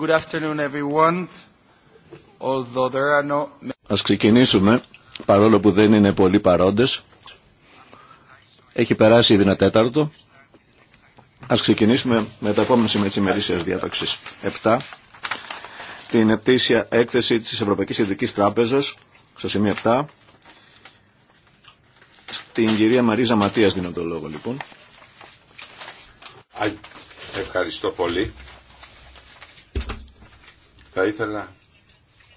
Good Ας ξεκινήσουμε, παρόλο που δεν είναι πολλοί παρόντες. Έχει περάσει ήδη ένα τέταρτο. Ας ξεκινήσουμε με τα επόμενα σημεία της ημερήσιας διάταξης. 7. Την ετήσια έκθεση της Ευρωπαϊκής Ειδικής Τράπεζας, στο σημείο 7. Στην κυρία Μαρίζα Ματίας δίνω το λόγο, λοιπόν. Ευχαριστώ πολύ. Θα ήθελα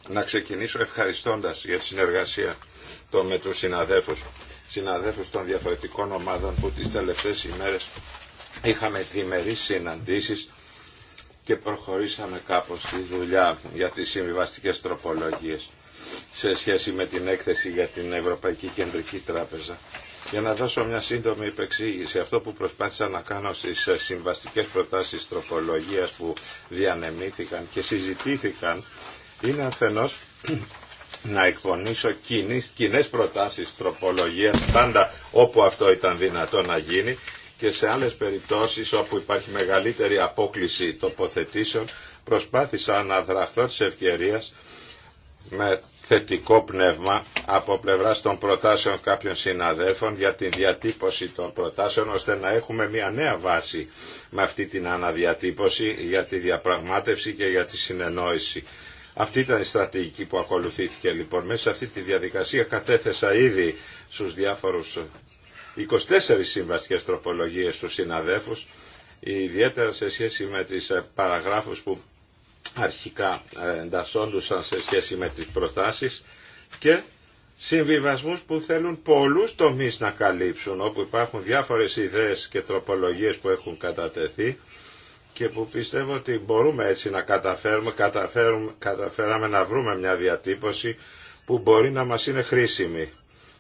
να ξεκινήσω ευχαριστώντας για τη συνεργασία των με τους συναδέλφους, συναδέλφους των διαφορετικών ομάδων που τις τελευταίες ημέρες είχαμε διμερείς συναντήσεις και προχωρήσαμε κάπως τη δουλειά για τις συμβιβαστικές τροπολογίες σε σχέση με την έκθεση για την Ευρωπαϊκή Κεντρική Τράπεζα για να δώσω μια σύντομη υπεξήγηση, αυτό που προσπάθησα να κάνω στις ε, συμβαστικές προτάσεις τροπολογίας που διανεμήθηκαν και συζητήθηκαν, είναι αφενός να εκπονήσω κοινέ προτάσεις τροπολογίας, πάντα όπου αυτό ήταν δυνατό να γίνει, και σε άλλες περιπτώσεις όπου υπάρχει μεγαλύτερη απόκληση τοποθετήσεων, προσπάθησα να δραχθώ της ευκαιρία. με θετικό πνεύμα από πλευράς των προτάσεων κάποιων συναδέφων για τη διατύπωση των προτάσεων ώστε να έχουμε μια νέα βάση με αυτή την αναδιατύπωση για τη διαπραγμάτευση και για τη συνεννόηση. Αυτή ήταν η στρατηγική που ακολουθήθηκε λοιπόν. Μέσα σε αυτή τη διαδικασία κατέθεσα ήδη στους διάφορους 24 συμβαστικές τροπολογίες στους συναδέλφους ιδιαίτερα σε σχέση με τις παραγράφους που αρχικά ε, εντασσόντουσαν σε σχέση με τις προτάσεις και συμβιβασμούς που θέλουν πολλούς τομείς να καλύψουν όπου υπάρχουν διάφορες ιδέες και τροπολογίες που έχουν κατατεθεί και που πιστεύω ότι μπορούμε έτσι να καταφέρουμε, καταφέρουμε καταφέραμε να βρούμε μια διατύπωση που μπορεί να μας είναι χρήσιμη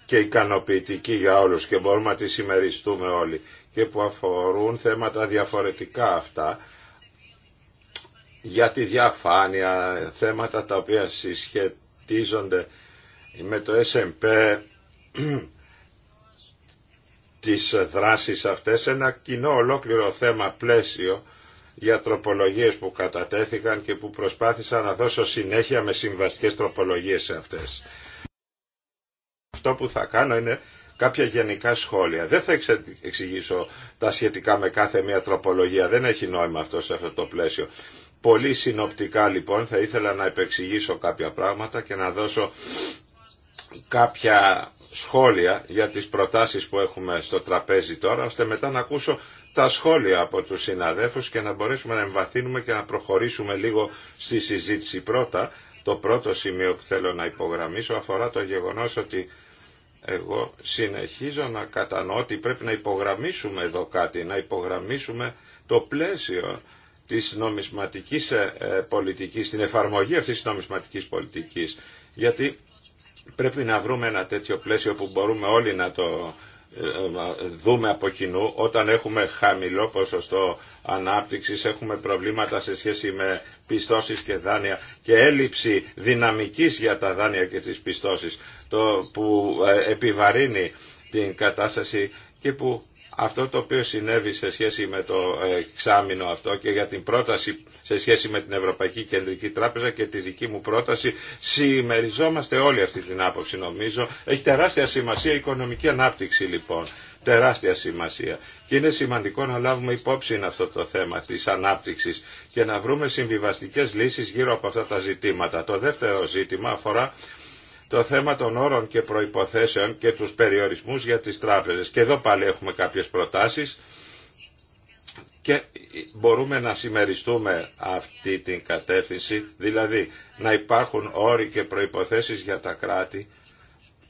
και ικανοποιητική για όλους και μπορούμε να τη συμμεριστούμε όλοι και που αφορούν θέματα διαφορετικά αυτά για τη διαφάνεια, θέματα τα οποία συσχετίζονται με το SMP τις δράσεις αυτές, ένα κοινό ολόκληρο θέμα πλαίσιο για τροπολογίες που κατατέθηκαν και που προσπάθησα να δώσω συνέχεια με συμβαστικές τροπολογίες σε αυτές. Αυτό που θα κάνω είναι κάποια γενικά σχόλια. Δεν θα εξηγήσω τα σχετικά με κάθε μία τροπολογία. Δεν έχει νόημα αυτό σε αυτό το πλαίσιο. Πολύ συνοπτικά λοιπόν θα ήθελα να επεξηγήσω κάποια πράγματα και να δώσω κάποια σχόλια για τις προτάσεις που έχουμε στο τραπέζι τώρα, ώστε μετά να ακούσω τα σχόλια από τους συναδέλφους και να μπορέσουμε να εμβαθύνουμε και να προχωρήσουμε λίγο στη συζήτηση πρώτα. Το πρώτο σημείο που θέλω να υπογραμμίσω αφορά το γεγονός ότι εγώ συνεχίζω να κατανοώ ότι πρέπει να υπογραμμίσουμε εδώ κάτι, να υπογραμμίσουμε το πλαίσιο της νομισματικής ε, ε, πολιτικής, την εφαρμογή αυτής της νομισματικής πολιτικής. Γιατί πρέπει να βρούμε ένα τέτοιο πλαίσιο που μπορούμε όλοι να το ε, δούμε από κοινού όταν έχουμε χαμηλό ποσοστό ανάπτυξης, έχουμε προβλήματα σε σχέση με πιστώσεις και δάνεια και έλλειψη δυναμικής για τα δάνεια και τις πιστώσεις το που επιβαρύνει την κατάσταση και που αυτό το οποίο συνέβη σε σχέση με το ε, εξάμεινο αυτό και για την πρόταση σε σχέση με την Ευρωπαϊκή Κεντρική Τράπεζα και τη δική μου πρόταση, συμμεριζόμαστε όλοι αυτή την άποψη νομίζω. Έχει τεράστια σημασία η οικονομική ανάπτυξη λοιπόν. Τεράστια σημασία. Και είναι σημαντικό να λάβουμε υπόψη αυτό το θέμα της ανάπτυξης και να βρούμε συμβιβαστικές λύσεις γύρω από αυτά τα ζητήματα. Το δεύτερο ζήτημα αφορά το θέμα των όρων και προϋποθέσεων και τους περιορισμούς για τις τράπεζες. Και εδώ πάλι έχουμε κάποιες προτάσεις και μπορούμε να συμμεριστούμε αυτή την κατεύθυνση, δηλαδή να υπάρχουν όροι και προϋποθέσεις για τα κράτη,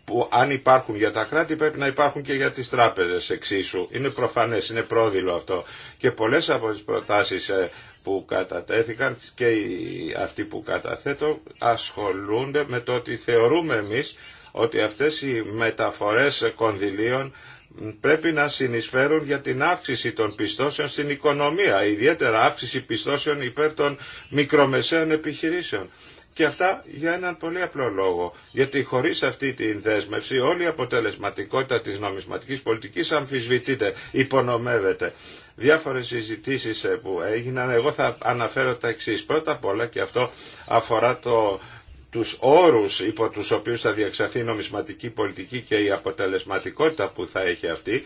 που αν υπάρχουν για τα κράτη πρέπει να υπάρχουν και για τις τράπεζες εξίσου. Είναι προφανές, είναι πρόδειλο αυτό. Και πολλές από τις προτάσεις ε, που κατατέθηκαν και αυτοί που καταθέτω ασχολούνται με το ότι θεωρούμε εμείς ότι αυτές οι μεταφορές κονδυλίων πρέπει να συνεισφέρουν για την αύξηση των πιστώσεων στην οικονομία, ιδιαίτερα αύξηση πιστώσεων υπέρ των μικρομεσαίων επιχειρήσεων. Και αυτά για έναν πολύ απλό λόγο. Γιατί χωρίς αυτή την δέσμευση όλη η αποτελεσματικότητα της νομισματικής πολιτικής αμφισβητείται, υπονομεύεται. Διάφορες συζητήσεις ε, που έγιναν, εγώ θα αναφέρω τα εξή. Πρώτα απ' όλα και αυτό αφορά το, τους όρους υπό τους οποίους θα διεξαχθεί η νομισματική πολιτική και η αποτελεσματικότητα που θα έχει αυτή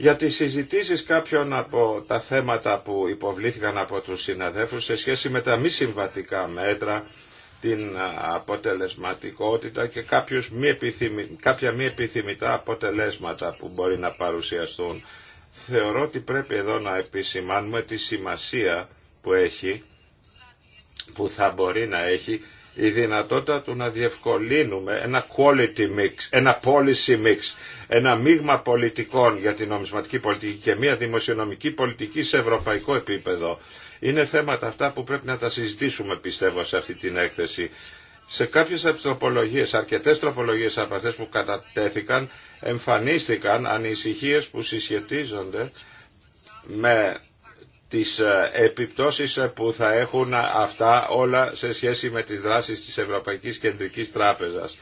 για τις συζητήσεις κάποιων από τα θέματα που υποβλήθηκαν από τους συναδέλφους σε σχέση με τα μη συμβατικά μέτρα, την αποτελεσματικότητα και κάποιους μη κάποια μη επιθυμητά αποτελέσματα που μπορεί να παρουσιαστούν. Θεωρώ ότι πρέπει εδώ να επισημάνουμε τη σημασία που έχει, που θα μπορεί να έχει η δυνατότητα του να διευκολύνουμε ένα quality mix, ένα policy mix, ένα μείγμα πολιτικών για την νομισματική πολιτική και μια δημοσιονομική πολιτική σε ευρωπαϊκό επίπεδο. Είναι θέματα αυτά που πρέπει να τα συζητήσουμε πιστεύω σε αυτή την έκθεση. Σε κάποιες τροπολογίες, αρκετές τροπολογίες από αυτέ που κατατέθηκαν, εμφανίστηκαν ανησυχίες που συσχετίζονται με τις ε, επιπτώσεις ε, που θα έχουν αυτά όλα σε σχέση με τις δράσεις της Ευρωπαϊκής Κεντρικής Τράπεζας.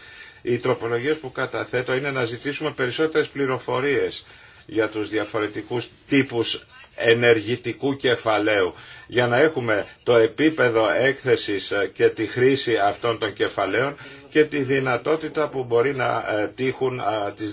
Οι τροπολογίες που καταθέτω είναι να ζητήσουμε περισσότερες πληροφορίες για τους διαφορετικούς τύπους ενεργητικού κεφαλαίου για να έχουμε το επίπεδο έκθεσης και τη χρήση αυτών των κεφαλαίων και τη δυνατότητα που μπορεί να ε, τύχουν,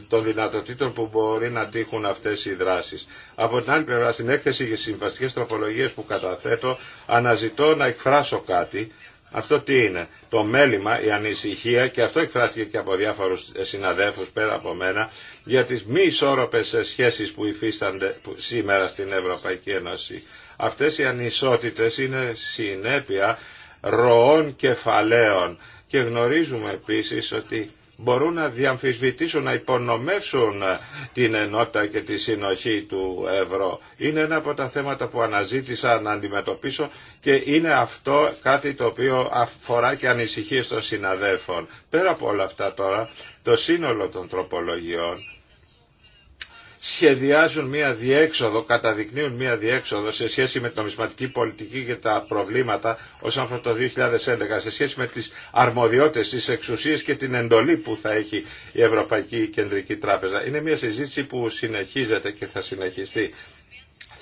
των δυνατοτήτων που μπορεί να τύχουν αυτές οι δράσεις. Από την άλλη πλευρά, στην έκθεση για συμβαστικές τροπολογίες που καταθέτω, αναζητώ να εκφράσω κάτι αυτό τι είναι. Το μέλημα, η ανησυχία και αυτό εκφράστηκε και από διάφορους ε, συναδέλφους πέρα από μένα για τις μη ισόρροπες ε, σχέσεις που υφίστανται σήμερα στην Ευρωπαϊκή Ένωση. Αυτές οι ανισότητες είναι συνέπεια ροών κεφαλαίων και γνωρίζουμε επίσης ότι μπορούν να διαμφισβητήσουν, να υπονομεύσουν ε, την ενότητα και τη συνοχή του ευρώ. Είναι ένα από τα θέματα που αναζήτησα να αντιμετωπίσω και είναι αυτό κάτι το οποίο αφορά και ανησυχίες των συναδέλφων. Πέρα από όλα αυτά τώρα, το σύνολο των τροπολογιών σχεδιάζουν μία διέξοδο, καταδεικνύουν μία διέξοδο σε σχέση με την νομισματική πολιτική και τα προβλήματα όσον αφορά το 2011, σε σχέση με τις αρμοδιότητες, τις εξουσίες και την εντολή που θα έχει η Ευρωπαϊκή Κεντρική Τράπεζα. Είναι μία συζήτηση που συνεχίζεται και θα συνεχιστεί.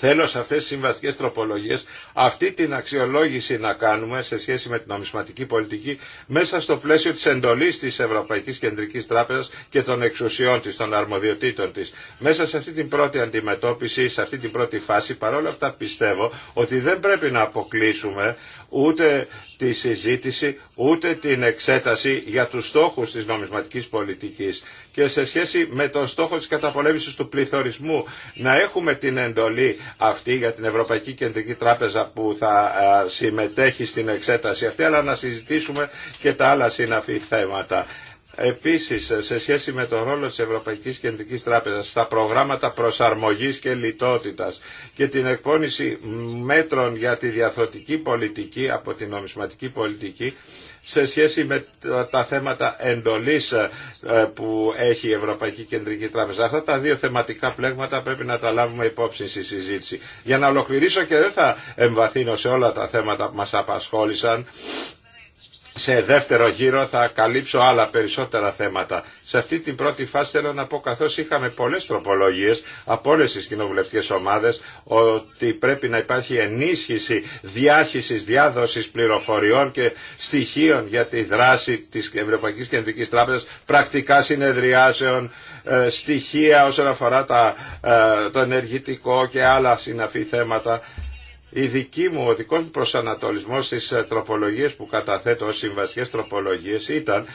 Θέλω σε αυτές τις συμβαστικές τροπολογίες αυτή την αξιολόγηση να κάνουμε σε σχέση με την νομισματική πολιτική μέσα στο πλαίσιο της εντολής της Ευρωπαϊκής Κεντρικής Τράπεζας και των εξουσιών της, των αρμοδιοτήτων της. Μέσα σε αυτή την πρώτη αντιμετώπιση, σε αυτή την πρώτη φάση, παρόλα αυτά πιστεύω ότι δεν πρέπει να αποκλείσουμε ούτε τη συζήτηση, ούτε την εξέταση για τους στόχους της νομισματικής πολιτικής και σε σχέση με τον στόχο της καταπολέμησης του πληθωρισμού να έχουμε την εντολή αυτή για την Ευρωπαϊκή Κεντρική Τράπεζα που θα συμμετέχει στην εξέταση αυτή αλλά να συζητήσουμε και τα άλλα συναφή θέματα. Επίσης, σε σχέση με τον ρόλο της Ευρωπαϊκής Κεντρικής Τράπεζας στα προγράμματα προσαρμογής και λιτότητας και την εκπόνηση μέτρων για τη διαθροτική πολιτική από την νομισματική πολιτική, σε σχέση με τα θέματα εντολής ε, που έχει η Ευρωπαϊκή Κεντρική Τράπεζα. Αυτά τα δύο θεματικά πλέγματα πρέπει να τα λάβουμε υπόψη στη συζήτηση. Για να ολοκληρήσω και δεν θα εμβαθύνω σε όλα τα θέματα που μας απασχόλησαν, σε δεύτερο γύρο θα καλύψω άλλα περισσότερα θέματα. Σε αυτή την πρώτη φάση θέλω να πω καθώς είχαμε πολλές τροπολογίες από όλες τις κοινοβουλευτικές ομάδες ότι πρέπει να υπάρχει ενίσχυση διάχυσης, διάδοσης πληροφοριών και στοιχείων για τη δράση της Ευρωπαϊκής Κεντρικής Τράπεζας, πρακτικά συνεδριάσεων, ε, στοιχεία όσον αφορά τα, ε, το ενεργητικό και άλλα συναφή θέματα η δική μου, ο δικός μου προσανατολισμός στις ε, τροπολογίες που καταθέτω ως συμβασικές τροπολογίες ήταν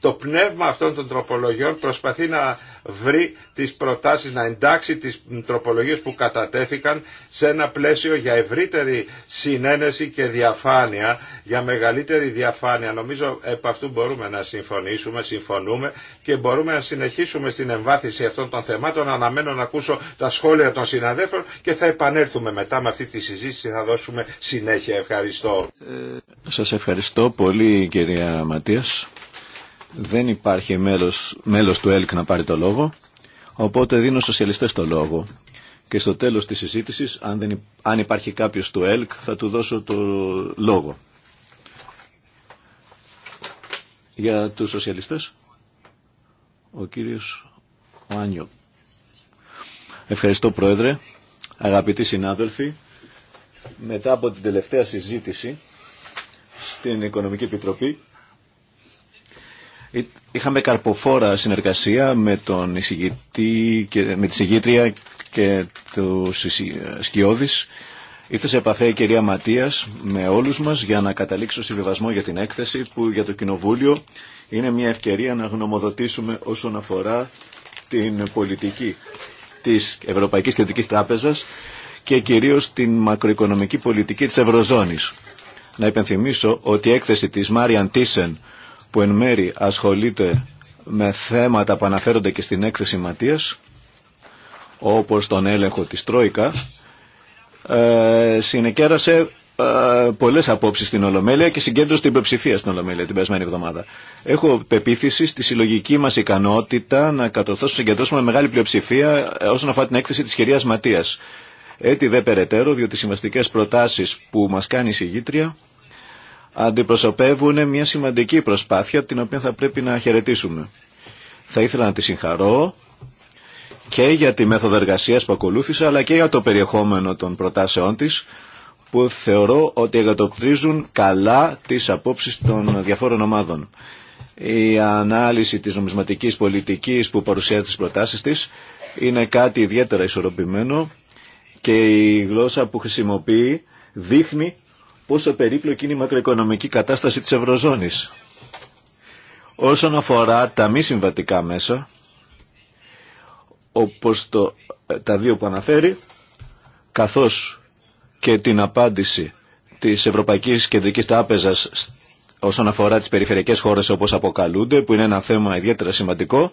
το πνεύμα αυτών των τροπολογιών προσπαθεί να βρει τις προτάσεις, να εντάξει τις τροπολογίες που κατατέθηκαν σε ένα πλαίσιο για ευρύτερη συνένεση και διαφάνεια, για μεγαλύτερη διαφάνεια. Νομίζω επ' αυτού μπορούμε να συμφωνήσουμε, συμφωνούμε και μπορούμε να συνεχίσουμε στην εμβάθυνση αυτών των θεμάτων. Αναμένω να ακούσω τα σχόλια των συναδέλφων και θα επανέλθουμε μετά με αυτή τη συζήτηση συζήτηση θα δώσουμε συνέχεια. Ευχαριστώ. Ε, σας ευχαριστώ πολύ κυρία Ματίας. Δεν υπάρχει μέλος, μέλος του ΕΛΚ να πάρει το λόγο, οπότε δίνω σοσιαλιστές το λόγο. Και στο τέλος της συζήτησης, αν, δεν, αν υπάρχει κάποιος του ΕΛΚ, θα του δώσω το λόγο. Για τους σοσιαλιστές, ο κύριος Άνιο. Ευχαριστώ Πρόεδρε, αγαπητοί συνάδελφοι. Μετά από την τελευταία συζήτηση στην Οικονομική Επιτροπή είχαμε καρποφόρα συνεργασία με τον εισηγητή και με τη συγγήτρια και του Σκιώδης. Ήρθε σε επαφή η κυρία Ματίας με όλους μας για να καταλήξω συμβιβασμό για την έκθεση που για το Κοινοβούλιο είναι μια ευκαιρία να γνωμοδοτήσουμε όσον αφορά την πολιτική της Ευρωπαϊκής Κεντρικής Τράπεζας και κυρίως την μακροοικονομική πολιτική της Ευρωζώνης. Να υπενθυμίσω ότι η έκθεση της Μάριαν Τίσεν που εν μέρη ασχολείται με θέματα που αναφέρονται και στην έκθεση Ματίας όπως τον έλεγχο της Τρόικα ε, συνεκέρασε ε, πολλέ απόψει στην Ολομέλεια και συγκέντρωσε την υποψηφία στην Ολομέλεια την περασμένη εβδομάδα. Έχω πεποίθηση στη συλλογική μα ικανότητα να κατορθώσουμε συγκεντρώσουμε μεγάλη πλειοψηφία ε, όσον αφορά την έκθεση τη κυρία Ματία. Έτσι δε περαιτέρω, διότι οι σημαστικές προτάσεις που μας κάνει η συγγήτρια αντιπροσωπεύουν μια σημαντική προσπάθεια την οποία θα πρέπει να χαιρετήσουμε. Θα ήθελα να τη συγχαρώ και για τη μέθοδο εργασία που ακολούθησε αλλά και για το περιεχόμενο των προτάσεών της που θεωρώ ότι εγκατοπτρίζουν καλά τις απόψεις των διαφόρων ομάδων. Η ανάλυση της νομισματικής πολιτικής που παρουσιάζει τις προτάσεις της είναι κάτι ιδιαίτερα ισορροπημένο και η γλώσσα που χρησιμοποιεί δείχνει πόσο περίπλοκη είναι η μακροοικονομική κατάσταση της Ευρωζώνης. Όσον αφορά τα μη συμβατικά μέσα, όπως το, ε, τα δύο που αναφέρει, καθώς και την απάντηση της Ευρωπαϊκής Κεντρικής Τράπεζας όσον αφορά τις περιφερειακές χώρες όπως αποκαλούνται, που είναι ένα θέμα ιδιαίτερα σημαντικό,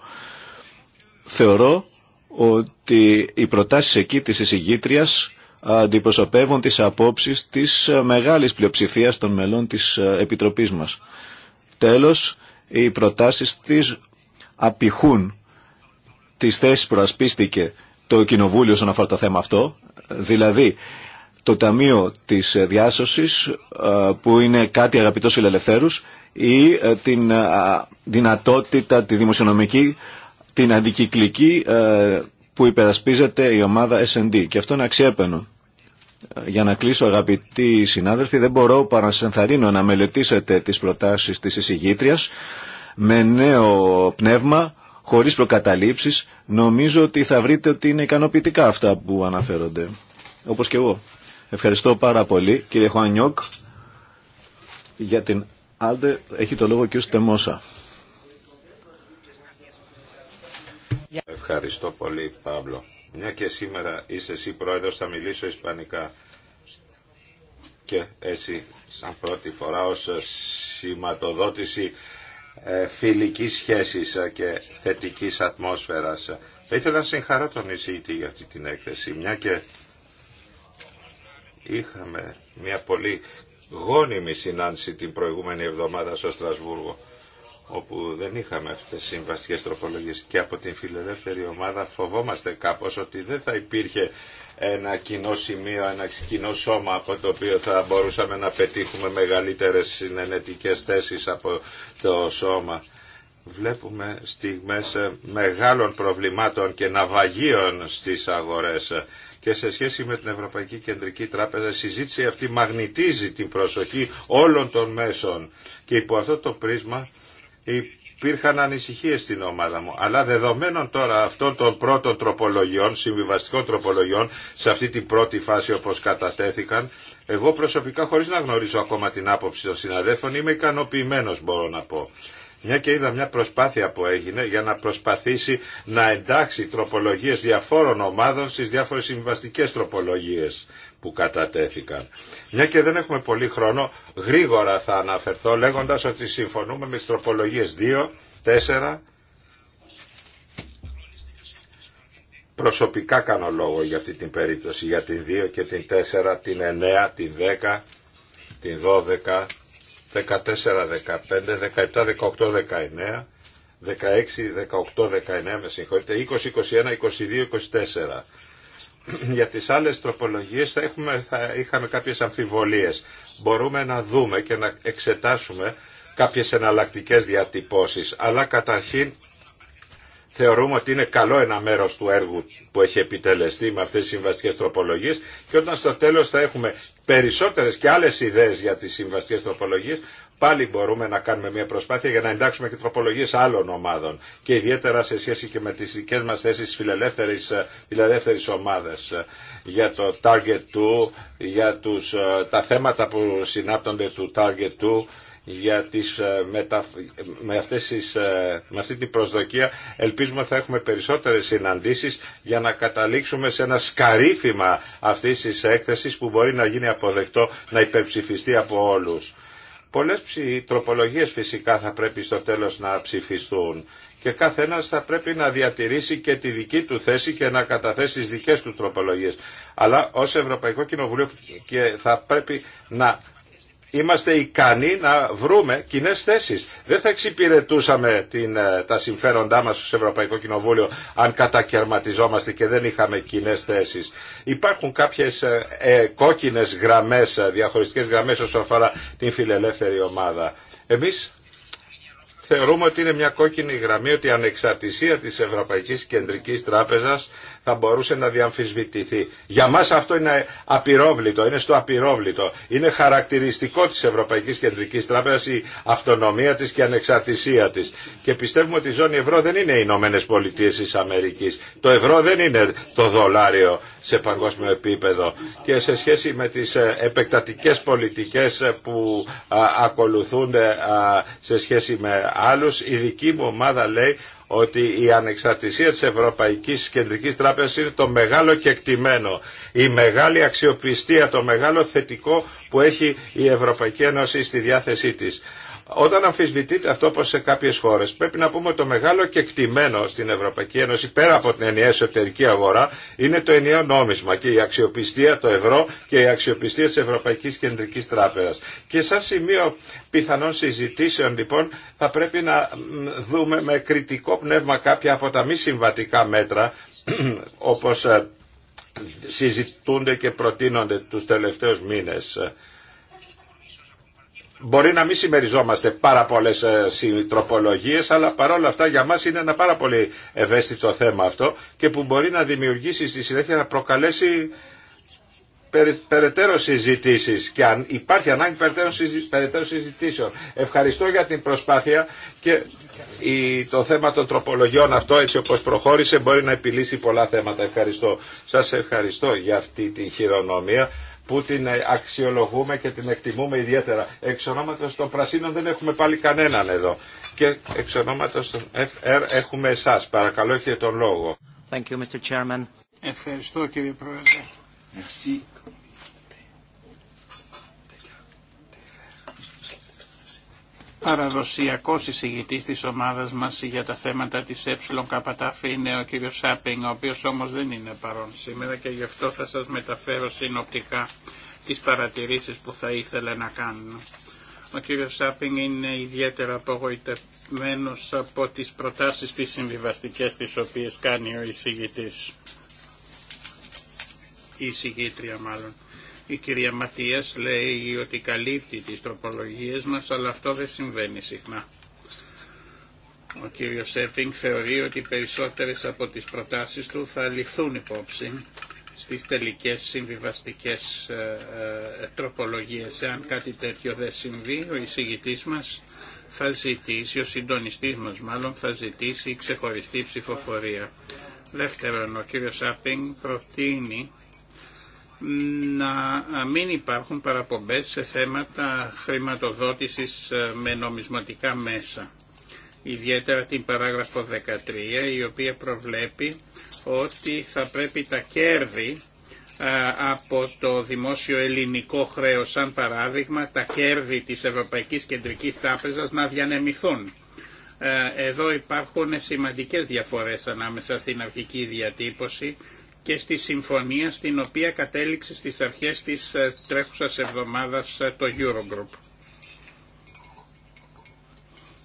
θεωρώ ότι οι προτάσεις εκεί της εισηγήτριας αντιπροσωπεύουν τις απόψεις της μεγάλης πλειοψηφίας των μελών της Επιτροπής μας. Τέλος, οι προτάσεις της απηχούν τις θέσεις που ασπίστηκε το Κοινοβούλιο στον αφορά το θέμα αυτό, δηλαδή το Ταμείο της Διάσωσης που είναι κάτι αγαπητός φιλελευθέρους ή ε, την δυνατότητα τη δημοσιονομική την αντικυκλική ε, που υπερασπίζεται η ομάδα S&D και αυτό είναι αξιέπαινο. Ε, για να κλείσω αγαπητοί συνάδελφοι δεν μπορώ παρά να σας ενθαρρύνω να μελετήσετε τις προτάσεις της εισηγήτριας με νέο πνεύμα, χωρίς προκαταλήψεις. Νομίζω ότι θα βρείτε ότι είναι ικανοποιητικά αυτά που αναφέρονται, όπως και εγώ. Ευχαριστώ πάρα πολύ κύριε Χωανιόκ. για την Άλτε έχει το λόγο και ο Στεμόσα. Ευχαριστώ πολύ, Παύλο. Μια και σήμερα είσαι εσύ πρόεδρος, θα μιλήσω ισπανικά. Και έτσι, σαν πρώτη φορά, ως σηματοδότηση ε, φιλικής σχέσης ε, και θετικής ατμόσφαιρας. Θα ήθελα να συγχαρώ τον εισηγητή για αυτή την έκθεση, μια και είχαμε μια πολύ γόνιμη συνάντηση την προηγούμενη εβδομάδα στο Στρασβούργο όπου δεν είχαμε αυτές τις συμβαστικές τροπολογίες και από την φιλελεύθερη ομάδα φοβόμαστε κάπως ότι δεν θα υπήρχε ένα κοινό σημείο, ένα κοινό σώμα από το οποίο θα μπορούσαμε να πετύχουμε μεγαλύτερες συνενετικές θέσεις από το σώμα. Βλέπουμε στιγμές ε, μεγάλων προβλημάτων και ναυαγίων στις αγορές και σε σχέση με την Ευρωπαϊκή Κεντρική Τράπεζα η συζήτηση αυτή μαγνητίζει την προσοχή όλων των μέσων και υπό αυτό το πρίσμα υπήρχαν ανησυχίε στην ομάδα μου. Αλλά δεδομένων τώρα αυτών των πρώτων τροπολογιών, συμβιβαστικών τροπολογιών, σε αυτή την πρώτη φάση όπως κατατέθηκαν, εγώ προσωπικά χωρίς να γνωρίζω ακόμα την άποψη των συναδέφων είμαι ικανοποιημένο μπορώ να πω. Μια και είδα μια προσπάθεια που έγινε για να προσπαθήσει να εντάξει τροπολογίες διαφόρων ομάδων στις διάφορες συμβιβαστικέ τροπολογίες που κατατέθηκαν. Μια και δεν έχουμε πολύ χρόνο, γρήγορα θα αναφερθώ λέγοντας ότι συμφωνούμε με τις τροπολογίες 2, 4, Προσωπικά κάνω λόγο για αυτή την περίπτωση, για την 2 και την 4, την 9, την 10, την 12, 14, 15, 17, 18, 19, 16, 18, 19, με συγχωρείτε, 20, 21, 22, 24. για τις άλλες τροπολογίες θα, έχουμε, θα είχαμε κάποιες αμφιβολίες. Μπορούμε να δούμε και να εξετάσουμε κάποιες εναλλακτικέ διατυπώσεις. Αλλά καταρχήν θεωρούμε ότι είναι καλό ένα μέρος του έργου που έχει επιτελεστεί με αυτές τις συμβαστικές τροπολογίες και όταν στο τέλος θα έχουμε περισσότερες και άλλες ιδέες για τις συμβαστικές τροπολογίες πάλι μπορούμε να κάνουμε μια προσπάθεια για να εντάξουμε και τροπολογίε άλλων ομάδων και ιδιαίτερα σε σχέση και με τι δικέ μα θέσει φιλελεύθερης, ε, φιλελεύθερης ομάδας ε, για το Target 2, για τους, ε, τα θέματα που συνάπτονται του Target 2 για τις, με, αυτές τις, με αυτή την προσδοκία ελπίζουμε θα έχουμε περισσότερες συναντήσεις για να καταλήξουμε σε ένα σκαρίφημα αυτής της έκθεσης που μπορεί να γίνει αποδεκτό να υπερψηφιστεί από όλους. Πολλές τροπολογίες φυσικά θα πρέπει στο τέλος να ψηφιστούν και κάθε ένας θα πρέπει να διατηρήσει και τη δική του θέση και να καταθέσει τις δικές του τροπολογίες. Αλλά ως Ευρωπαϊκό Κοινοβουλίο και θα πρέπει να είμαστε ικανοί να βρούμε κοινέ θέσει. Δεν θα εξυπηρετούσαμε την, ε, τα συμφέροντά μα στο Ευρωπαϊκό Κοινοβούλιο αν κατακαιρματιζόμαστε και δεν είχαμε κοινέ θέσει. Υπάρχουν κάποιε ε, ε κόκκινε γραμμέ, ε, διαχωριστικέ γραμμέ όσον αφορά την φιλελεύθερη ομάδα. Εμείς θεωρούμε ότι είναι μια κόκκινη γραμμή ότι η ανεξαρτησία της Ευρωπαϊκής Κεντρικής Τράπεζας θα μπορούσε να διαμφισβητηθεί. Για μας αυτό είναι απειρόβλητο, είναι στο απειρόβλητο. Είναι χαρακτηριστικό της Ευρωπαϊκής Κεντρικής Τράπεζας η αυτονομία της και η ανεξαρτησία της. Και πιστεύουμε ότι η ζώνη ευρώ δεν είναι οι Ηνωμένε Πολιτείε της Αμερικής. Το ευρώ δεν είναι το δολάριο σε παγκόσμιο επίπεδο. Και σε σχέση με τις ε, επεκτατικές πολιτικές που ακολουθούν σε σχέση με Άλλος η δική μου ομάδα λέει ότι η ανεξαρτησία της Ευρωπαϊκής Κεντρικής Τράπεζας είναι το μεγάλο κεκτημένο, η μεγάλη αξιοπιστία, το μεγάλο θετικό που έχει η Ευρωπαϊκή Ένωση στη διάθεσή της. Όταν αμφισβητείται αυτό όπως σε κάποιες χώρες πρέπει να πούμε ότι το μεγάλο κεκτημένο στην Ευρωπαϊκή Ένωση πέρα από την ενιαία εσωτερική αγορά είναι το ενιαίο νόμισμα και η αξιοπιστία το ευρώ και η αξιοπιστία της Ευρωπαϊκής Κεντρικής Τράπεζας. Και σαν σημείο πιθανών συζητήσεων λοιπόν θα πρέπει να δούμε με κριτικό πνεύμα κάποια από τα μη συμβατικά μέτρα όπως ε, συζητούνται και προτείνονται τους τελευταίους μήνες Μπορεί να μην συμμεριζόμαστε πάρα πολλέ ε, τροπολογίε, αλλά παρόλα αυτά για μα είναι ένα πάρα πολύ ευαίσθητο θέμα αυτό και που μπορεί να δημιουργήσει στη συνέχεια να προκαλέσει περαιτέρω συζητήσει και αν υπάρχει ανάγκη περαιτέρω συζητήσεων. Ευχαριστώ για την προσπάθεια και το θέμα των τροπολογιών αυτό έτσι όπως προχώρησε μπορεί να επιλύσει πολλά θέματα. Ευχαριστώ. Σας ευχαριστώ για αυτή τη χειρονομία που την αξιολογούμε και την εκτιμούμε ιδιαίτερα. Εξ ονόματος των Πρασίνων δεν έχουμε πάλι κανέναν εδώ. Και εξ ονόματος των FR έχουμε εσάς. Παρακαλώ έχετε τον λόγο. Thank you, Mr. Ευχαριστώ κύριε Πρόεδρε. Ευχαριστώ. παραδοσιακός εισηγητής της ομάδας μας για τα θέματα της ΕΚΤ είναι ο κύριος Σάπινγκ, ο οποίος όμως δεν είναι παρόν σήμερα και γι' αυτό θα σας μεταφέρω συνοπτικά τις παρατηρήσεις που θα ήθελα να κάνω. Ο κύριος Σάπινγκ είναι ιδιαίτερα απογοητευμένος από τις προτάσεις τις συμβιβαστικές τις οποίες κάνει ο εισηγητής. Η εισηγήτρια μάλλον. Η κυρία Ματίας λέει ότι καλύπτει τις τροπολογίες μας, αλλά αυτό δεν συμβαίνει συχνά. Ο κύριος Σέφινγκ θεωρεί ότι περισσότερες από τις προτάσεις του θα ληφθούν υπόψη στις τελικές συμβιβαστικές ε, ε, τροπολογίες. Εάν κάτι τέτοιο δεν συμβεί, ο εισηγητής μας θα ζητήσει, ο συντονιστής μας μάλλον, θα ζητήσει ξεχωριστή ψηφοφορία. Δεύτερον, ο κύριος Σάπινγκ προτείνει να μην υπάρχουν παραπομπές σε θέματα χρηματοδότησης ε, με νομισματικά μέσα. Ιδιαίτερα την παράγραφο 13 η οποία προβλέπει ότι θα πρέπει τα κέρδη ε, από το δημόσιο ελληνικό χρέος σαν παράδειγμα τα κέρδη της Ευρωπαϊκής Κεντρικής Τράπεζας να διανεμηθούν. Ε, εδώ υπάρχουν σημαντικές διαφορές ανάμεσα στην αρχική διατύπωση και στη συμφωνία στην οποία κατέληξε στις αρχές της ε, τρέχουσας εβδομάδας ε, το Eurogroup.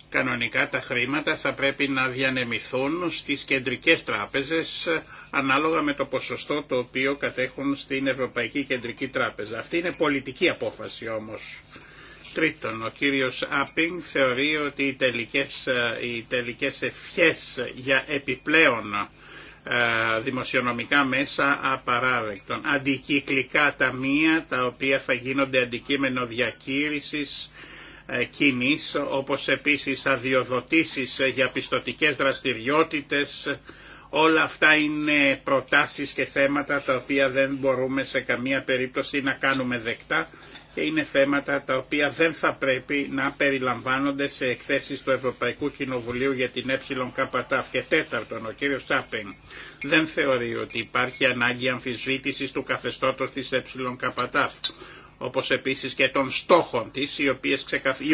Κανονικά τα χρήματα θα πρέπει να διανεμηθούν στις κεντρικές τράπεζες ε, ανάλογα με το ποσοστό το οποίο κατέχουν στην Ευρωπαϊκή Κεντρική Τράπεζα. Αυτή είναι πολιτική απόφαση όμως. Τρίτον, ο κύριος Άπινγκ θεωρεί ότι οι τελικές, οι τελικές ευχές για επιπλέον ε, δημοσιονομικά μέσα απαράδεκτον. Αντικυκλικά ταμεία τα οποία θα γίνονται αντικείμενο διακήρυσης ε, κοινής, όπως επίσης αδειοδοτήσεις για πιστοτικές δραστηριότητες. Όλα αυτά είναι προτάσεις και θέματα τα οποία δεν μπορούμε σε καμία περίπτωση να κάνουμε δεκτά και είναι θέματα τα οποία δεν θα πρέπει να περιλαμβάνονται σε εκθέσεις του Ευρωπαϊκού Κοινοβουλίου για την ΕΚΤΑΦ. Και τέταρτον, ο κύριος Τσάπεν δεν θεωρεί ότι υπάρχει ανάγκη αμφισβήτησης του καθεστώτος της ΕΚΤΑΦ όπως επίσης και των στόχων της, οι, οποίες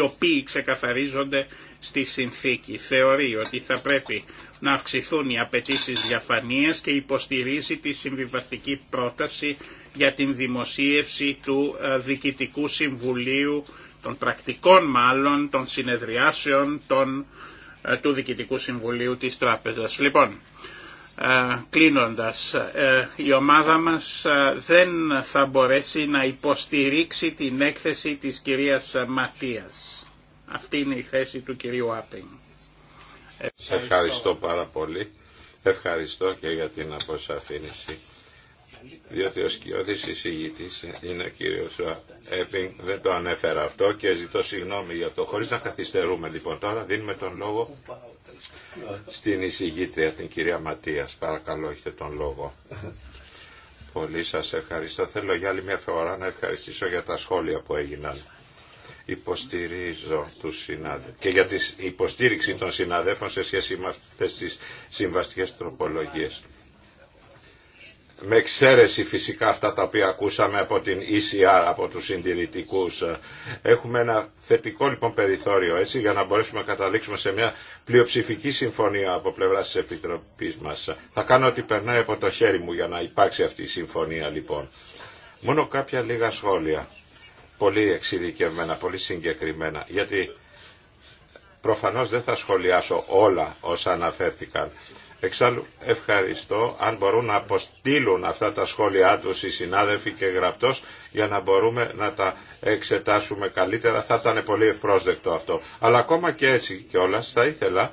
οποίοι ξεκαθαρίζονται στη συνθήκη. Θεωρεί ότι θα πρέπει να αυξηθούν οι απαιτήσει διαφανείας και υποστηρίζει τη συμβιβαστική πρόταση για την δημοσίευση του ε, Διοικητικού Συμβουλίου, των πρακτικών μάλλον, των συνεδριάσεων ε, του Διοικητικού Συμβουλίου της Τράπεζας. Λοιπόν, ε, κλείνοντας, η ομάδα μας δεν θα μπορέσει να υποστηρίξει την έκθεση της κυρίας Ματίας. Αυτή είναι η θέση του κυρίου Άπινγκ. Ευχαριστώ πάρα πολύ. Ευχαριστώ και για την αποσαφήνιση διότι ο σκιώδης εισηγητής είναι ο κύριος Έπινγκ, δεν το ανέφερα αυτό και ζητώ συγγνώμη για αυτό. Χωρίς να καθυστερούμε λοιπόν τώρα, δίνουμε τον λόγο στην εισηγήτρια, την κυρία Ματίας. Παρακαλώ, έχετε τον λόγο. Πολύ σας ευχαριστώ. Θέλω για άλλη μια φορά να ευχαριστήσω για τα σχόλια που έγιναν. Υποστηρίζω τους συνάδελφους και για την υποστήριξη των συναδέλφων σε σχέση με αυτές τις συμβαστικές τροπολογίες με εξαίρεση φυσικά αυτά τα οποία ακούσαμε από την ECR, από τους συντηρητικούς. Έχουμε ένα θετικό λοιπόν περιθώριο έτσι για να μπορέσουμε να καταλήξουμε σε μια πλειοψηφική συμφωνία από πλευρά της Επιτροπής μας. Θα κάνω ό,τι περνάει από το χέρι μου για να υπάρξει αυτή η συμφωνία λοιπόν. Μόνο κάποια λίγα σχόλια, πολύ εξειδικευμένα, πολύ συγκεκριμένα, γιατί προφανώς δεν θα σχολιάσω όλα όσα αναφέρθηκαν. Εξάλλου ευχαριστώ αν μπορούν να αποστείλουν αυτά τα σχόλιά τους οι συνάδελφοι και γραπτός για να μπορούμε να τα εξετάσουμε καλύτερα. Θα ήταν πολύ ευπρόσδεκτο αυτό. Αλλά ακόμα και έτσι κιόλα θα ήθελα,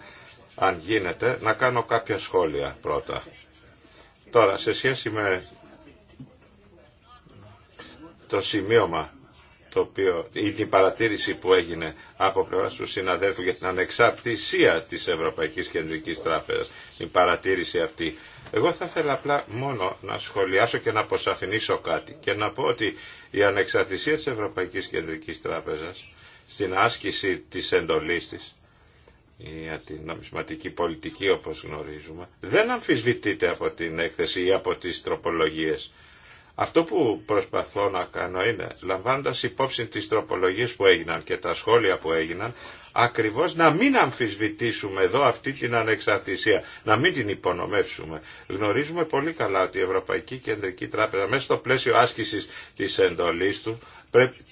αν γίνεται, να κάνω κάποια σχόλια πρώτα. Τώρα, σε σχέση με το σημείωμα το οποίο, ή την παρατήρηση που έγινε από πλευρά του συναδέλφου για την ανεξαρτησία της Ευρωπαϊκής Κεντρικής Τράπεζας, η παρατήρηση αυτή. Εγώ θα ήθελα απλά μόνο να σχολιάσω και να αποσαφηνίσω κάτι και να πω ότι η ανεξαρτησία της Ευρωπαϊκής Κεντρικής Τράπεζας στην άσκηση της εντολής της για την νομισματική πολιτική όπως γνωρίζουμε δεν αμφισβητείται από την έκθεση ή από τις τροπολογίες αυτό που προσπαθώ να κάνω είναι, λαμβάνοντας υπόψη τις τροπολογίες που έγιναν και τα σχόλια που έγιναν, ακριβώς να μην αμφισβητήσουμε εδώ αυτή την ανεξαρτησία, να μην την υπονομεύσουμε. Γνωρίζουμε πολύ καλά ότι η Ευρωπαϊκή Κεντρική Τράπεζα μέσα στο πλαίσιο άσκησης της εντολής του πρέπει,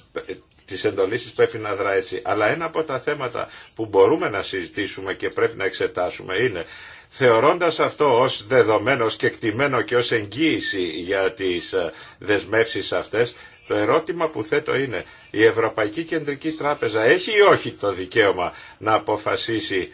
πρέπει να δράσει. Αλλά ένα από τα θέματα που μπορούμε να συζητήσουμε και πρέπει να εξετάσουμε είναι θεωρώντας αυτό ως δεδομένο και εκτιμένο και ως εγγύηση για τις ε, δεσμεύσεις αυτές, το ερώτημα που θέτω είναι, η Ευρωπαϊκή Κεντρική Τράπεζα έχει ή όχι το δικαίωμα να αποφασίσει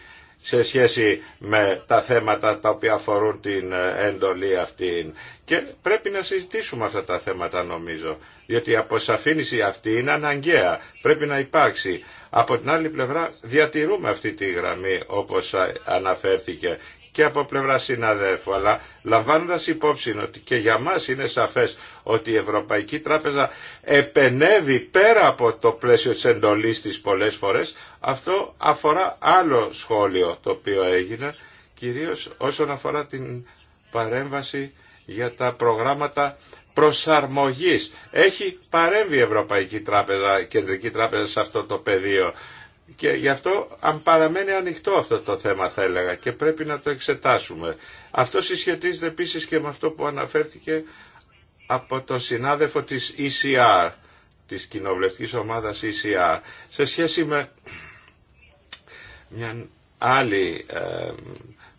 σε σχέση με τα θέματα τα οποία αφορούν την ε, έντολη αυτή. Και πρέπει να συζητήσουμε αυτά τα θέματα νομίζω, διότι η αποσαφήνιση αυτή είναι αναγκαία, πρέπει να υπάρξει. Από την άλλη πλευρά διατηρούμε αυτή τη γραμμή όπως ε, αναφέρθηκε και από πλευρά συναδέλφου. Αλλά λαμβάνοντα υπόψη ότι και για μα είναι σαφέ ότι η Ευρωπαϊκή Τράπεζα επενεύει πέρα από το πλαίσιο τη εντολή τη πολλέ φορέ, αυτό αφορά άλλο σχόλιο το οποίο έγινε, κυρίω όσον αφορά την παρέμβαση για τα προγράμματα προσαρμογής. Έχει παρέμβει η Ευρωπαϊκή Τράπεζα, η Κεντρική Τράπεζα σε αυτό το πεδίο και γι' αυτό αν παραμένει ανοιχτό αυτό το θέμα θα έλεγα και πρέπει να το εξετάσουμε. Αυτό συσχετίζεται επίσης και με αυτό που αναφέρθηκε από τον συνάδελφο της ECR, της κοινοβουλευτικής ομάδας ECR, σε σχέση με μια άλλη ε,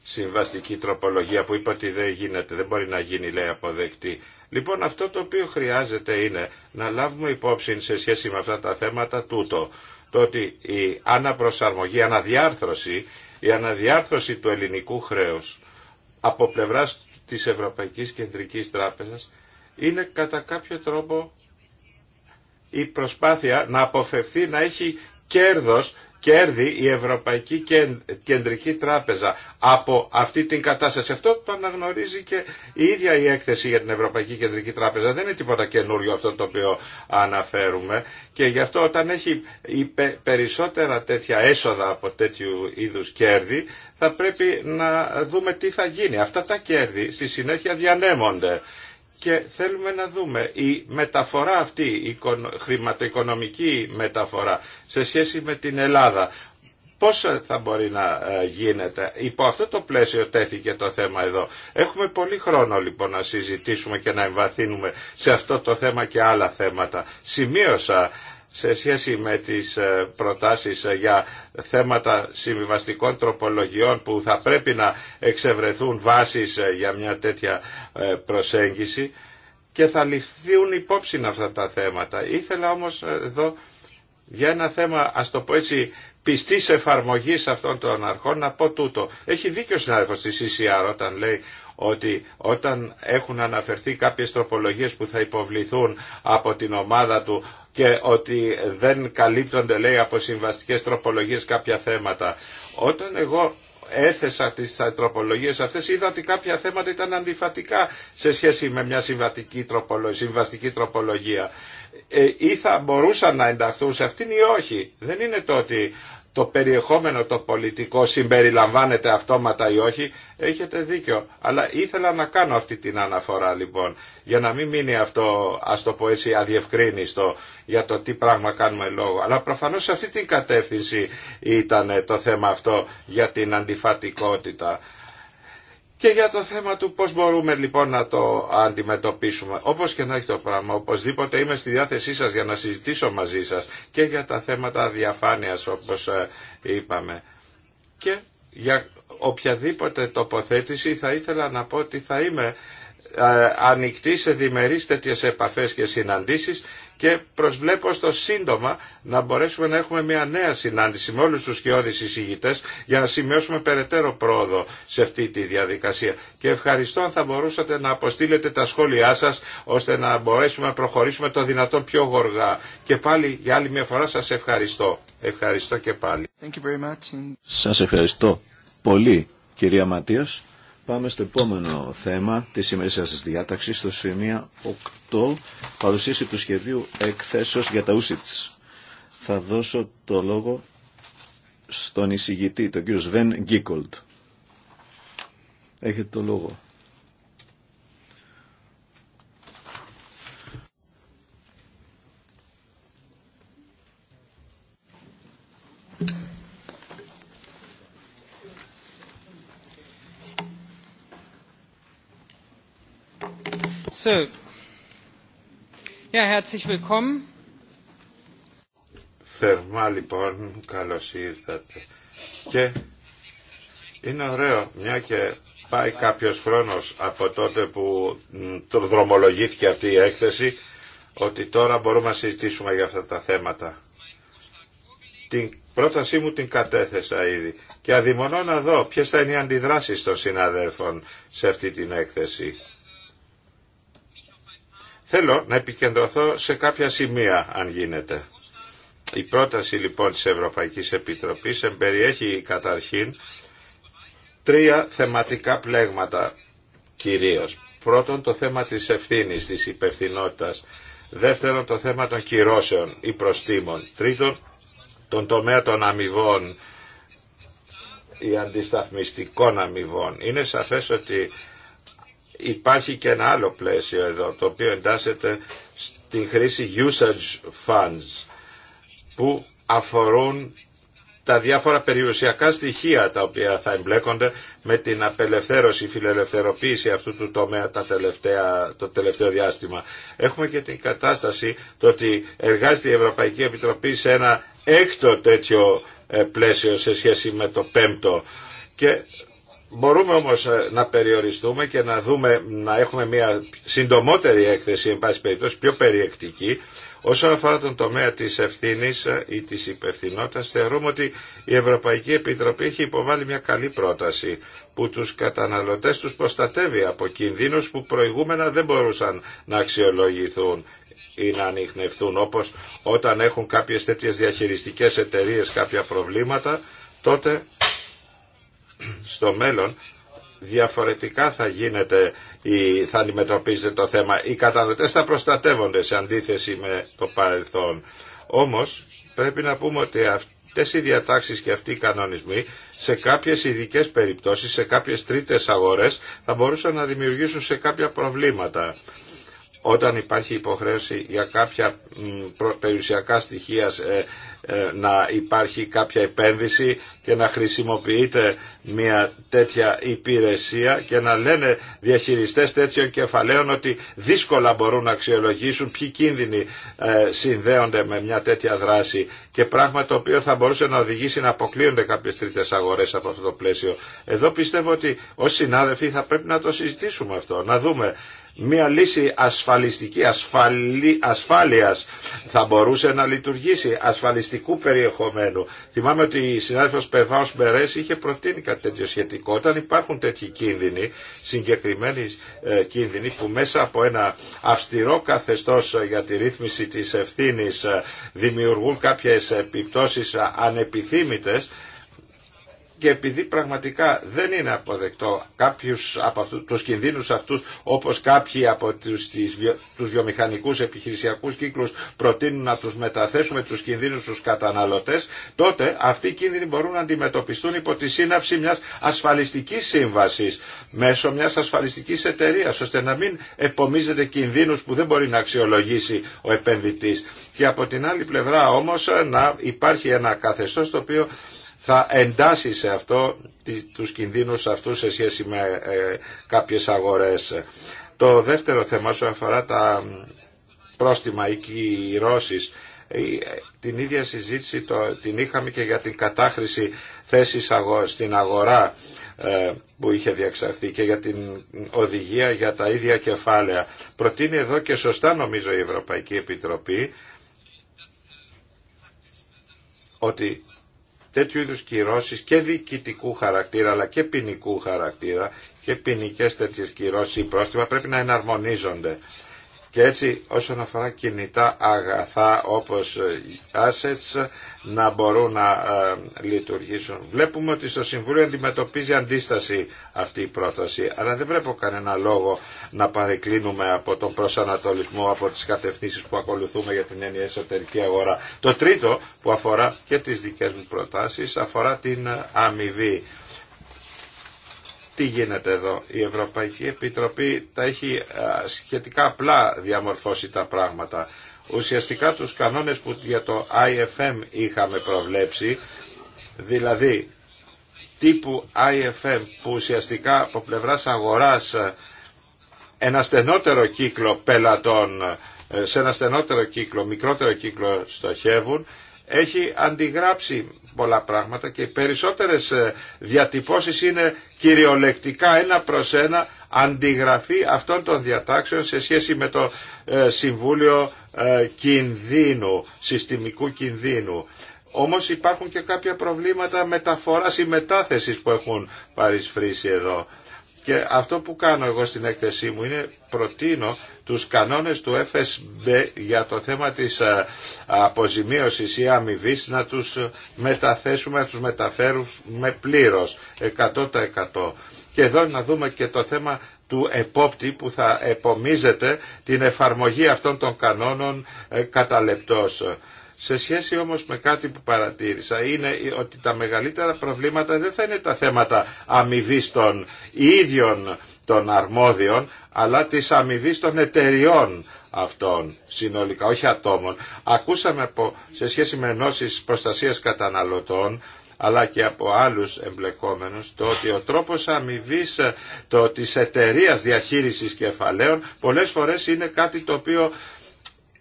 συμβαστική τροπολογία που είπε ότι δεν γίνεται, δεν μπορεί να γίνει λέει αποδεκτή. Λοιπόν αυτό το οποίο χρειάζεται είναι να λάβουμε υπόψη σε σχέση με αυτά τα θέματα τούτο το ότι η αναπροσαρμογή, η αναδιάρθρωση, η αναδιάρθρωση του ελληνικού χρέους από πλευράς της Ευρωπαϊκής Κεντρικής Τράπεζας είναι κατά κάποιο τρόπο η προσπάθεια να αποφευθεί να έχει κέρδος κέρδη η Ευρωπαϊκή Κεντρική Τράπεζα από αυτή την κατάσταση. Αυτό το αναγνωρίζει και η ίδια η έκθεση για την Ευρωπαϊκή Κεντρική Τράπεζα. Δεν είναι τίποτα καινούριο αυτό το οποίο αναφέρουμε και γι' αυτό όταν έχει περισσότερα τέτοια έσοδα από τέτοιου είδους κέρδη θα πρέπει να δούμε τι θα γίνει. Αυτά τα κέρδη στη συνέχεια διανέμονται και θέλουμε να δούμε η μεταφορά αυτή, η χρηματοοικονομική μεταφορά σε σχέση με την Ελλάδα πώς θα μπορεί να ε, γίνεται. Υπό αυτό το πλαίσιο τέθηκε το θέμα εδώ. Έχουμε πολύ χρόνο λοιπόν να συζητήσουμε και να εμβαθύνουμε σε αυτό το θέμα και άλλα θέματα. Σημείωσα σε σχέση με τις ε, προτάσεις ε, για θέματα συμβιβαστικών τροπολογιών που θα πρέπει να εξευρεθούν βάσεις ε, για μια τέτοια προσέγγιση και θα ληφθούν υπόψη αυτά τα θέματα. Ήθελα όμως εδώ για ένα θέμα, ας το πω έτσι, πιστής εφαρμογής αυτών των αρχών να πω τούτο. Έχει δίκιο συνάδελφος τη CCR όταν λέει ότι όταν έχουν αναφερθεί κάποιες τροπολογίες που θα υποβληθούν από την ομάδα του και ότι δεν καλύπτονται λέει από συμβαστικές τροπολογίες κάποια θέματα. Όταν εγώ έθεσα τις τροπολογίες αυτές είδα ότι κάποια θέματα ήταν αντιφατικά σε σχέση με μια συμβαστική τροπολογία ε, ή θα μπορούσαν να ενταχθούν σε αυτήν ή όχι. Δεν είναι το ότι το περιεχόμενο το πολιτικό συμπεριλαμβάνεται αυτόματα ή όχι, έχετε δίκιο. Αλλά ήθελα να κάνω αυτή την αναφορά λοιπόν, για να μην μείνει αυτό, ας το πω έτσι, αδιευκρίνιστο για το τι πράγμα κάνουμε λόγο. Αλλά προφανώς σε αυτή την κατεύθυνση ήταν το θέμα αυτό για την αντιφατικότητα. Και για το θέμα του πώς μπορούμε λοιπόν να το αντιμετωπίσουμε. Όπως και να έχει το πράγμα, οπωσδήποτε είμαι στη διάθεσή σας για να συζητήσω μαζί σας και για τα θέματα διαφάνειας όπως ε, είπαμε. Και για οποιαδήποτε τοποθέτηση θα ήθελα να πω ότι θα είμαι ε, ανοιχτή σε διμερείς τέτοιες επαφές και συναντήσεις και προσβλέπω στο σύντομα να μπορέσουμε να έχουμε μια νέα συνάντηση με όλους τους σκιώδεις εισηγητές για να σημειώσουμε περαιτέρω πρόοδο σε αυτή τη διαδικασία. Και ευχαριστώ αν θα μπορούσατε να αποστείλετε τα σχόλιά σας ώστε να μπορέσουμε να προχωρήσουμε το δυνατόν πιο γοργά. Και πάλι για άλλη μια φορά σας ευχαριστώ. Ευχαριστώ και πάλι. Σας ευχαριστώ πολύ κυρία Ματίας. Πάμε στο επόμενο θέμα τη σημερινή σα διάταξη, στο σημείο 8, παρουσίαση του σχεδίου εκθέσεω για τα ούσιτς. Θα δώσω το λόγο στον εισηγητή, τον κύριο Σβέν Γκίκολτ. Έχετε το λόγο. So, Θερμά λοιπόν, καλώ ήρθατε. Και είναι ωραίο, μια και πάει κάποιος χρόνος από τότε που το δρομολογήθηκε αυτή η έκθεση, ότι τώρα μπορούμε να συζητήσουμε για αυτά τα θέματα. Την πρότασή μου την κατέθεσα ήδη και αδειμονώ να δω ποιε θα είναι οι αντιδράσει των συναδέλφων σε αυτή την έκθεση. Θέλω να επικεντρωθώ σε κάποια σημεία, αν γίνεται. Η πρόταση λοιπόν της Ευρωπαϊκής Επιτροπής εμπεριέχει καταρχήν τρία θεματικά πλέγματα κυρίως. Πρώτον το θέμα της ευθύνης, της υπευθυνότητας. Δεύτερον το θέμα των κυρώσεων ή προστήμων. Τρίτον τον τομέα των αμοιβών ή αντισταθμιστικών αμοιβών. Είναι σαφές ότι υπάρχει και ένα άλλο πλαίσιο εδώ, το οποίο εντάσσεται στην χρήση usage funds, που αφορούν τα διάφορα περιουσιακά στοιχεία τα οποία θα εμπλέκονται με την απελευθέρωση, φιλελευθεροποίηση αυτού του τομέα τα τελευταία, το τελευταίο διάστημα. Έχουμε και την κατάσταση το ότι εργάζεται η Ευρωπαϊκή Επιτροπή σε ένα έκτο τέτοιο ε, πλαίσιο σε σχέση με το πέμπτο και Μπορούμε όμως ε, να περιοριστούμε και να δούμε, να έχουμε μια συντομότερη έκθεση, εν πάση περιπτώσει, πιο περιεκτική, Όσον αφορά τον τομέα της ευθύνη ε, ή της υπευθυνότητα, θεωρούμε ότι η Ευρωπαϊκή Επιτροπή έχει υποβάλει μια καλή πρόταση που τους καταναλωτές τους προστατεύει από κινδύνους που προηγούμενα δεν μπορούσαν να αξιολογηθούν ή να ανοιχνευτούν όπως όταν έχουν κάποιες τέτοιες διαχειριστικές εταιρείες κάποια προβλήματα τότε στο μέλλον διαφορετικά θα γίνεται ή θα αντιμετωπίζεται το θέμα. Οι καταναλωτές θα προστατεύονται σε αντίθεση με το παρελθόν. Όμως πρέπει να πούμε ότι αυτές οι διατάξεις και αυτοί οι κανονισμοί σε κάποιες ειδικέ περιπτώσεις, σε κάποιες τρίτες αγορές θα μπορούσαν να δημιουργήσουν σε κάποια προβλήματα όταν υπάρχει υποχρέωση για κάποια περιουσιακά στοιχεία ε, ε, να υπάρχει κάποια επένδυση και να χρησιμοποιείται μια τέτοια υπηρεσία και να λένε διαχειριστές τέτοιων κεφαλαίων ότι δύσκολα μπορούν να αξιολογήσουν ποιοι κίνδυνοι ε, συνδέονται με μια τέτοια δράση και πράγμα το οποίο θα μπορούσε να οδηγήσει να αποκλείονται κάποιες τρίτες αγορές από αυτό το πλαίσιο. Εδώ πιστεύω ότι ως συνάδελφοι θα πρέπει να το συζητήσουμε αυτό, να δούμε μια λύση ασφαλιστική, ασφαλή, ασφάλειας θα μπορούσε να λειτουργήσει, ασφαλιστικού περιεχομένου. Θυμάμαι ότι η συνάδελφος Περβάος Μπερές είχε προτείνει κάτι τέτοιο σχετικό. Όταν υπάρχουν τέτοιοι κίνδυνοι, συγκεκριμένοι ε, κίνδυνοι που μέσα από ένα αυστηρό καθεστώς για τη ρύθμιση της ευθύνης ε, δημιουργούν κάποιες επιπτώσεις ανεπιθύμητες, και επειδή πραγματικά δεν είναι αποδεκτό κάποιους από αυτού, τους κινδύνους αυτούς όπως κάποιοι από τους, τις, τους βιομηχανικούς επιχειρησιακούς κύκλους προτείνουν να τους μεταθέσουμε τους κινδύνους στους καταναλωτές τότε αυτοί οι κίνδυνοι μπορούν να αντιμετωπιστούν υπό τη σύναψη μιας ασφαλιστικής σύμβασης μέσω μιας ασφαλιστικής εταιρείας ώστε να μην επομίζεται κινδύνους που δεν μπορεί να αξιολογήσει ο επενδυτής και από την άλλη πλευρά όμως να υπάρχει ένα καθεστώς το οποίο θα εντάσει σε αυτό τους κινδύνους αυτούς σε σχέση με ε, κάποιες αγορές. Το δεύτερο θέμα όσον αφορά τα πρόστιμα ή κυρώσεις, ε, την ίδια συζήτηση το, την είχαμε και για την κατάχρηση θέσης στην αγορά ε, που είχε διαξαρθεί και για την οδηγία για τα ίδια κεφάλαια. Προτείνει εδώ και σωστά νομίζω η Ευρωπαϊκή Επιτροπή τέτοιου είδους κυρώσεις και διοικητικού χαρακτήρα αλλά και ποινικού χαρακτήρα και ποινικέ τέτοιες κυρώσεις ή πρόστιμα πρέπει να εναρμονίζονται και έτσι όσον αφορά κινητά αγαθά όπως assets να μπορούν να ε, λειτουργήσουν. Βλέπουμε ότι στο Συμβούλιο αντιμετωπίζει αντίσταση αυτή η πρόταση, αλλά δεν βλέπω κανένα λόγο να παρεκκλίνουμε από τον προσανατολισμό, από τις κατευθύνσεις που ακολουθούμε για την έννοια εσωτερική αγορά. Το τρίτο που αφορά και τις δικές μου προτάσεις αφορά την ε, αμοιβή τι γίνεται εδώ. Η Ευρωπαϊκή Επιτροπή τα έχει σχετικά απλά διαμορφώσει τα πράγματα. Ουσιαστικά τους κανόνες που για το IFM είχαμε προβλέψει, δηλαδή τύπου IFM που ουσιαστικά από πλευράς αγοράς ένα στενότερο κύκλο πελατών, σε ένα στενότερο κύκλο, μικρότερο κύκλο στοχεύουν, έχει αντιγράψει πολλά πράγματα και οι περισσότερες ε, διατυπώσεις είναι κυριολεκτικά ένα προς ένα αντιγραφή αυτών των διατάξεων σε σχέση με το ε, Συμβούλιο ε, Κινδύνου, Συστημικού Κινδύνου. Όμως υπάρχουν και κάποια προβλήματα μεταφοράς ή μετάθεσης που έχουν παρισφρήσει εδώ. Και αυτό που κάνω εγώ στην έκθεσή μου είναι προτείνω τους κανόνες του FSB για το θέμα της ε, αποζημίωσης ή αμοιβή να τους μεταθέσουμε, να τους μεταφέρουμε πλήρως, 100%. Και εδώ να δούμε και το θέμα του επόπτη που θα επομίζεται την εφαρμογή αυτών των κανόνων ε, κατά σε σχέση όμως με κάτι που παρατήρησα είναι ότι τα μεγαλύτερα προβλήματα δεν θα είναι τα θέματα αμοιβή των ίδιων των αρμόδιων, αλλά της αμοιβή των εταιριών αυτών συνολικά, όχι ατόμων. Ακούσαμε από, σε σχέση με ενώσεις προστασίας καταναλωτών, αλλά και από άλλους εμπλεκόμενους το ότι ο τρόπος αμοιβή το της εταιρείας διαχείρισης κεφαλαίων πολλές φορές είναι κάτι το οποίο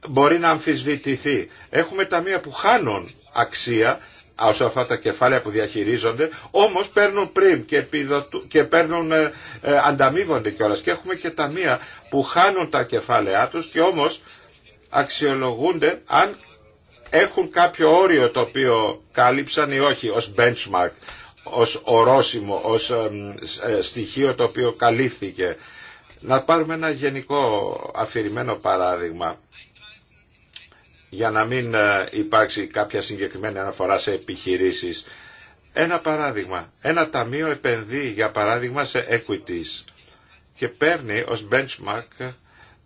μπορεί να αμφισβητηθεί. Έχουμε ταμεία που χάνουν αξία όσο αυτά τα κεφάλαια που διαχειρίζονται, όμως παίρνουν πριμ και, και παίρνουν, ε, ε, ανταμείβονται κιόλας και έχουμε και ταμεία που χάνουν τα κεφάλαιά τους και όμως αξιολογούνται αν έχουν κάποιο όριο το οποίο κάλυψαν ή όχι ως benchmark, ως ορόσημο, ως ε, στοιχείο το οποίο καλύφθηκε. Να πάρουμε ένα γενικό αφηρημένο παράδειγμα για να μην ε, υπάρξει κάποια συγκεκριμένη αναφορά σε επιχειρήσεις. Ένα παράδειγμα, ένα ταμείο επενδύει για παράδειγμα σε equities και παίρνει ως benchmark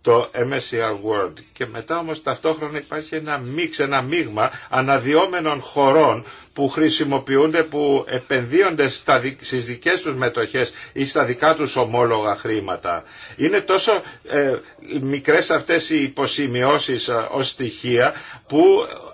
το MSCI World. Και μετά όμως ταυτόχρονα υπάρχει ένα μίξ, ένα μείγμα αναδυόμενων χωρών που χρησιμοποιούνται, που επενδύονται στα, στις δικές τους μετοχές ή στα δικά τους ομόλογα χρήματα. Είναι τόσο ε, μικρές αυτές οι υποσημειώσεις ε, ως στοιχεία που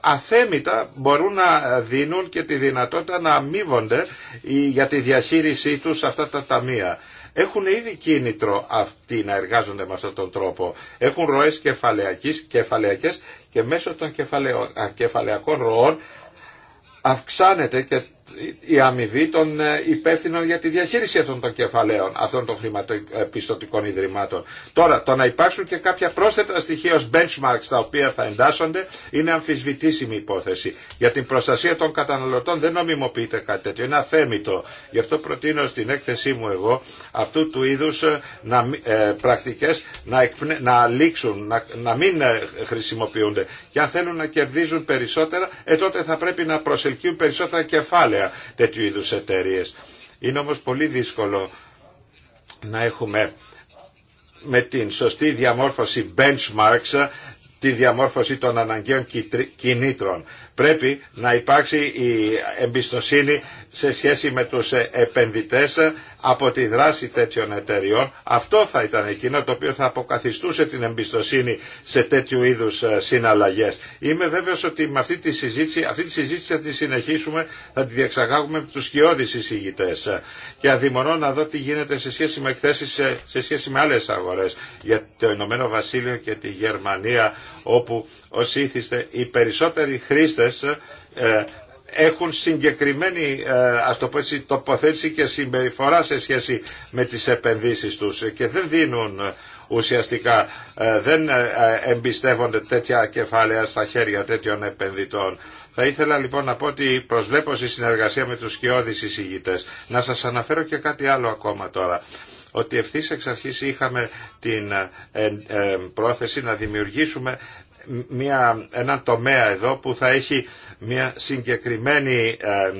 αθέμητα μπορούν να δίνουν και τη δυνατότητα να αμείβονται για τη διαχείρισή τους αυτά τα ταμεία έχουν ήδη κίνητρο αυτοί να εργάζονται με αυτόν τον τρόπο. Έχουν ροές κεφαλαιακές και μέσω των κεφαλαιακών ροών αυξάνεται και η αμοιβή των ε, υπεύθυνων για τη διαχείριση αυτών των κεφαλαίων, αυτών των χρηματοπιστωτικών ιδρυμάτων. Τώρα, το να υπάρξουν και κάποια πρόσθετα στοιχεία ως benchmarks τα οποία θα εντάσσονται είναι αμφισβητήσιμη υπόθεση. Για την προστασία των καταναλωτών δεν νομιμοποιείται κάτι τέτοιο, είναι αθέμητο. Γι' αυτό προτείνω στην έκθεσή μου εγώ αυτού του είδους ε, να, ε, πρακτικές να, εκπνε, να λήξουν, να, να μην ε, χρησιμοποιούνται. Και αν θέλουν να κερδίζουν περισσότερα, ε, τότε θα πρέπει να προσελκύουν περισσότερα κεφάλαια τέτοιου είδους εταιρείες. Είναι όμως πολύ δύσκολο να έχουμε με την σωστή διαμόρφωση benchmarks τη διαμόρφωση των αναγκαίων κινήτρων. Πρέπει να υπάρξει η εμπιστοσύνη σε σχέση με τους επενδυτές από τη δράση τέτοιων εταιριών. Αυτό θα ήταν εκείνο το οποίο θα αποκαθιστούσε την εμπιστοσύνη σε τέτοιου είδου ε, συναλλαγέ. Είμαι βέβαιο ότι με αυτή τη συζήτηση, αυτή τη συζήτηση θα τη συνεχίσουμε, θα τη διεξαγάγουμε με του σκιώδει εισηγητέ. Και αδειμονώ να δω τι γίνεται σε σχέση με εκθέσει σε, σχέση με άλλε αγορέ για το Ηνωμένο Βασίλειο και τη Γερμανία, όπου ω ήθιστε οι περισσότεροι χρήστε ε, έχουν συγκεκριμένη ε, ας το πω τοποθέτηση και συμπεριφορά σε σχέση με τις επενδύσεις τους και δεν δίνουν ε, ουσιαστικά ε, δεν εμπιστεύονται τέτοια κεφάλαια στα χέρια τέτοιων επενδυτών. Θα ήθελα λοιπόν να πω ότι προσβλέπω στη συνεργασία με τους σκιώδεις εισηγητές. Να σας αναφέρω και κάτι άλλο ακόμα τώρα ότι ευθύ εξ αρχής είχαμε την πρόθεση να δημιουργήσουμε μια, έναν τομέα εδώ που θα έχει μια συγκεκριμένη ε,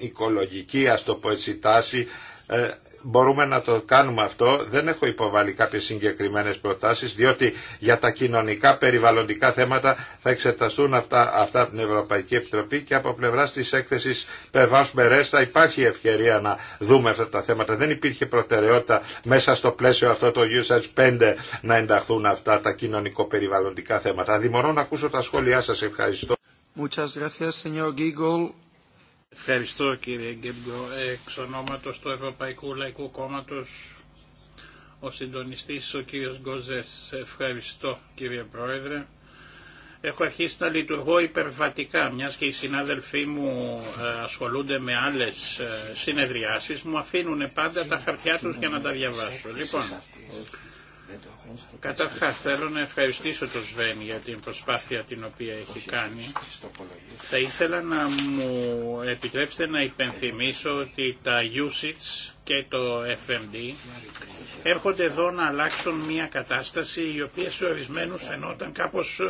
οικολογική ας το πω τάση ε, μπορούμε να το κάνουμε αυτό. Δεν έχω υποβάλει κάποιες συγκεκριμένες προτάσεις, διότι για τα κοινωνικά περιβαλλοντικά θέματα θα εξεταστούν αυτά, αυτά από την Ευρωπαϊκή Επιτροπή και από πλευρά τη έκθεση περβάσου Μπερέστα θα υπάρχει ευκαιρία να δούμε αυτά τα θέματα. Δεν υπήρχε προτεραιότητα μέσα στο πλαίσιο αυτό το Usage 5 να ενταχθούν αυτά τα κοινωνικο-περιβαλλοντικά θέματα. Δημορώ να ακούσω τα σχόλιά σας. Ευχαριστώ. Muchas Ευχαριστώ κύριε Γκέμπιο. Εξ ονόματος του Ευρωπαϊκού Λαϊκού Κόμματος ο συντονιστής ο κύριος Γκοζές. Ευχαριστώ κύριε Πρόεδρε. Έχω αρχίσει να λειτουργώ υπερβατικά, μιας και οι συνάδελφοί μου ε, ασχολούνται με άλλες ε, συνεδριάσεις, μου αφήνουν πάντα τα χαρτιά τους για να τα διαβάσω. Λοιπόν, Καταρχά θέλω να ευχαριστήσω τον Σβέν για την προσπάθεια την οποία έχει κάνει. Θα ήθελα να μου επιτρέψετε να υπενθυμίσω ότι τα usage και το FMD έρχονται εδώ να αλλάξουν μια κατάσταση η οποία σε ορισμένους φαινόταν κάπως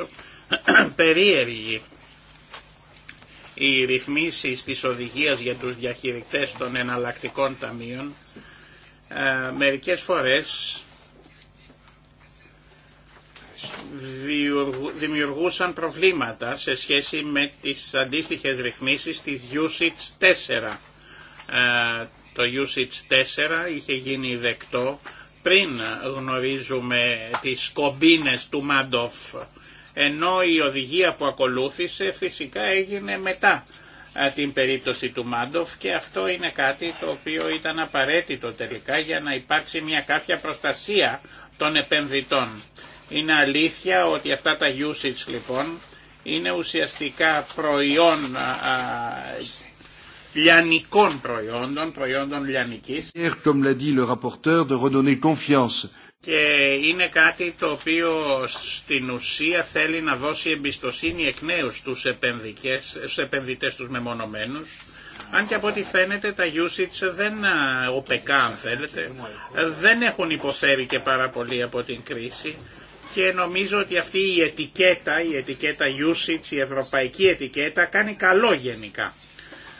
ε, περίεργη. Οι ρυθμίσεις της οδηγία για τους διαχειριστές των εναλλακτικών ταμείων ε, μερικές φορές δημιουργούσαν προβλήματα σε σχέση με τις αντίστοιχες ρυθμίσεις της usage 4. Ε, το usage 4 είχε γίνει δεκτό πριν γνωρίζουμε τις κομπίνες του Μάντοφ, ενώ η οδηγία που ακολούθησε φυσικά έγινε μετά ε, την περίπτωση του Μάντοφ και αυτό είναι κάτι το οποίο ήταν απαραίτητο τελικά για να υπάρξει μια κάποια προστασία των επενδυτών. Είναι αλήθεια ότι αυτά τα usage λοιπόν είναι ουσιαστικά προϊόν α, λιανικών προϊόντων, προϊόντων λιανικής. Και είναι κάτι το οποίο στην ουσία θέλει να δώσει εμπιστοσύνη εκ νέου στους, στους επενδυτές τους μεμονωμένους. Αν και από ό,τι φαίνεται τα usage δεν, οπεκά αν θέλετε, δεν έχουν υποφέρει και πάρα πολύ από την κρίση και νομίζω ότι αυτή η ετικέτα, η ετικέτα usage, η ευρωπαϊκή ετικέτα κάνει καλό γενικά.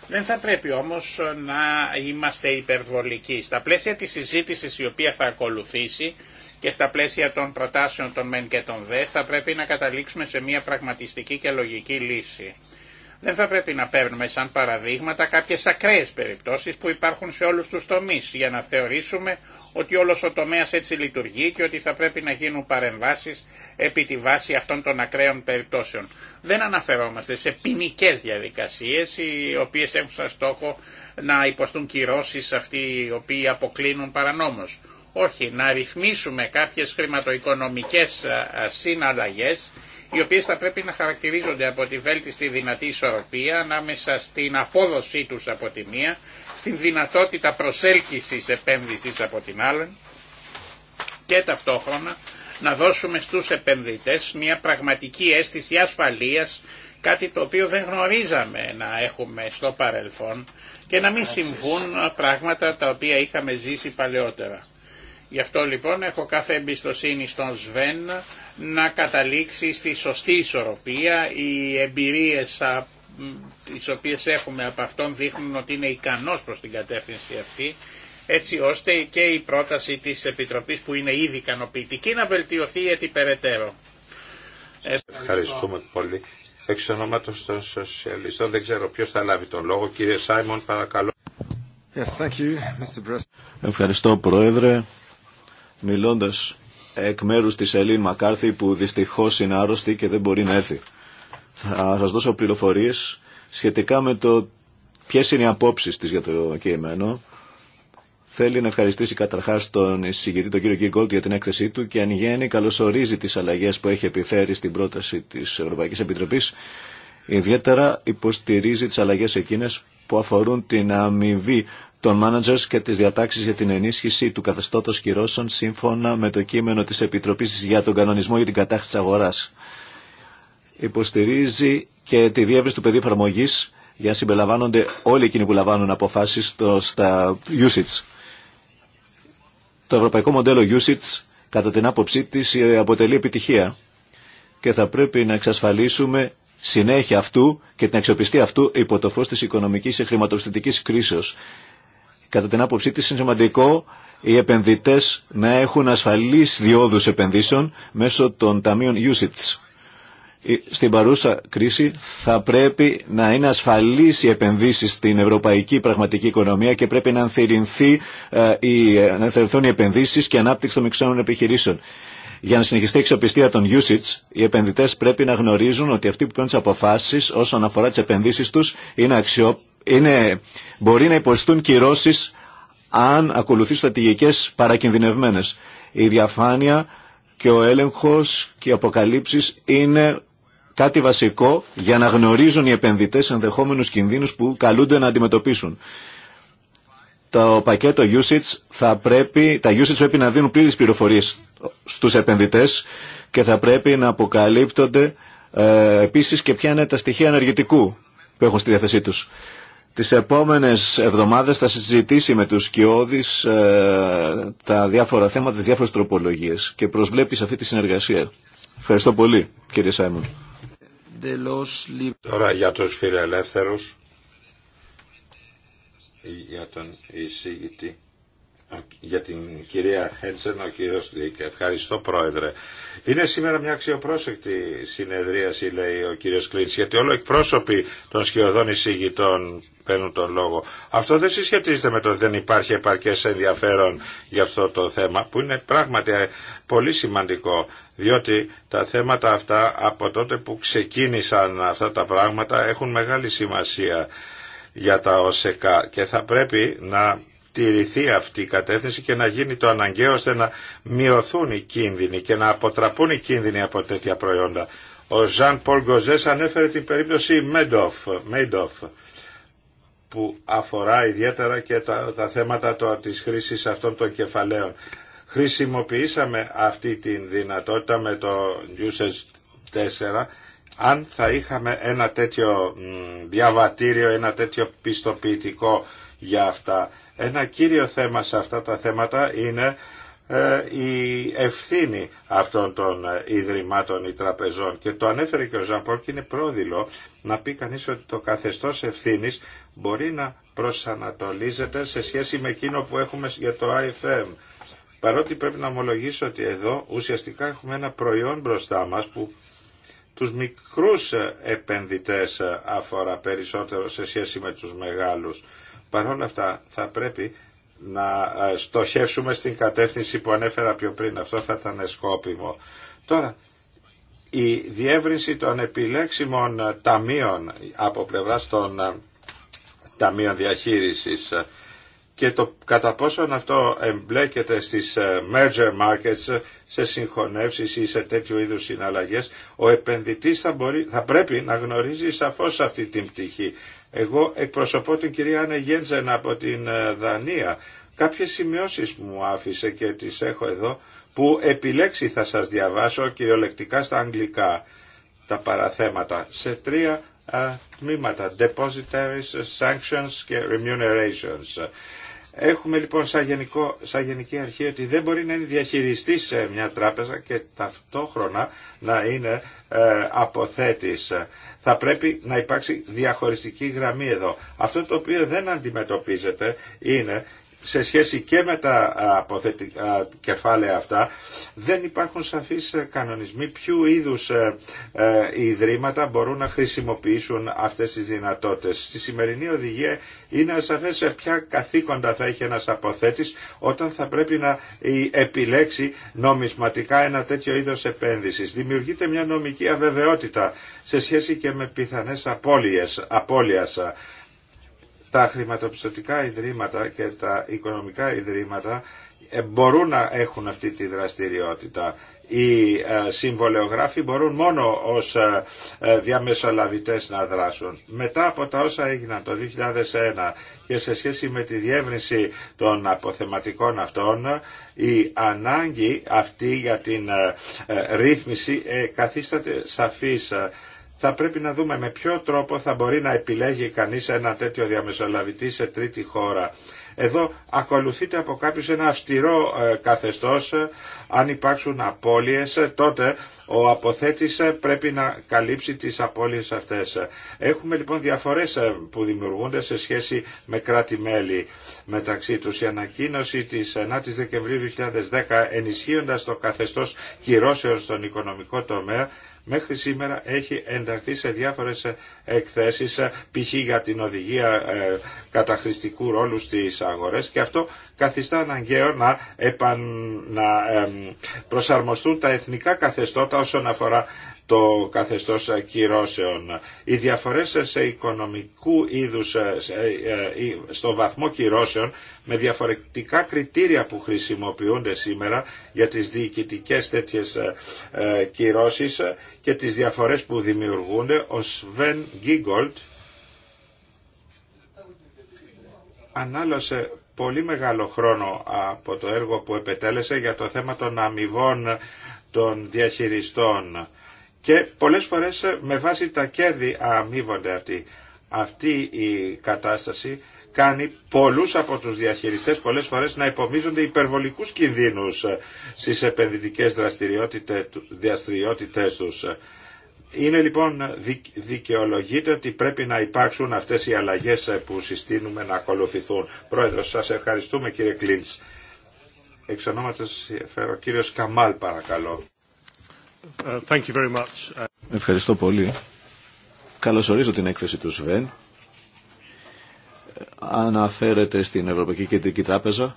Δεν θα πρέπει όμως να είμαστε υπερβολικοί. Στα πλαίσια της συζήτησης η οποία θα ακολουθήσει και στα πλαίσια των προτάσεων των ΜΕΝ και των ΔΕ θα πρέπει να καταλήξουμε σε μια πραγματιστική και λογική λύση. Δεν θα πρέπει να παίρνουμε σαν παραδείγματα κάποιες ακραίες περιπτώσεις που υπάρχουν σε όλους τους τομείς για να θεωρήσουμε ότι όλος ο τομέας έτσι λειτουργεί και ότι θα πρέπει να γίνουν παρεμβάσεις επί τη βάση αυτών των ακραίων περιπτώσεων. Δεν αναφερόμαστε σε ποινικέ διαδικασίες οι οποίες έχουν σαν στόχο να υποστούν κυρώσεις αυτοί οι οποίοι αποκλίνουν παρανόμως. Όχι, να ρυθμίσουμε κάποιες χρηματοοικονομικές συναλλαγές οι οποίες θα πρέπει να χαρακτηρίζονται από τη βέλτιστη δυνατή ισορροπία ανάμεσα στην απόδοσή τους από τη μία, στην δυνατότητα προσέλκυσης επένδυσης από την άλλη και ταυτόχρονα να δώσουμε στους επενδυτές μια πραγματική αίσθηση ασφαλείας, κάτι το οποίο δεν γνωρίζαμε να έχουμε στο παρελθόν και να μην συμβούν πράγματα τα οποία είχαμε ζήσει παλαιότερα. Γι' αυτό λοιπόν έχω κάθε εμπιστοσύνη στον Σβέν να καταλήξει στη σωστή ισορροπία. Οι εμπειρίες τις οποίες έχουμε από αυτόν δείχνουν ότι είναι ικανός προς την κατεύθυνση αυτή έτσι ώστε και η πρόταση της Επιτροπής που είναι ήδη ικανοποιητική να βελτιωθεί έτσι περαιτέρω. Ευχαριστούμε πολύ. Εξ ονόματος των Σοσιαλιστών δεν ξέρω ποιος θα λάβει τον λόγο. Κύριε Σάιμον παρακαλώ. thank you, Mr. Ευχαριστώ Πρόεδρε μιλώντας εκ μέρους της Ελίν Μακάρθη που δυστυχώς είναι άρρωστη και δεν μπορεί να έρθει. Θα σας δώσω πληροφορίες σχετικά με το ποιες είναι οι απόψεις της για το κείμενο. Θέλει να ευχαριστήσει καταρχάς τον εισηγητή, τον κύριο Γκίγκολτ, για την έκθεσή του και αν γέννη καλωσορίζει τις αλλαγές που έχει επιφέρει στην πρόταση της Ευρωπαϊκής Επιτροπής. Ιδιαίτερα υποστηρίζει τις αλλαγές εκείνες που αφορούν την αμοιβή των managers και τις διατάξεις για την ενίσχυση του καθεστώτος κυρώσεων σύμφωνα με το κείμενο της Επιτροπής για τον Κανονισμό για την Κατάχρηση της Αγοράς. Υποστηρίζει και τη διεύρυνση του πεδίου εφαρμογή για να συμπεριλαμβάνονται όλοι εκείνοι που λαμβάνουν αποφάσεις στο, στα usage. Το ευρωπαϊκό μοντέλο usage κατά την άποψή της αποτελεί επιτυχία και θα πρέπει να εξασφαλίσουμε συνέχεια αυτού και την αξιοπιστία αυτού υπό το φως της οικονομικής και χρηματοπιστωτικής κρίσεως Κατά την άποψή της είναι σημαντικό οι επενδυτές να έχουν ασφαλείς διόδους επενδύσεων μέσω των ταμείων usage. Στην παρούσα κρίση θα πρέπει να είναι ασφαλείς οι επενδύσεις στην ευρωπαϊκή πραγματική οικονομία και πρέπει να ενθερρυνθεί, ε, οι επενδύσεις και ανάπτυξη των μικρών επιχειρήσεων. Για να συνεχιστεί η εξοπιστία των usage, οι επενδυτές πρέπει να γνωρίζουν ότι αυτοί που παίρνουν τι αποφάσει όσον αφορά τις επενδύσεις τους είναι αξιόπιστοι είναι, μπορεί να υποστούν κυρώσει αν ακολουθεί στρατηγικέ παρακινδυνευμένε. Η διαφάνεια και ο έλεγχο και οι αποκαλύψει είναι κάτι βασικό για να γνωρίζουν οι επενδυτές ενδεχόμενου κινδύνους που καλούνται να αντιμετωπίσουν. Το πακέτο usage θα πρέπει, τα usage πρέπει να δίνουν πλήρε πληροφορίες στους επενδυτές και θα πρέπει να αποκαλύπτονται ε, επίσης και ποια είναι τα στοιχεία ενεργητικού που έχουν στη διάθεσή τους. Τις επόμενες εβδομάδες θα συζητήσει με τους Σκιώδης ε, τα διάφορα θέματα, τις διάφορες τροπολογίες και προσβλέπει σε αυτή τη συνεργασία. Ευχαριστώ πολύ κύριε Σάιμον. Τώρα για τους φιλελεύθερους, για τον εισηγητή, για την κυρία Χέντσεν, ο κύριος Δίκ. Ευχαριστώ πρόεδρε. Είναι σήμερα μια αξιοπρόσεκτη συνεδρίαση, λέει ο κύριος Κλίντς, γιατί όλο εκπρόσωποι των σκιωδών εισηγητών παίρνουν λόγο. Αυτό δεν συσχετίζεται με το ότι δεν υπάρχει επαρκές ενδιαφέρον για αυτό το θέμα, που είναι πράγματι πολύ σημαντικό, διότι τα θέματα αυτά από τότε που ξεκίνησαν αυτά τα πράγματα έχουν μεγάλη σημασία για τα ΟΣΕΚΑ και θα πρέπει να τηρηθεί αυτή η κατεύθυνση και να γίνει το αναγκαίο ώστε να μειωθούν οι κίνδυνοι και να αποτραπούν οι κίνδυνοι από τέτοια προϊόντα. Ο Ζαν Πολ Γκοζές ανέφερε την περίπτωση Μέντοφ, που αφορά ιδιαίτερα και τα, τα θέματα το, της χρήσης αυτών των κεφαλαίων. Χρησιμοποιήσαμε αυτή τη δυνατότητα με το Usage 4. Αν θα είχαμε ένα τέτοιο διαβατήριο, ένα τέτοιο πιστοποιητικό για αυτά, ένα κύριο θέμα σε αυτά τα θέματα είναι ε, η ευθύνη αυτών των ε, ιδρυμάτων ή τραπεζών και το ανέφερε και ο Ζαμπόλ και είναι πρόδειλο να πει κανείς ότι το καθεστώς ευθύνης μπορεί να προσανατολίζεται σε σχέση με εκείνο που έχουμε για το IFM. Παρότι πρέπει να ομολογήσω ότι εδώ ουσιαστικά έχουμε ένα προϊόν μπροστά μας που τους μικρούς ε, επενδυτές αφορά περισσότερο σε σχέση με τους μεγάλους. παρόλα αυτά θα πρέπει να ε, στοχεύσουμε στην κατεύθυνση που ανέφερα πιο πριν. Αυτό θα ήταν σκόπιμο. Τώρα, η διεύρυνση των επιλέξιμων ε, ταμείων από πλευράς των ε, ταμείων διαχείρισης και το κατά πόσον αυτό εμπλέκεται στις merger markets, σε συγχωνεύσεις ή σε τέτοιου είδους συναλλαγές, ο επενδυτής θα, μπορεί, θα πρέπει να γνωρίζει σαφώς αυτή την πτυχή. Εγώ εκπροσωπώ την κυρία Άννα από την ε, Δανία. Κάποιες σημειώσεις μου άφησε και τις έχω εδώ που επιλέξει θα σας διαβάσω κυριολεκτικά στα αγγλικά τα παραθέματα σε τρία ε, τμήματα. Sanctions και Remunerations. Έχουμε λοιπόν σαν, γενικό, γενική αρχή ότι δεν μπορεί να είναι διαχειριστής σε μια τράπεζα και ταυτόχρονα να είναι ε, αποθέτης. Θα πρέπει να υπάρξει διαχωριστική γραμμή εδώ. Αυτό το οποίο δεν αντιμετωπίζεται είναι σε σχέση και με τα αποθετικά κεφάλαια αυτά δεν υπάρχουν σαφείς ε, κανονισμοί ποιου είδους ε, ε, ιδρύματα μπορούν να χρησιμοποιήσουν αυτές τις δυνατότητες. Στη σημερινή οδηγία είναι ασαφές σε ποια καθήκοντα θα έχει ένας αποθέτης όταν θα πρέπει να επιλέξει νομισματικά ένα τέτοιο είδος επένδυσης. Δημιουργείται μια νομική αβεβαιότητα σε σχέση και με πιθανές απώλειες, απώλειας τα χρηματοπιστωτικά ιδρύματα και τα οικονομικά ιδρύματα ε, μπορούν να έχουν αυτή τη δραστηριότητα. Οι ε, συμβολεογράφοι μπορούν μόνο ως ε, διαμεσολαβητές να δράσουν. Μετά από τα όσα έγιναν το 2001 και σε σχέση με τη διεύρυνση των αποθεματικών αυτών, η ανάγκη αυτή για την ρύθμιση καθίσταται σαφής θα πρέπει να δούμε με ποιο τρόπο θα μπορεί να επιλέγει κανείς ένα τέτοιο διαμεσολαβητή σε τρίτη χώρα. Εδώ ακολουθείται από κάποιους ένα αυστηρό ε, καθεστώς, αν υπάρξουν απώλειες, τότε ο αποθέτης ε, πρέπει να καλύψει τις απώλειες αυτές. Έχουμε λοιπόν διαφορές ε, που δημιουργούνται σε σχέση με κράτη-μέλη μεταξύ τους. Η ανακοίνωση της 9 η Δεκεμβρίου 2010 ενισχύοντας το καθεστώς κυρώσεων στον οικονομικό τομέα μέχρι σήμερα έχει ενταχθεί σε διάφορες ε, εκθέσεις ε, π.χ. για την οδηγία ε, καταχρηστικού ρόλου στις αγορές και αυτό καθιστά αναγκαίο να, επαν, να προσαρμοστούν τα εθνικά καθεστώτα όσον αφορά το καθεστώς κυρώσεων. Οι διαφορές σε οικονομικού είδους, ε, ε, ε, στο βαθμό κυρώσεων, με διαφορετικά κριτήρια που χρησιμοποιούνται σήμερα για τις διοικητικές τέτοιες κυρώσεις και τις διαφορές που δημιουργούνται, ο Σβεν Γκίγκολτ ανάλωσε πολύ μεγάλο χρόνο από το έργο που επετέλεσε για το θέμα των αμοιβών των διαχειριστών και πολλές φορές ε, με βάση τα κέρδη αμείβονται αυτοί. Αυτή η κατάσταση κάνει πολλούς από τους διαχειριστές πολλές φορές να υπομίζονται υπερβολικούς κινδύνους ε, στις επενδυτικές δραστηριότητες τους. Είναι λοιπόν δικαιολογείται ότι πρέπει να υπάρξουν αυτές οι αλλαγές ε, που συστήνουμε να ακολουθηθούν. Πρόεδρος, σας ευχαριστούμε κύριε Κλίντς. Εξ ονόματος φέρω κύριος Καμάλ παρακαλώ. Uh, uh, Ευχαριστώ πολύ. Καλωσορίζω την έκθεση του ΣΒΕΝ. Ε, αναφέρεται στην Ευρωπαϊκή Κεντρική Τράπεζα.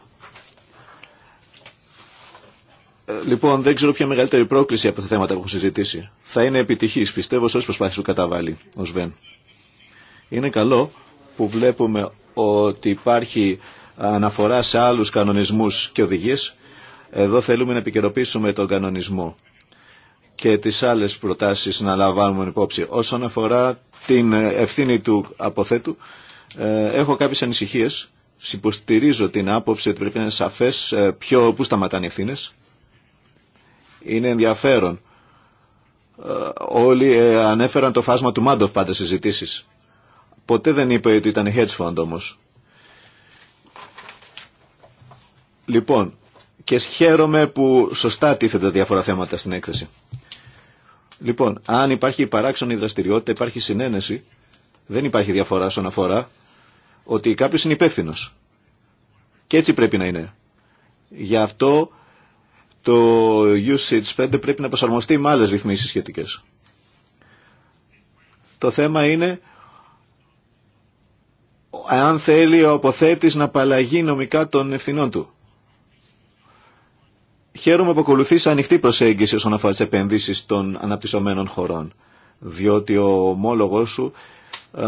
Ε, λοιπόν, δεν ξέρω ποια μεγαλύτερη πρόκληση από τα θέματα που έχουν συζητήσει. Θα είναι επιτυχής, πιστεύω, σε όσε προσπάθειε που καταβάλει ο ΣΒΕΝ. Είναι καλό που βλέπουμε ότι υπάρχει αναφορά σε άλλους κανονισμού και οδηγίε. Εδώ θέλουμε να επικαιροποιήσουμε τον κανονισμό και τις άλλες προτάσεις να λαμβάνουμε υπόψη. Όσον αφορά την ευθύνη του αποθέτου, ε, έχω κάποιες ανησυχίες. Συμποστηρίζω την άποψη ότι πρέπει να είναι σαφές ε, ποιο, πού σταματάνε οι ευθύνε. Είναι ενδιαφέρον. Ε, όλοι ανέφεραν το φάσμα του Μάντοφ πάντα στις συζητήσεις. Ποτέ δεν είπε ότι ήταν hedge fund όμως. Λοιπόν, και χαίρομαι που σωστά τίθεται διάφορα θέματα στην έκθεση. Λοιπόν, αν υπάρχει παράξενη δραστηριότητα, υπάρχει συνένεση, δεν υπάρχει διαφορά στον αφορά ότι κάποιο είναι υπεύθυνο. Και έτσι πρέπει να είναι. Γι' αυτό το usage 5 πρέπει να προσαρμοστεί με άλλε ρυθμίσει σχετικέ. Το θέμα είναι αν θέλει ο αποθέτης να απαλλαγεί νομικά των ευθυνών του. Χαίρομαι που ακολουθεί ανοιχτή προσέγγιση όσον αφορά τι επενδύσει των αναπτυσσομένων χωρών. Διότι ο ομόλογο σου ε, ε,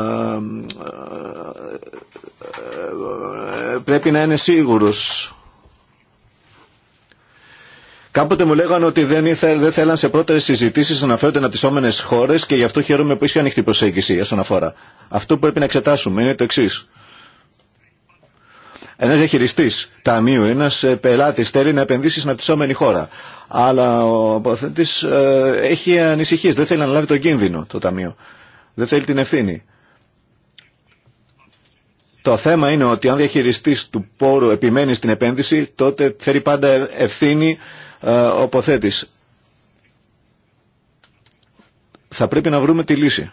ε, πρέπει να είναι σίγουρος Κάποτε μου λέγανε ότι δεν, ήθε, δεν θέλαν σε πρώτερε συζητήσει να αναφέρονται αναπτυσσόμενε χώρε και γι' αυτό χαίρομαι που είσαι ανοιχτή προσέγγιση όσον αφορά. Αυτό που πρέπει να εξετάσουμε είναι το εξή. Ένα διαχειριστή ταμείου, ένα ε, πελάτη θέλει να επενδύσει στην απτυσσόμενη χώρα. Αλλά ο αποθέτη ε, έχει ανησυχίες. Δεν θέλει να λάβει τον κίνδυνο το ταμείο. Δεν θέλει την ευθύνη. Το θέμα είναι ότι αν διαχειριστή του πόρου επιμένει στην επένδυση, τότε φέρει πάντα ευθύνη ε, ο αποθέτη. Θα πρέπει να βρούμε τη λύση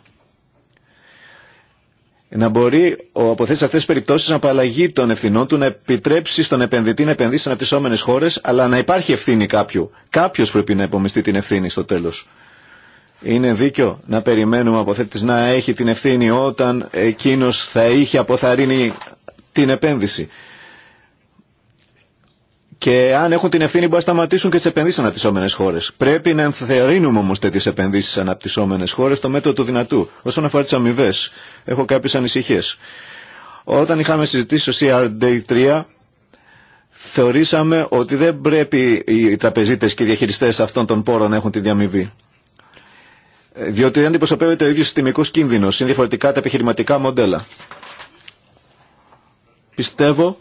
να μπορεί ο αποθέτης αυτές τις περιπτώσεις να απαλλαγεί τον ευθυνών του, να επιτρέψει στον επενδυτή να επενδύσει σε αναπτυσσόμενες χώρες, αλλά να υπάρχει ευθύνη κάποιου. Κάποιος πρέπει να υπομειστεί την ευθύνη στο τέλος. Είναι δίκιο να περιμένουμε αποθέτης να έχει την ευθύνη όταν εκείνος θα είχε αποθαρρύνει την επένδυση. Και αν έχουν την ευθύνη, μπορεί να σταματήσουν και τι επενδύσει στι αναπτυσσόμενε χώρε. Πρέπει να ενθαρρύνουμε όμω τέτοιε επενδύσει στι αναπτυσσόμενε χώρε στο μέτρο του δυνατού. Όσον αφορά τι αμοιβέ, έχω κάποιε ανησυχίε. Όταν είχαμε συζητήσει στο CRD3, θεωρήσαμε ότι δεν πρέπει οι τραπεζίτε και οι διαχειριστέ αυτών των πόρων να έχουν τη διαμοιβή. Διότι δεν αντιπροσωπεύεται ο ίδιο συστημικό κίνδυνο. Είναι διαφορετικά τα επιχειρηματικά μοντέλα. Πιστεύω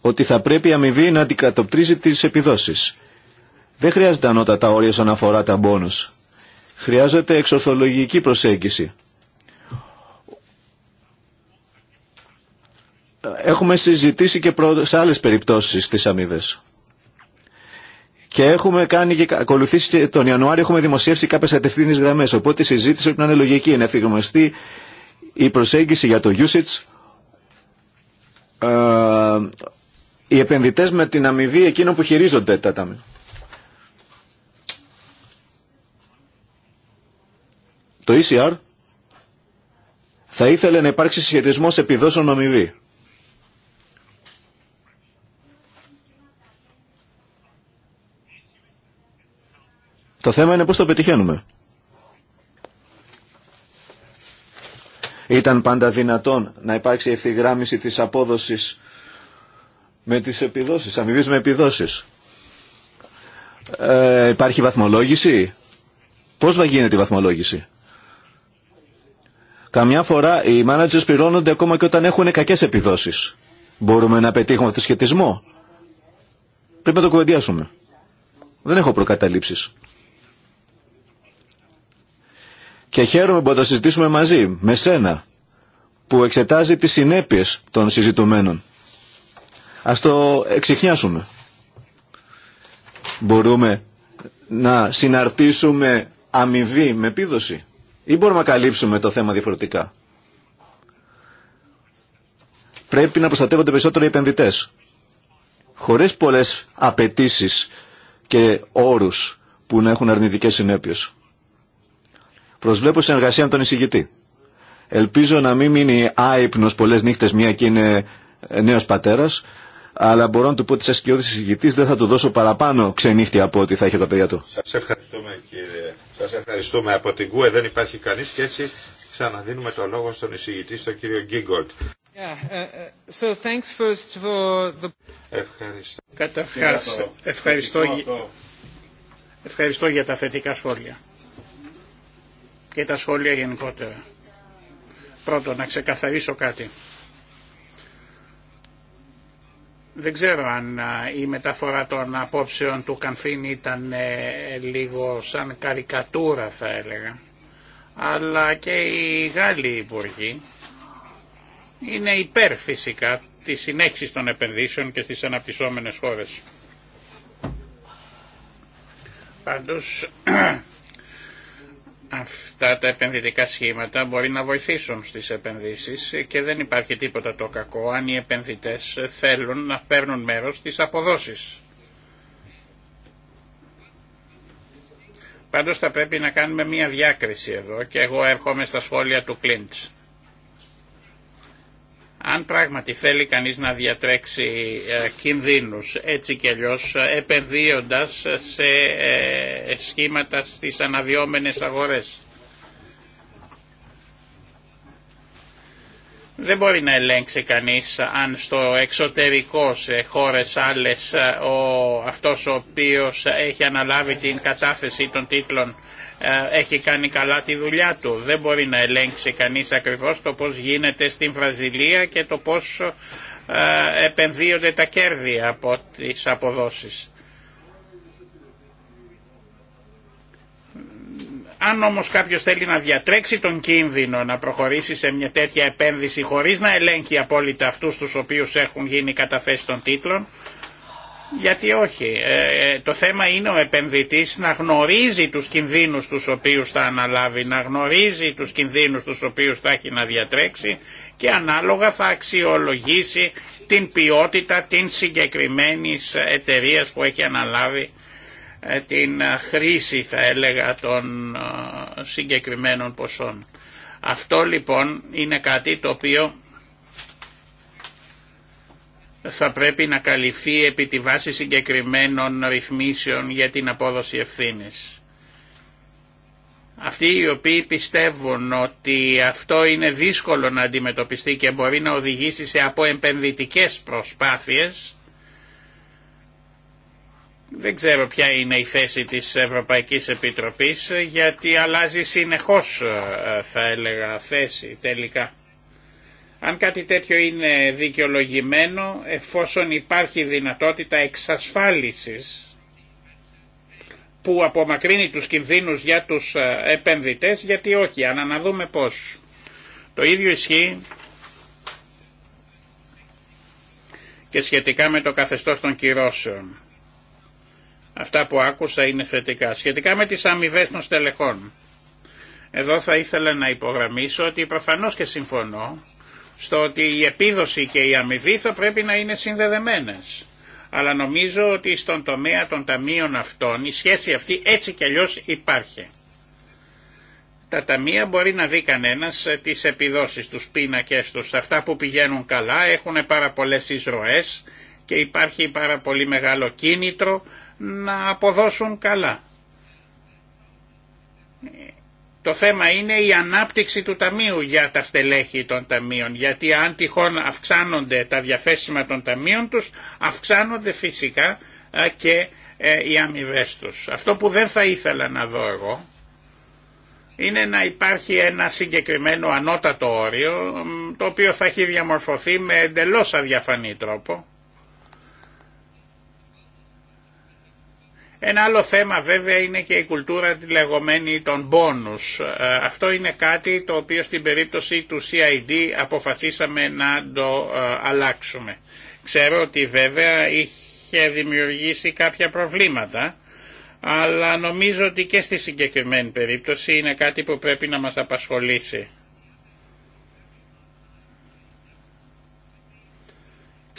ότι θα πρέπει η αμοιβή να αντικατοπτρίζει τις επιδόσεις. Δεν χρειάζεται ανώτατα όρια όσον αφορά τα μπόνους. Χρειάζεται εξορθολογική προσέγγιση. Έχουμε συζητήσει και σε άλλες περιπτώσεις τις αμοιβέ. Και έχουμε κάνει και ακολουθήσει και τον Ιανουάριο έχουμε δημοσιεύσει κάποιες κατευθύνες γραμμές. Οπότε η συζήτηση πρέπει να είναι λογική, να ευθυγνωστή η προσέγγιση για το usage ε, οι επενδυτές με την αμοιβή εκείνων που χειρίζονται τα ταμεία. Το ECR θα ήθελε να υπάρξει σχετισμός επιδόσεων με αμοιβή. Το θέμα είναι πώς το πετυχαίνουμε. Ήταν πάντα δυνατόν να υπάρξει ευθυγράμμιση της απόδοσης με τις επιδόσεις, αμοιβής με επιδόσεις. Ε, υπάρχει βαθμολόγηση. Πώς θα γίνεται η βαθμολόγηση. Καμιά φορά οι managers πληρώνονται ακόμα και όταν έχουν κακές επιδόσεις. Μπορούμε να πετύχουμε αυτό το σχετισμό. Πρέπει να το κουβεντιάσουμε. Δεν έχω προκαταλήψεις. Και χαίρομαι που θα συζητήσουμε μαζί, με σένα, που εξετάζει τις συνέπειες των συζητουμένων. Ας το εξηχνιάσουμε. Μπορούμε να συναρτήσουμε αμοιβή με επίδοση ή μπορούμε να καλύψουμε το θέμα διαφορετικά. Πρέπει να προστατεύονται περισσότερο οι επενδυτές. Χωρίς πολλές απαιτήσει και όρους που να έχουν αρνητικές συνέπειες. Προσβλέπω συνεργασία με τον εισηγητή. Ελπίζω να μην μείνει άϊπνος πολλές νύχτες μια και είναι νέος πατέρας αλλά μπορώ να του πω ότι σαν σκιώδης συζητητή δεν θα του δώσω παραπάνω ξενύχτη από ό,τι θα είχε τα παιδιά του. Σας ευχαριστούμε κύριε. Σας ευχαριστούμε. Από την ΚΟΕ δεν υπάρχει κανεί και έτσι ξαναδίνουμε το λόγο στον εισηγητή, στον κύριο Γκίγκολτ. Uh, uh, so first for the... Ευχαριστώ. Καταρχάς, ευχαριστώ, ευχαριστώ για τα θετικά σχόλια και τα σχόλια γενικότερα. Πρώτον, να ξεκαθαρίσω κάτι. Δεν ξέρω αν η μεταφορά των απόψεων του Κανφίν ήταν ε, λίγο σαν καρικατούρα θα έλεγα. Αλλά και οι Γάλλοι υπουργοί είναι υπέρ φυσικά τη συνέχισης των επενδύσεων και στις αναπτυσσόμενες χώρες. Πάντως αυτά τα επενδυτικά σχήματα μπορεί να βοηθήσουν στις επενδύσεις και δεν υπάρχει τίποτα το κακό αν οι επενδυτές θέλουν να παίρνουν μέρος στις αποδόσεις. Πάντως θα πρέπει να κάνουμε μία διάκριση εδώ και εγώ έρχομαι στα σχόλια του Κλίντς. Αν πράγματι θέλει κανείς να διατρέξει ε, κινδύνους έτσι και αλλιώ ε, επενδύοντας σε ε, σχήματα στις αναδυόμενες αγορές. Δεν μπορεί να ελέγξει κανείς αν στο εξωτερικό σε χώρες άλλες ο, αυτός ο οποίος έχει αναλάβει την κατάθεση των τίτλων ε, έχει κάνει καλά τη δουλειά του. Δεν μπορεί να ελέγξει κανείς ακριβώς το πώς γίνεται στην Βραζιλία και το πώς ε, επενδύονται τα κέρδη από τις αποδόσεις. Αν όμως κάποιος θέλει να διατρέξει τον κίνδυνο να προχωρήσει σε μια τέτοια επένδυση χωρίς να ελέγχει απόλυτα αυτούς τους οποίους έχουν γίνει καταθέσει των τίτλων, γιατί όχι. Ε, το θέμα είναι ο επενδυτής να γνωρίζει τους κινδύνους τους οποίους θα αναλάβει, να γνωρίζει τους κινδύνους τους οποίους θα έχει να διατρέξει και ανάλογα θα αξιολογήσει την ποιότητα την συγκεκριμένη εταιρεία που έχει αναλάβει ε, την ε, χρήση θα έλεγα των συγκεκριμένων ποσών. Αυτό λοιπόν είναι κάτι το οποίο θα πρέπει να καλυφθεί επί τη βάση συγκεκριμένων ρυθμίσεων για την απόδοση ευθύνης. Αυτοί οι οποίοι πιστεύουν ότι αυτό είναι δύσκολο να αντιμετωπιστεί και μπορεί να οδηγήσει σε αποεμπενδυτικές προσπάθειες, δεν ξέρω ποια είναι η θέση της Ευρωπαϊκής Επιτροπής, γιατί αλλάζει συνεχώς, ε, θα έλεγα, θέση τελικά. Αν κάτι τέτοιο είναι δικαιολογημένο, εφόσον υπάρχει δυνατότητα εξασφάλισης που απομακρύνει τους κινδύνους για τους ε, επενδυτές, γιατί όχι, Αν αναδούμε πώς. Το ίδιο ισχύει και σχετικά με το καθεστώς των κυρώσεων. Αυτά που άκουσα είναι θετικά. Σχετικά με τις αμοιβέ των στελεχών. Εδώ θα ήθελα να υπογραμμίσω ότι προφανώς και συμφωνώ στο ότι η επίδοση και η αμοιβή θα πρέπει να είναι συνδεδεμένες. Αλλά νομίζω ότι στον τομέα των ταμείων αυτών η σχέση αυτή έτσι κι αλλιώς υπάρχει. Τα ταμεία μπορεί να δει κανένα ε, τις επιδόσεις, τους πίνακες τους, αυτά που πηγαίνουν καλά έχουν πάρα πολλές εισρωές και υπάρχει πάρα πολύ μεγάλο κίνητρο να αποδώσουν καλά το θέμα είναι η ανάπτυξη του ταμείου για τα στελέχη των ταμείων, γιατί αν τυχόν αυξάνονται τα διαθέσιμα των ταμείων τους, αυξάνονται φυσικά και ε, οι αμοιβέ τους. Αυτό που δεν θα ήθελα να δω εγώ, είναι να υπάρχει ένα συγκεκριμένο ανώτατο όριο, το οποίο θα έχει διαμορφωθεί με εντελώς αδιαφανή τρόπο, Ένα άλλο θέμα βέβαια είναι και η κουλτούρα τη λεγόμενη των πόνους. Ε, αυτό είναι κάτι το οποίο στην περίπτωση του CID αποφασίσαμε να το ε, αλλάξουμε. Ξέρω ότι βέβαια είχε δημιουργήσει κάποια προβλήματα, αλλά νομίζω ότι και στη συγκεκριμένη περίπτωση είναι κάτι που πρέπει να μας απασχολήσει.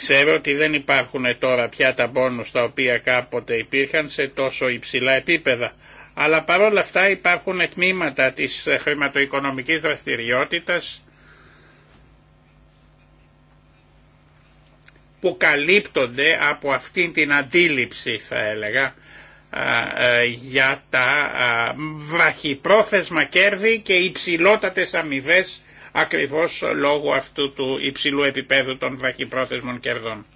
Ξέρω ότι δεν υπάρχουν τώρα πια τα μπόνους τα οποία κάποτε υπήρχαν σε τόσο υψηλά επίπεδα, αλλά παρόλα αυτά υπάρχουν τμήματα της χρηματοοικονομικής δραστηριότητας που καλύπτονται από αυτήν την αντίληψη θα έλεγα ε, για τα βραχυπρόθεσμα κέρδη και υψηλότατες αμοιβέ ακριβώς λόγω αυτού του υψηλού επίπεδου των βραχυπρόθεσμων κερδών.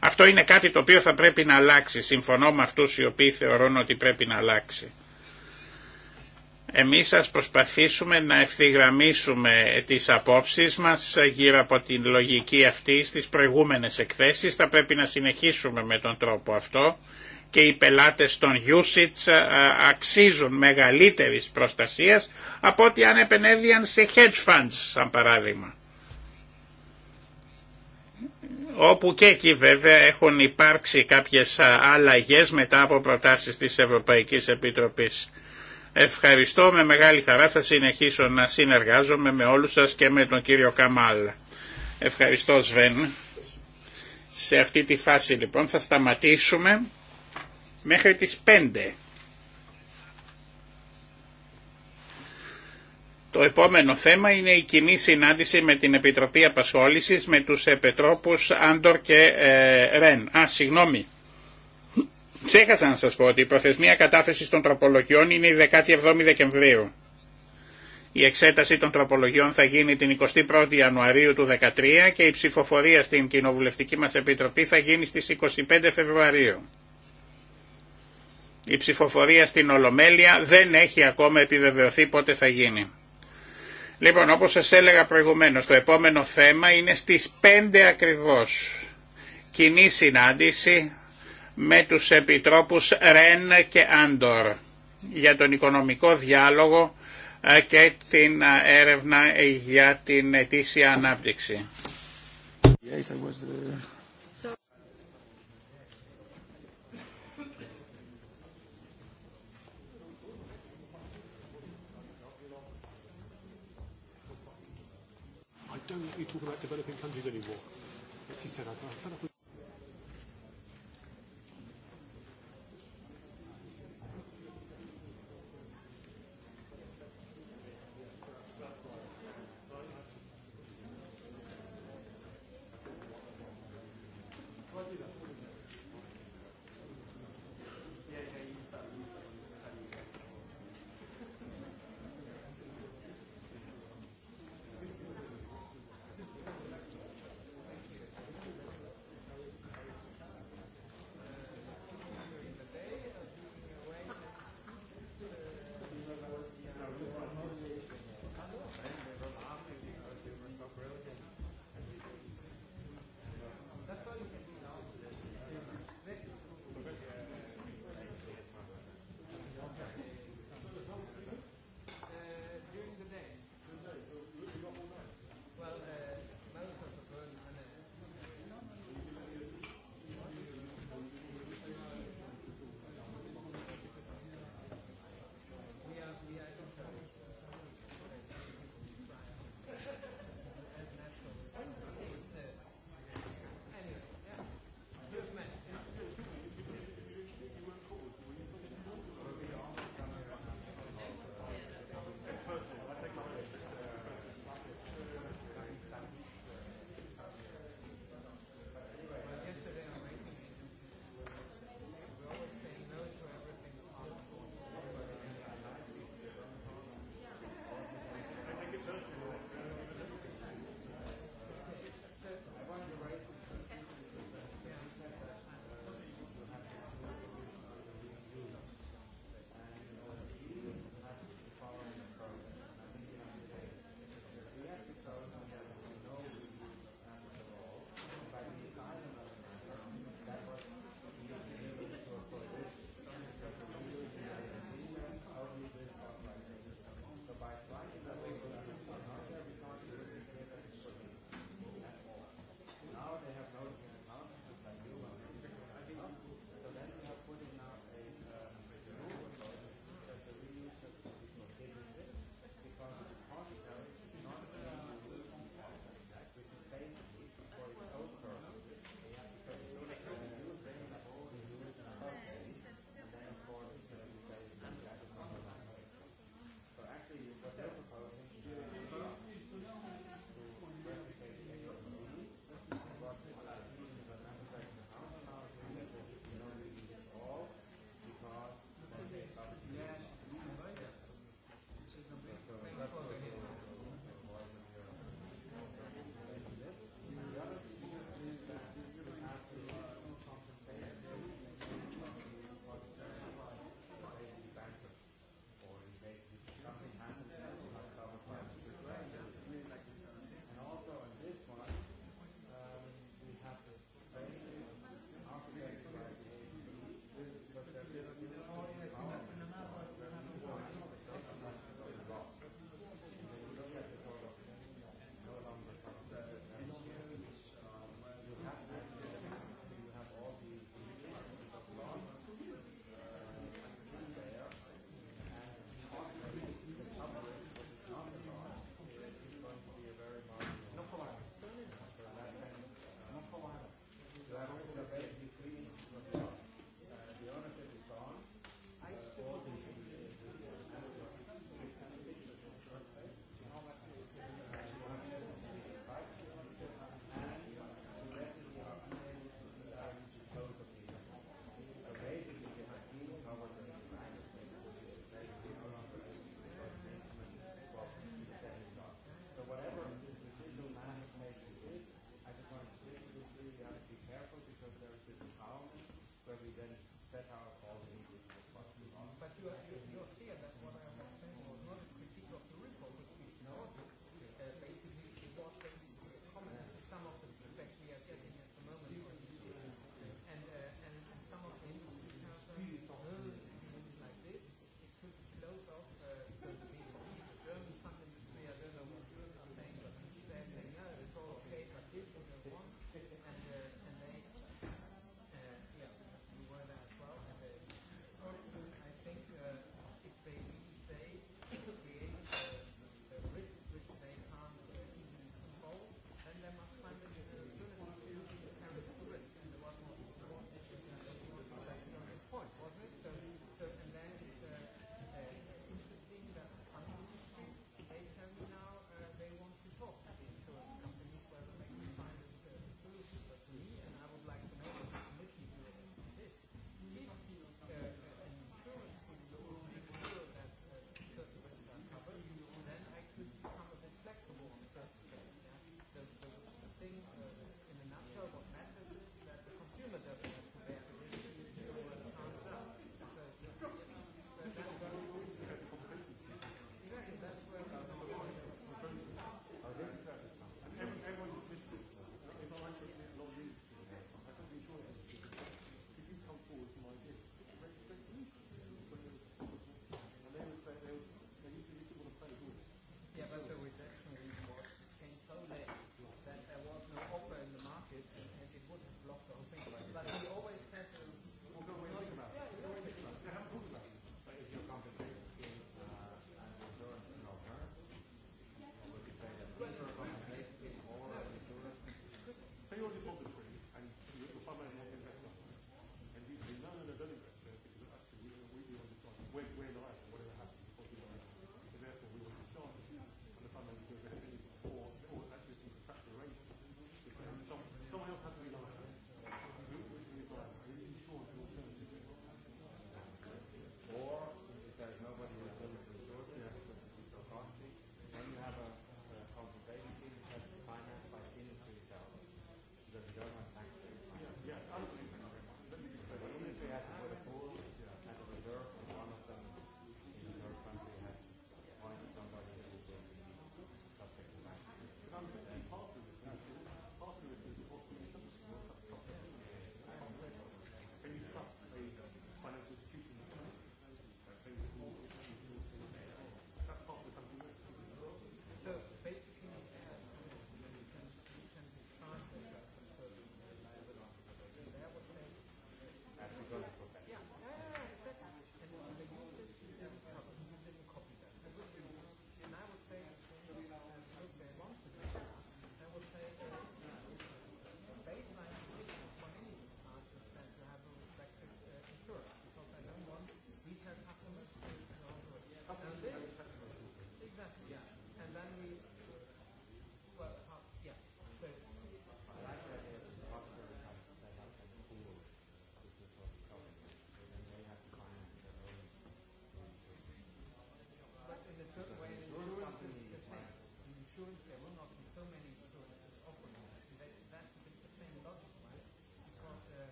Αυτό είναι κάτι το οποίο θα πρέπει να αλλάξει. Συμφωνώ με αυτούς οι οποίοι θεωρούν ότι πρέπει να αλλάξει. Εμείς ας προσπαθήσουμε να ευθυγραμμίσουμε τις απόψεις μας γύρω από την λογική αυτή στις προηγούμενες εκθέσεις. Θα πρέπει να συνεχίσουμε με τον τρόπο αυτό και οι πελάτες των usage ε, ε, αξίζουν μεγαλύτερης προστασίας από ότι αν επενέδυαν σε hedge funds σαν παράδειγμα. Όπου και εκεί βέβαια έχουν υπάρξει κάποιες ε, αλλαγές μετά από προτάσεις της Ευρωπαϊκής Επιτροπής. Ευχαριστώ, με μεγάλη χαρά θα συνεχίσω να συνεργάζομαι με όλους σας και με τον κύριο Καμάλ. Ευχαριστώ Σβέν. Σε αυτή τη φάση λοιπόν θα σταματήσουμε μέχρι τις 5. Το επόμενο θέμα είναι η κοινή συνάντηση με την Επιτροπή Απασχόλησης με τους Επιτρόπους Άντορ και ε, Ρεν. Α, συγγνώμη. Ξέχασα να σας πω ότι η προθεσμία κατάθεσης των τροπολογιών είναι η 17η Δεκεμβρίου. Η εξέταση των τροπολογιών θα γίνει την 21η Ιανουαρίου του 2013 και η ψηφοφορία στην Κοινοβουλευτική μας Επιτροπή θα γίνει στις 25 Φεβρουαρίου. Η ψηφοφορία στην Ολομέλεια δεν έχει ακόμα επιβεβαιωθεί πότε θα γίνει. Λοιπόν, όπως σας έλεγα προηγουμένως, το επόμενο θέμα είναι στις 5 ακριβώς. Κοινή συνάντηση με τους επιτρόπους Ρεν και Άντορ για τον οικονομικό διάλογο ε, και την ε, έρευνα για την ετήσια ανάπτυξη. Ε, we talk about developing countries anymore. She said, I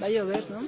Va a llover, ¿no?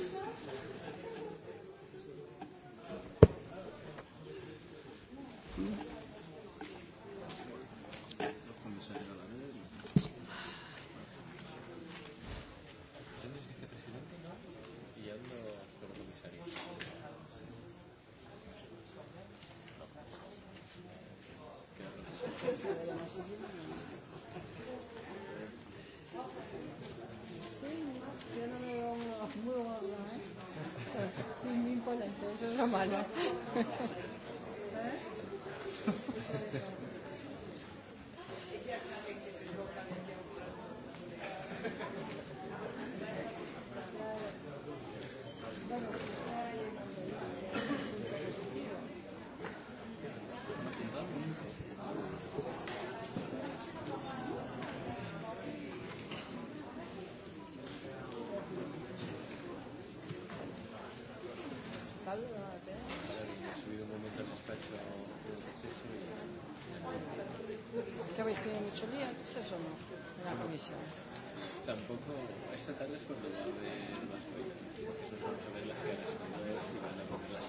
Cristina Micciolì e tutte sono Tampoco, esta tarde es cuando va a haber más porque eso vamos ver las caras, también si van a poner las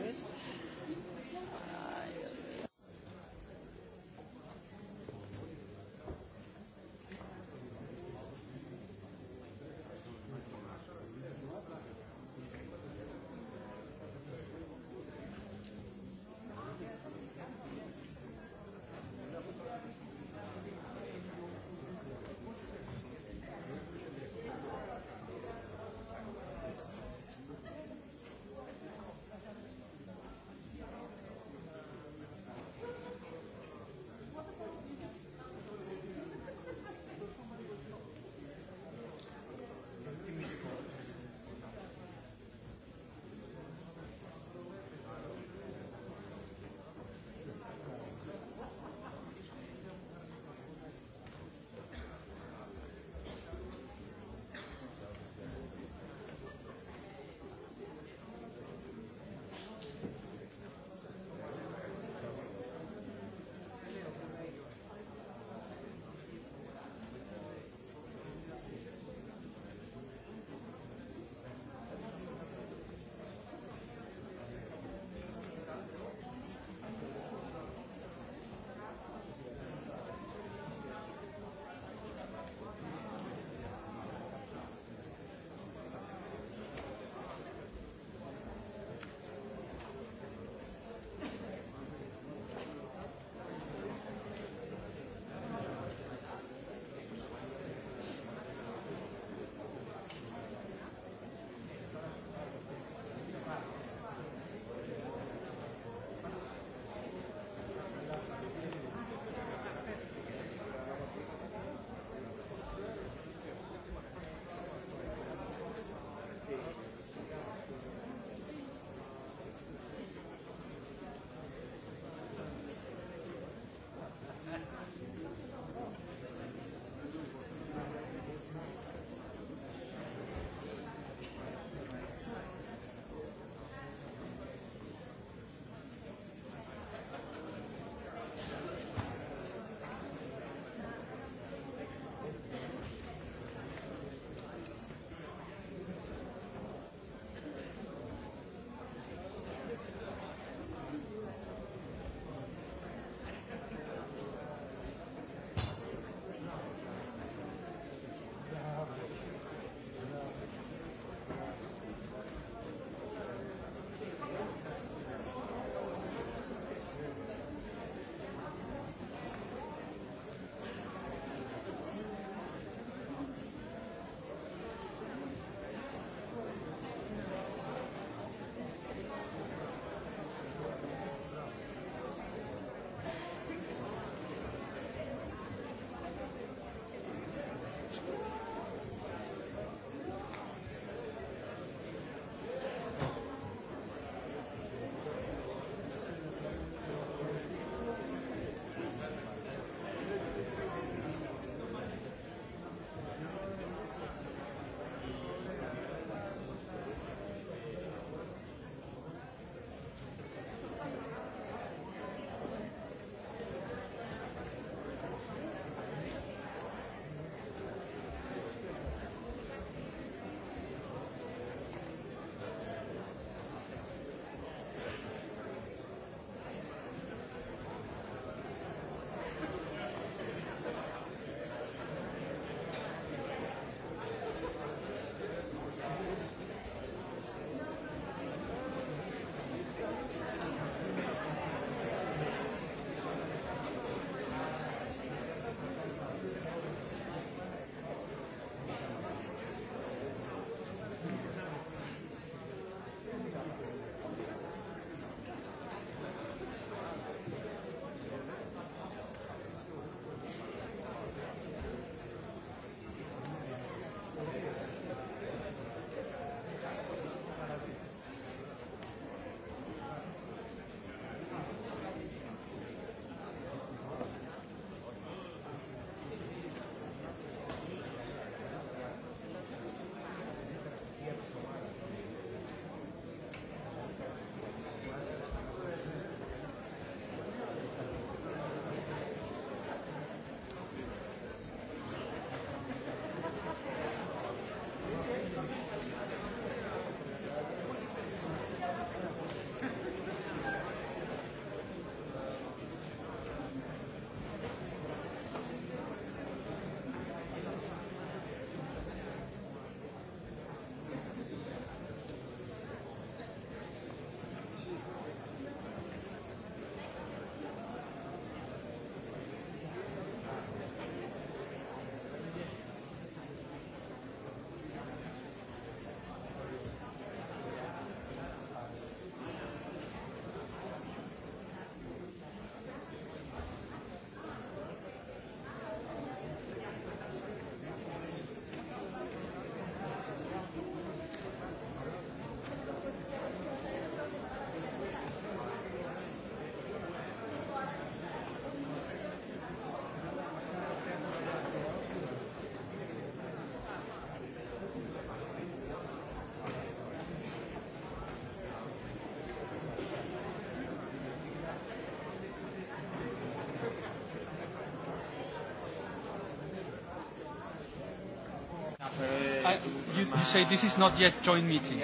You say this is not yet joint meeting.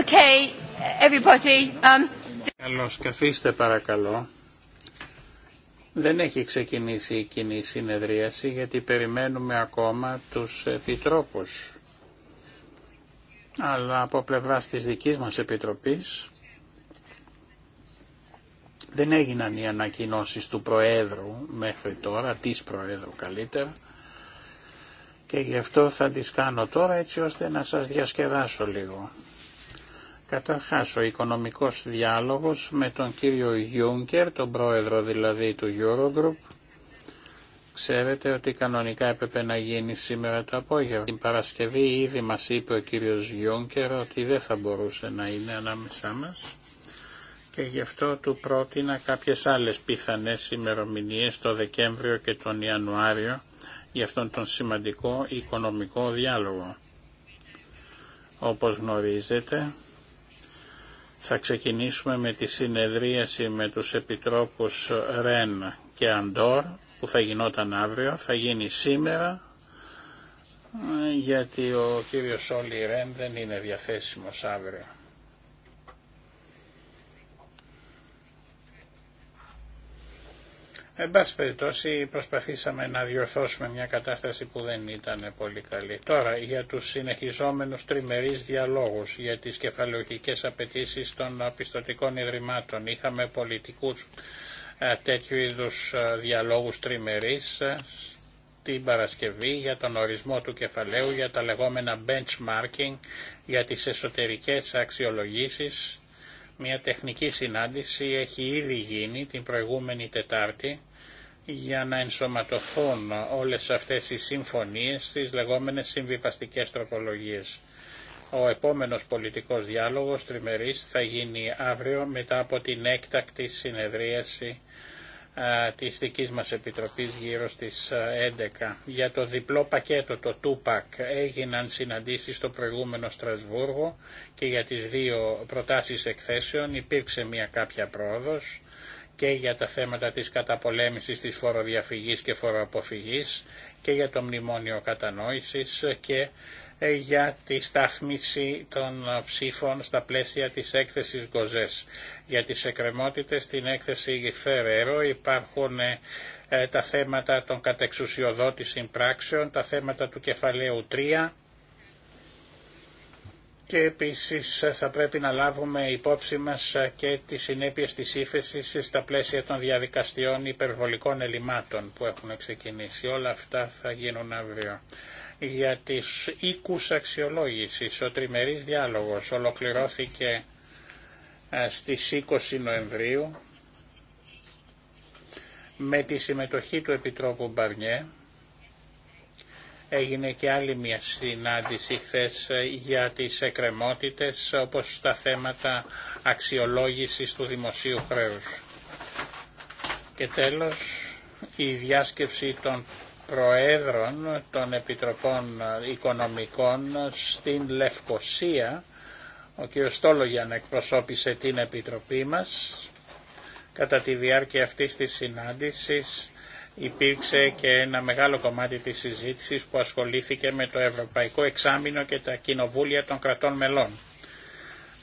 Okay, everybody. Um, Καλώς, καθίστε παρακαλώ. Δεν έχει ξεκινήσει η κοινή συνεδρίαση γιατί περιμένουμε ακόμα τους επιτρόπους. Αλλά από πλευρά της δικής μας επιτροπής δεν έγιναν οι ανακοινώσεις του Προέδρου μέχρι τώρα, της Προέδρου καλύτερα, και γι' αυτό θα τις κάνω τώρα έτσι ώστε να σας διασκεδάσω λίγο. Καταρχάς ο οικονομικός διάλογος με τον κύριο Γιούνκερ, τον πρόεδρο δηλαδή του Eurogroup, Ξέρετε ότι κανονικά έπρεπε να γίνει σήμερα το απόγευμα. Την Παρασκευή ήδη μας είπε ο κύριος Γιόνκερ ότι δεν θα μπορούσε να είναι ανάμεσά μας και γι' αυτό του πρότεινα κάποιες άλλες πιθανές ημερομηνίες το Δεκέμβριο και τον Ιανουάριο για αυτόν τον σημαντικό οικονομικό διάλογο. Όπως γνωρίζετε, θα ξεκινήσουμε με τη συνεδρίαση με τους επιτρόπους Ρεν και Αντόρ, που θα γινόταν αύριο, θα γίνει σήμερα, ε, γιατί ο κύριος Όλη Ρεν δεν είναι διαθέσιμος αύριο. Εν πάση περιπτώσει προσπαθήσαμε να διορθώσουμε μια κατάσταση που δεν ήταν πολύ καλή. Τώρα για τους συνεχιζόμενους τριμερείς διαλόγους για τις κεφαλαιοχικές απαιτήσει των πιστοτικών ιδρυμάτων. Είχαμε πολιτικούς ε, τέτοιου είδους ε, διαλόγους τριμερείς ε, την Παρασκευή για τον ορισμό του κεφαλαίου, για τα λεγόμενα benchmarking, για τις εσωτερικές αξιολογήσεις. Μια τεχνική συνάντηση έχει ήδη γίνει την προηγούμενη Τετάρτη για να ενσωματωθούν όλες αυτές οι συμφωνίες στις λεγόμενες συμβιβαστικές τροπολογίες. Ο επόμενος πολιτικός διάλογος τριμερής θα γίνει αύριο μετά από την έκτακτη συνεδρίαση της δικής μας Επιτροπής γύρω στις 11. Για το διπλό πακέτο, το Τούπακ, έγιναν συναντήσεις στο προηγούμενο Στρασβούργο και για τις δύο προτάσεις εκθέσεων υπήρξε μια κάποια πρόοδος και για τα θέματα της καταπολέμησης της φοροδιαφυγής και φοροαποφυγής και για το μνημόνιο κατανόησης και ε, για τη στάθμιση των ψήφων στα πλαίσια της έκθεσης Γκοζές. Για τις εκκρεμότητες στην έκθεση Φεραίρο υπάρχουν ε, ε, τα θέματα των κατεξουσιοδότησης πράξεων, τα θέματα του κεφαλαίου 3, και επίσης θα πρέπει να λάβουμε υπόψη μας και τις συνέπειες της ύφεση στα πλαίσια των διαδικαστιών υπερβολικών ελλημάτων που έχουν ξεκινήσει. Όλα αυτά θα γίνουν αύριο. Για τις οίκους αξιολόγησης, ο τριμερής διάλογος ολοκληρώθηκε ε, στις 20 Νοεμβρίου με τη συμμετοχή του Επιτρόπου Μπαρνιέ Έγινε και άλλη μια συνάντηση χθε ε, για τις εκκρεμότητες όπως τα θέματα αξιολόγησης του δημοσίου χρέους. Και τέλος, η διάσκεψη των Προέδρων των Επιτροπών Οικονομικών στην Λευκοσία. Ο κ. Στόλογιαν εκπροσώπησε την Επιτροπή μας. Κατά τη διάρκεια αυτής της συνάντησης υπήρξε και ένα μεγάλο κομμάτι της συζήτησης που ασχολήθηκε με το Ευρωπαϊκό Εξάμεινο και τα κοινοβούλια των κρατών μελών.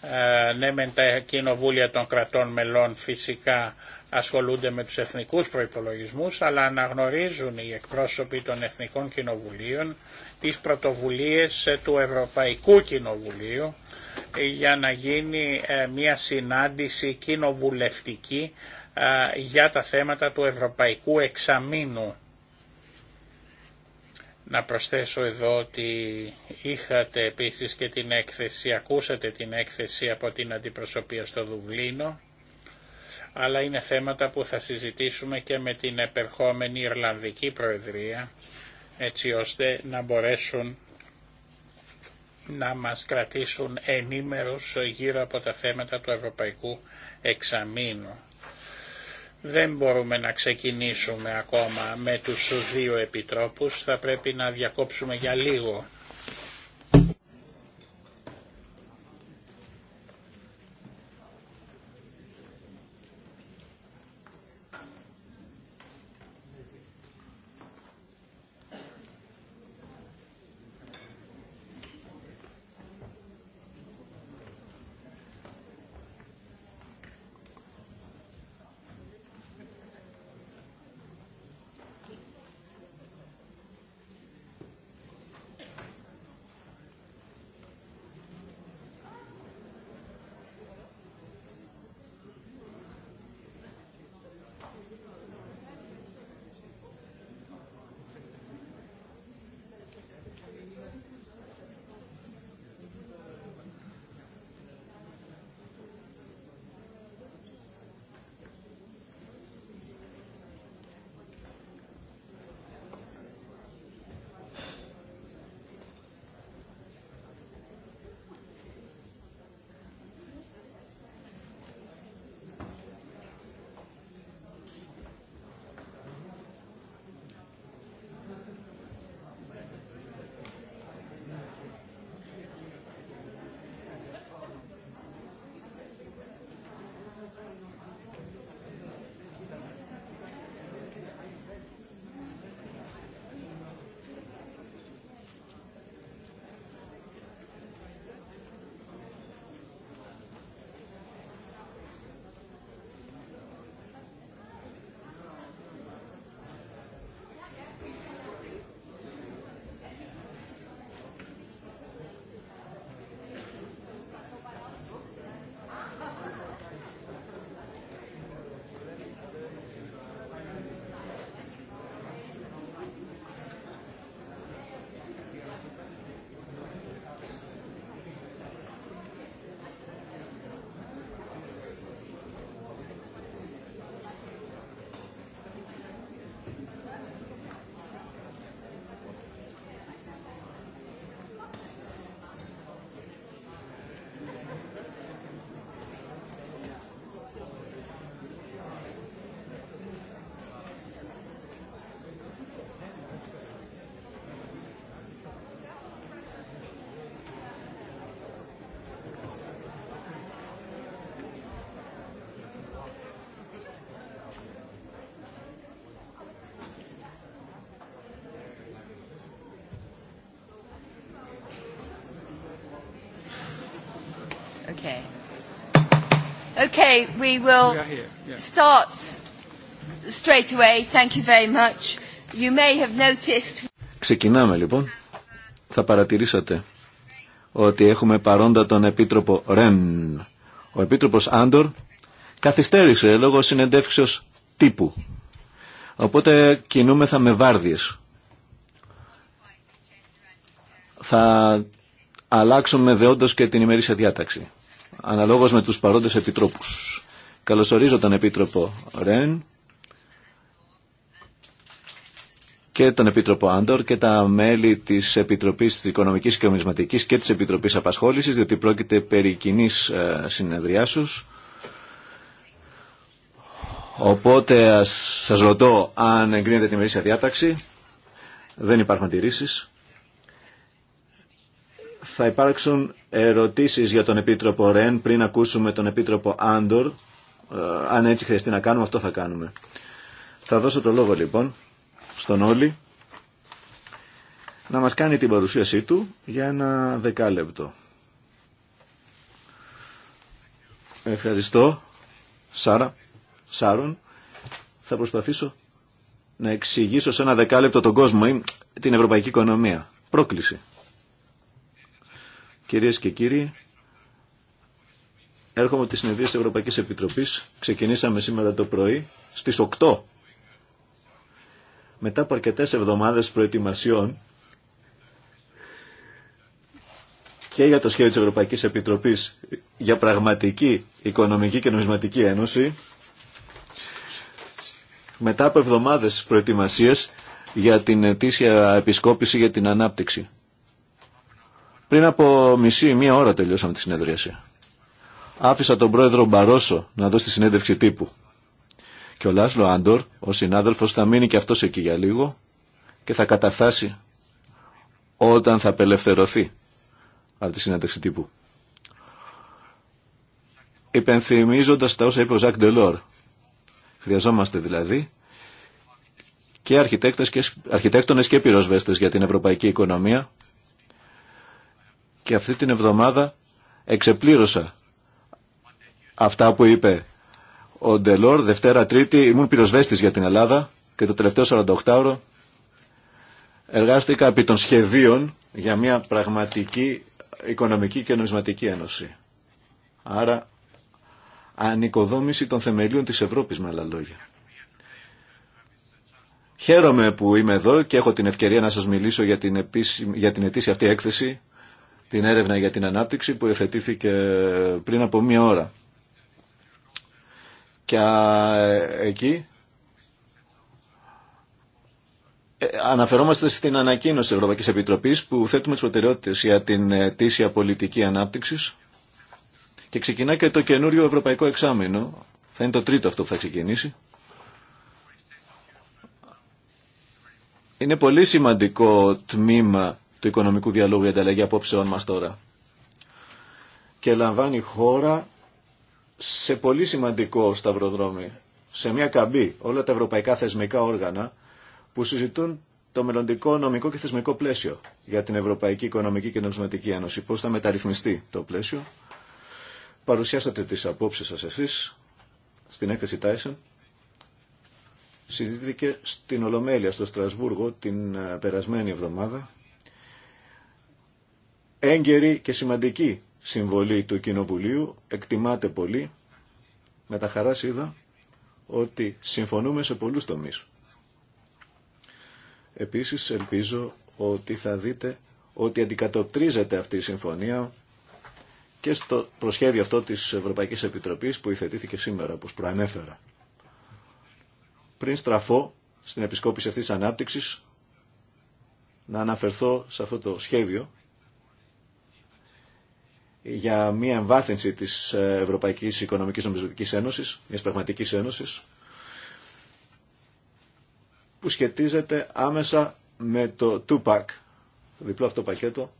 Ε, ναι, με τα κοινοβούλια των κρατών μελών φυσικά ασχολούνται με τους εθνικούς προϋπολογισμούς, αλλά αναγνωρίζουν οι εκπρόσωποι των εθνικών κοινοβουλίων τις πρωτοβουλίες ε, του Ευρωπαϊκού Κοινοβουλίου ε, για να γίνει μια συνάντηση κοινοβουλευτική για τα θέματα του Ευρωπαϊκού Εξαμήνου. Να προσθέσω εδώ ότι είχατε επίσης και την έκθεση, ακούσατε την έκθεση από την αντιπροσωπεία στο Δουβλίνο, αλλά είναι θέματα που θα συζητήσουμε και με την επερχόμενη Ιρλανδική Προεδρία, έτσι ώστε να μπορέσουν να μας κρατήσουν ενήμερους γύρω από τα θέματα του Ευρωπαϊκού Εξαμήνου δεν μπορούμε να ξεκινήσουμε ακόμα με τους δύο επιτρόπους, θα πρέπει να διακόψουμε για λίγο Okay. we will start you You may have noticed. Ξεκινάμε λοιπόν. Θα παρατηρήσατε ότι έχουμε παρόντα τον Επίτροπο Ρεν. Ο Επίτροπος Άντορ καθυστέρησε λόγω συνεντεύξεως τύπου. Οπότε κινούμεθα με βάρδιες. Θα αλλάξουμε δεόντως και την ημερήσια διάταξη αναλόγως με τους παρόντες επιτρόπους. Καλωσορίζω τον Επίτροπο Ρεν και τον Επίτροπο Άντορ και τα μέλη της Επιτροπής της Οικονομικής και Ομισματικής και της Επιτροπής Απασχόλησης, διότι πρόκειται περί κοινής ε, Οπότε ας, σας ρωτώ αν εγκρίνετε τη μερίσια διάταξη. Δεν υπάρχουν αντιρρήσεις. Θα υπάρξουν ερωτήσεις για τον Επίτροπο Ρεν πριν ακούσουμε τον Επίτροπο Άντορ. Ε, αν έτσι χρειαστεί να κάνουμε, αυτό θα κάνουμε. Θα δώσω το λόγο λοιπόν στον Όλη να μας κάνει την παρουσίασή του για ένα δεκάλεπτο. Ευχαριστώ, Σάρα, Σάρον. Θα προσπαθήσω να εξηγήσω σε ένα δεκάλεπτο τον κόσμο την ευρωπαϊκή οικονομία. Πρόκληση. Κυρίες και κύριοι, έρχομαι από τη συνεδρία της Ευρωπαϊκής Επιτροπής. Ξεκινήσαμε σήμερα το πρωί στις 8. Μετά από αρκετέ εβδομάδες προετοιμασιών και για το σχέδιο της Ευρωπαϊκής Επιτροπής για πραγματική οικονομική και νομισματική ένωση, μετά από εβδομάδες προετοιμασίες για την ετήσια επισκόπηση για την ανάπτυξη. Πριν από μισή ή μία ώρα τελειώσαμε τη συνεδρίαση. Άφησα τον πρόεδρο Μπαρόσο να δώσει τη συνέντευξη τύπου. Και ο Λάσλο Άντορ, ο συνάδελφος, θα μείνει και αυτός εκεί για λίγο και θα καταφτάσει όταν θα απελευθερωθεί από τη συνέντευξη τύπου. Υπενθυμίζοντα τα όσα είπε ο Ζακ Ντελόρ. Χρειαζόμαστε δηλαδή και και, αρχιτέκτονες και πυροσβέστες για την ευρωπαϊκή οικονομία και αυτή την εβδομάδα εξεπλήρωσα αυτά που είπε ο Ντελόρ. Δευτέρα, Τρίτη ήμουν πυροσβέστης για την Ελλάδα και το τελευταίο 48ωρο εργάστηκα επί των σχεδίων για μια πραγματική οικονομική και νομισματική ένωση. Άρα ανοικοδόμηση των θεμελίων της Ευρώπης με άλλα λόγια. Χαίρομαι που είμαι εδώ και έχω την ευκαιρία να σας μιλήσω για την, για την ετήσια αυτή έκθεση την έρευνα για την ανάπτυξη που εθετήθηκε πριν από μία ώρα. Και εκεί ε, αναφερόμαστε στην ανακοίνωση της Ευρωπαϊκής Επιτροπής που θέτουμε τις προτεραιότητες για την αιτήσια πολιτική ανάπτυξης και ξεκινά και το καινούριο Ευρωπαϊκό Εξάμεινο. Θα είναι το τρίτο αυτό που θα ξεκινήσει. Είναι πολύ σημαντικό τμήμα οικονομικού διαλόγου για ανταλλαγή απόψεών μας τώρα. Και λαμβάνει χώρα σε πολύ σημαντικό σταυροδρόμι, σε μια καμπή, όλα τα ευρωπαϊκά θεσμικά όργανα που συζητούν το μελλοντικό νομικό και θεσμικό πλαίσιο για την Ευρωπαϊκή Οικονομική και Νομισματική Ένωση. Πώς θα μεταρρυθμιστεί το πλαίσιο. Παρουσιάσατε τις απόψεις σας εσείς στην έκθεση Tyson. Συζητήθηκε στην Ολομέλεια στο Στρασβούργο την ε, περασμένη εβδομάδα έγκαιρη και σημαντική συμβολή του Κοινοβουλίου. Εκτιμάται πολύ. Με τα χαρά είδα ότι συμφωνούμε σε πολλούς τομείς. Επίσης ελπίζω ότι θα δείτε ότι αντικατοπτρίζεται αυτή η συμφωνία και στο προσχέδιο αυτό της Ευρωπαϊκής Επιτροπής που υθετήθηκε σήμερα, όπως προανέφερα. Πριν στραφώ στην επισκόπηση αυτής της ανάπτυξης, να αναφερθώ σε αυτό το σχέδιο για μια εμβάθυνση της ε, Ευρωπαϊκής Οικονομικής Νομισματικής Ένωσης, μιας πραγματικής ένωσης, που σχετίζεται άμεσα με το Tupac, το διπλό αυτό πακέτο,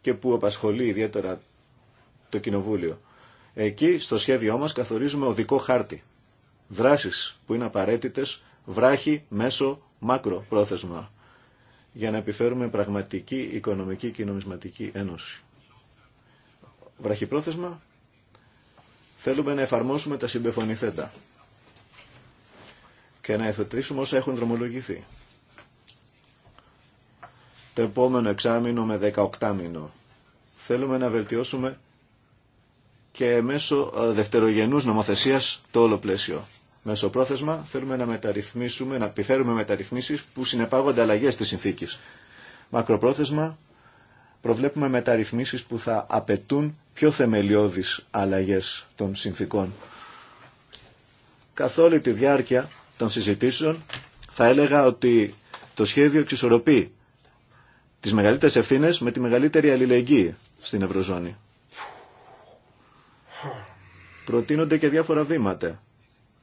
και που απασχολεί ιδιαίτερα το Κοινοβούλιο. Εκεί, στο σχέδιό μας, καθορίζουμε οδικό χάρτη. Δράσεις που είναι απαραίτητες, βράχη, μέσο, μάκρο πρόθεσμα, για να επιφέρουμε πραγματική οικονομική και νομισματική ένωση. Βραχυπρόθεσμα θέλουμε να εφαρμόσουμε τα συμπεφωνηθέντα και να εθετήσουμε όσα έχουν δρομολογηθεί. Το επόμενο εξάμεινο με 18 μήνο. Θέλουμε να βελτιώσουμε και μέσω ε, δευτερογενούς νομοθεσίας το όλο πλαίσιο. Μεσοπρόθεσμα θέλουμε να μεταρρυθμίσουμε, να επιφέρουμε μεταρρυθμίσεις που συνεπάγονται αλλαγές της συνθήκης. Μακροπρόθεσμα προβλέπουμε μεταρρυθμίσεις που θα απαιτούν πιο θεμελιώδεις αλλαγές των συνθήκων. Καθ' όλη τη διάρκεια των συζητήσεων θα έλεγα ότι το σχέδιο εξισορροπεί τις μεγαλύτερες ευθύνες με τη μεγαλύτερη αλληλεγγύη στην Ευρωζώνη. Προτείνονται και διάφορα βήματα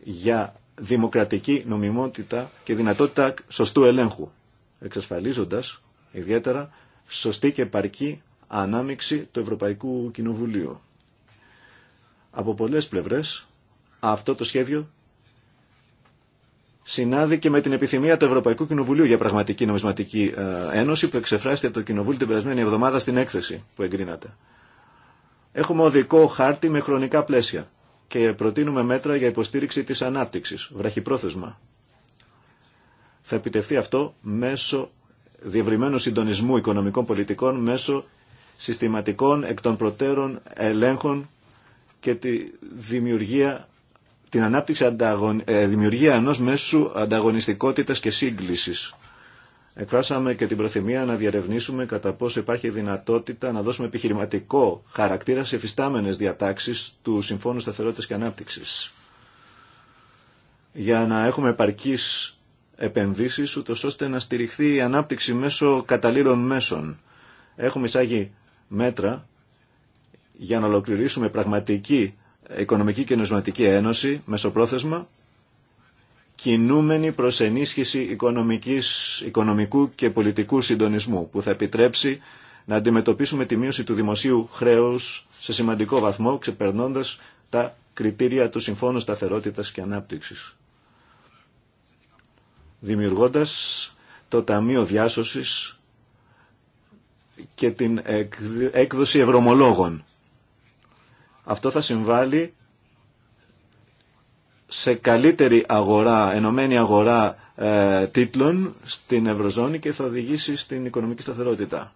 για δημοκρατική νομιμότητα και δυνατότητα σωστού ελέγχου, εξασφαλίζοντας ιδιαίτερα σωστή και παρκή ανάμειξη του Ευρωπαϊκού Κοινοβουλίου. Από πολλές πλευρές αυτό το σχέδιο συνάδει και με την επιθυμία του Ευρωπαϊκού Κοινοβουλίου για πραγματική νομισματική ε, ένωση που εξεφράστηκε από το Κοινοβούλιο την περασμένη εβδομάδα στην έκθεση που εγκρίνατε. Έχουμε οδικό χάρτη με χρονικά πλαίσια και προτείνουμε μέτρα για υποστήριξη της ανάπτυξης, βραχυπρόθεσμα. Θα επιτευθεί αυτό μέσω διευρυμένου συντονισμού οικονομικών πολιτικών μέσω συστηματικών εκ των προτέρων ελέγχων και τη δημιουργία, την ανάπτυξη ανταγων, ε, δημιουργία ενός μέσου ανταγωνιστικότητας και σύγκλησης. Εκφράσαμε και την προθυμία να διαρευνήσουμε κατά πόσο υπάρχει δυνατότητα να δώσουμε επιχειρηματικό χαρακτήρα σε φυστάμενες διατάξεις του Συμφώνου Σταθερότητας και Ανάπτυξης. Για να έχουμε επαρκείς επενδύσεις, ούτως ώστε να στηριχθεί η ανάπτυξη μέσω καταλήρων μέσων. Έχουμε εισάγει μέτρα για να ολοκληρήσουμε πραγματική οικονομική και νοσματική ένωση μεσοπρόθεσμα κινούμενη προς ενίσχυση οικονομικής, οικονομικού και πολιτικού συντονισμού που θα επιτρέψει να αντιμετωπίσουμε τη μείωση του δημοσίου χρέους σε σημαντικό βαθμό ξεπερνώντας τα κριτήρια του Συμφώνου Σταθερότητας και Ανάπτυξης. Δημιουργώντας το Ταμείο Διάσωσης και την έκδοση ευρωμολόγων. Αυτό θα συμβάλλει σε καλύτερη αγορά, ενωμένη αγορά ε, τίτλων στην Ευρωζώνη και θα οδηγήσει στην οικονομική σταθερότητα.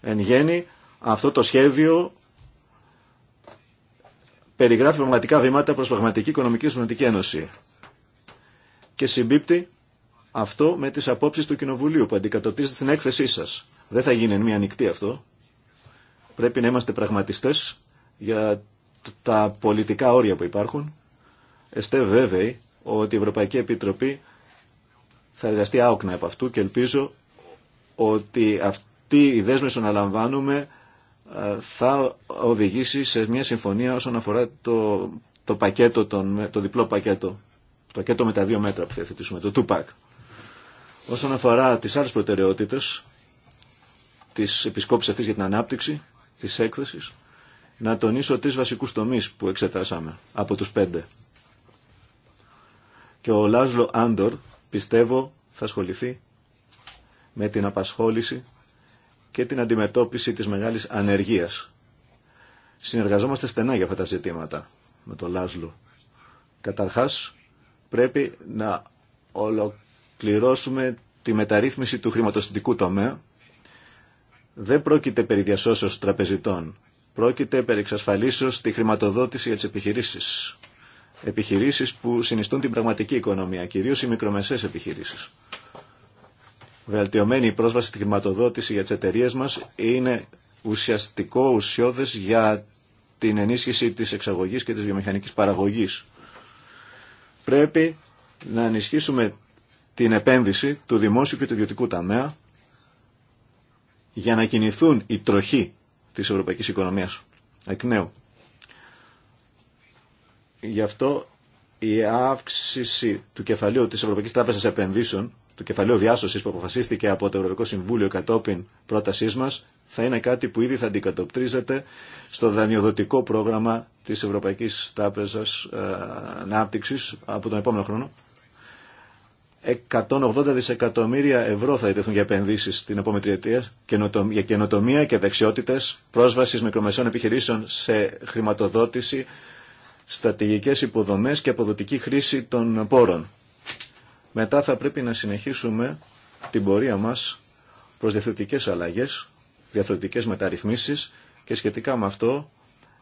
Εν γέννη, αυτό το σχέδιο περιγράφει πραγματικά βήματα προς πραγματική οικονομική και ένωση και συμπίπτει αυτό με τις απόψεις του Κοινοβουλίου που αντικατοπτρίζεται στην έκθεσή σας. Δεν θα γίνει εν μία ανοιχτή αυτό. Πρέπει να είμαστε πραγματιστές για τα πολιτικά όρια που υπάρχουν. Εστέ βέβαιοι ότι η Ευρωπαϊκή Επιτροπή θα εργαστεί άοκνα από αυτού και ελπίζω ότι αυτή η δέσμευση που αναλαμβάνουμε θα οδηγήσει σε μια συμφωνία όσον αφορά το, το πακέτο, το διπλό πακέτο, το πακέτο με τα δύο μέτρα που θα θετήσουμε, το 2 Όσον αφορά τις άλλες προτεραιότητες της επισκόπησης αυτής για την ανάπτυξη της έκθεσης, να τονίσω τρεις βασικούς τομείς που εξετάσαμε από τους πέντε. Και ο Λάζλο Άντορ, πιστεύω, θα ασχοληθεί με την απασχόληση και την αντιμετώπιση της μεγάλης ανεργίας. Συνεργαζόμαστε στενά για αυτά τα ζητήματα με τον Λάζλο. Καταρχάς, πρέπει να ολοκληρώσουμε ολοκληρώσουμε τη μεταρρύθμιση του χρηματοστητικού τομέα. Δεν πρόκειται περί διασώσεως τραπεζιτών. Πρόκειται περί εξασφαλίσεως τη χρηματοδότηση για τις επιχειρήσεις. Επιχειρήσεις που συνιστούν την πραγματική οικονομία, κυρίως οι μικρομεσαίες επιχειρήσεις. Βελτιωμένη η πρόσβαση στη χρηματοδότηση για τις εταιρείε μας είναι ουσιαστικό, ουσιώδες για την ενίσχυση της εξαγωγής και της βιομηχανικής παραγωγής. Πρέπει να ενισχύσουμε την επένδυση του δημόσιου και του ιδιωτικού ταμέα για να κινηθούν οι τροχοί της ευρωπαϊκής οικονομίας εκ νέου. Γι' αυτό η αύξηση του κεφαλαίου της Ευρωπαϊκής Τράπεζας Επενδύσεων, του κεφαλαίου διάσωσης που αποφασίστηκε από το Ευρωπαϊκό Συμβούλιο κατόπιν πρότασής μας, θα είναι κάτι που ήδη θα αντικατοπτρίζεται στο δανειοδοτικό πρόγραμμα της Ευρωπαϊκής Τράπεζας ε, Ανάπτυξης από τον επόμενο χρόνο 180 δισεκατομμύρια ευρώ θα ιδρυθούν για επενδύσεις την επόμενη τριετία για καινοτομία και δεξιότητες, πρόσβασης μικρομεσών επιχειρήσεων σε χρηματοδότηση, στρατηγικές υποδομές και αποδοτική χρήση των πόρων. Μετά θα πρέπει να συνεχίσουμε την πορεία μας προς διαθετικές αλλαγές, διαθετικές μεταρρυθμίσεις και σχετικά με αυτό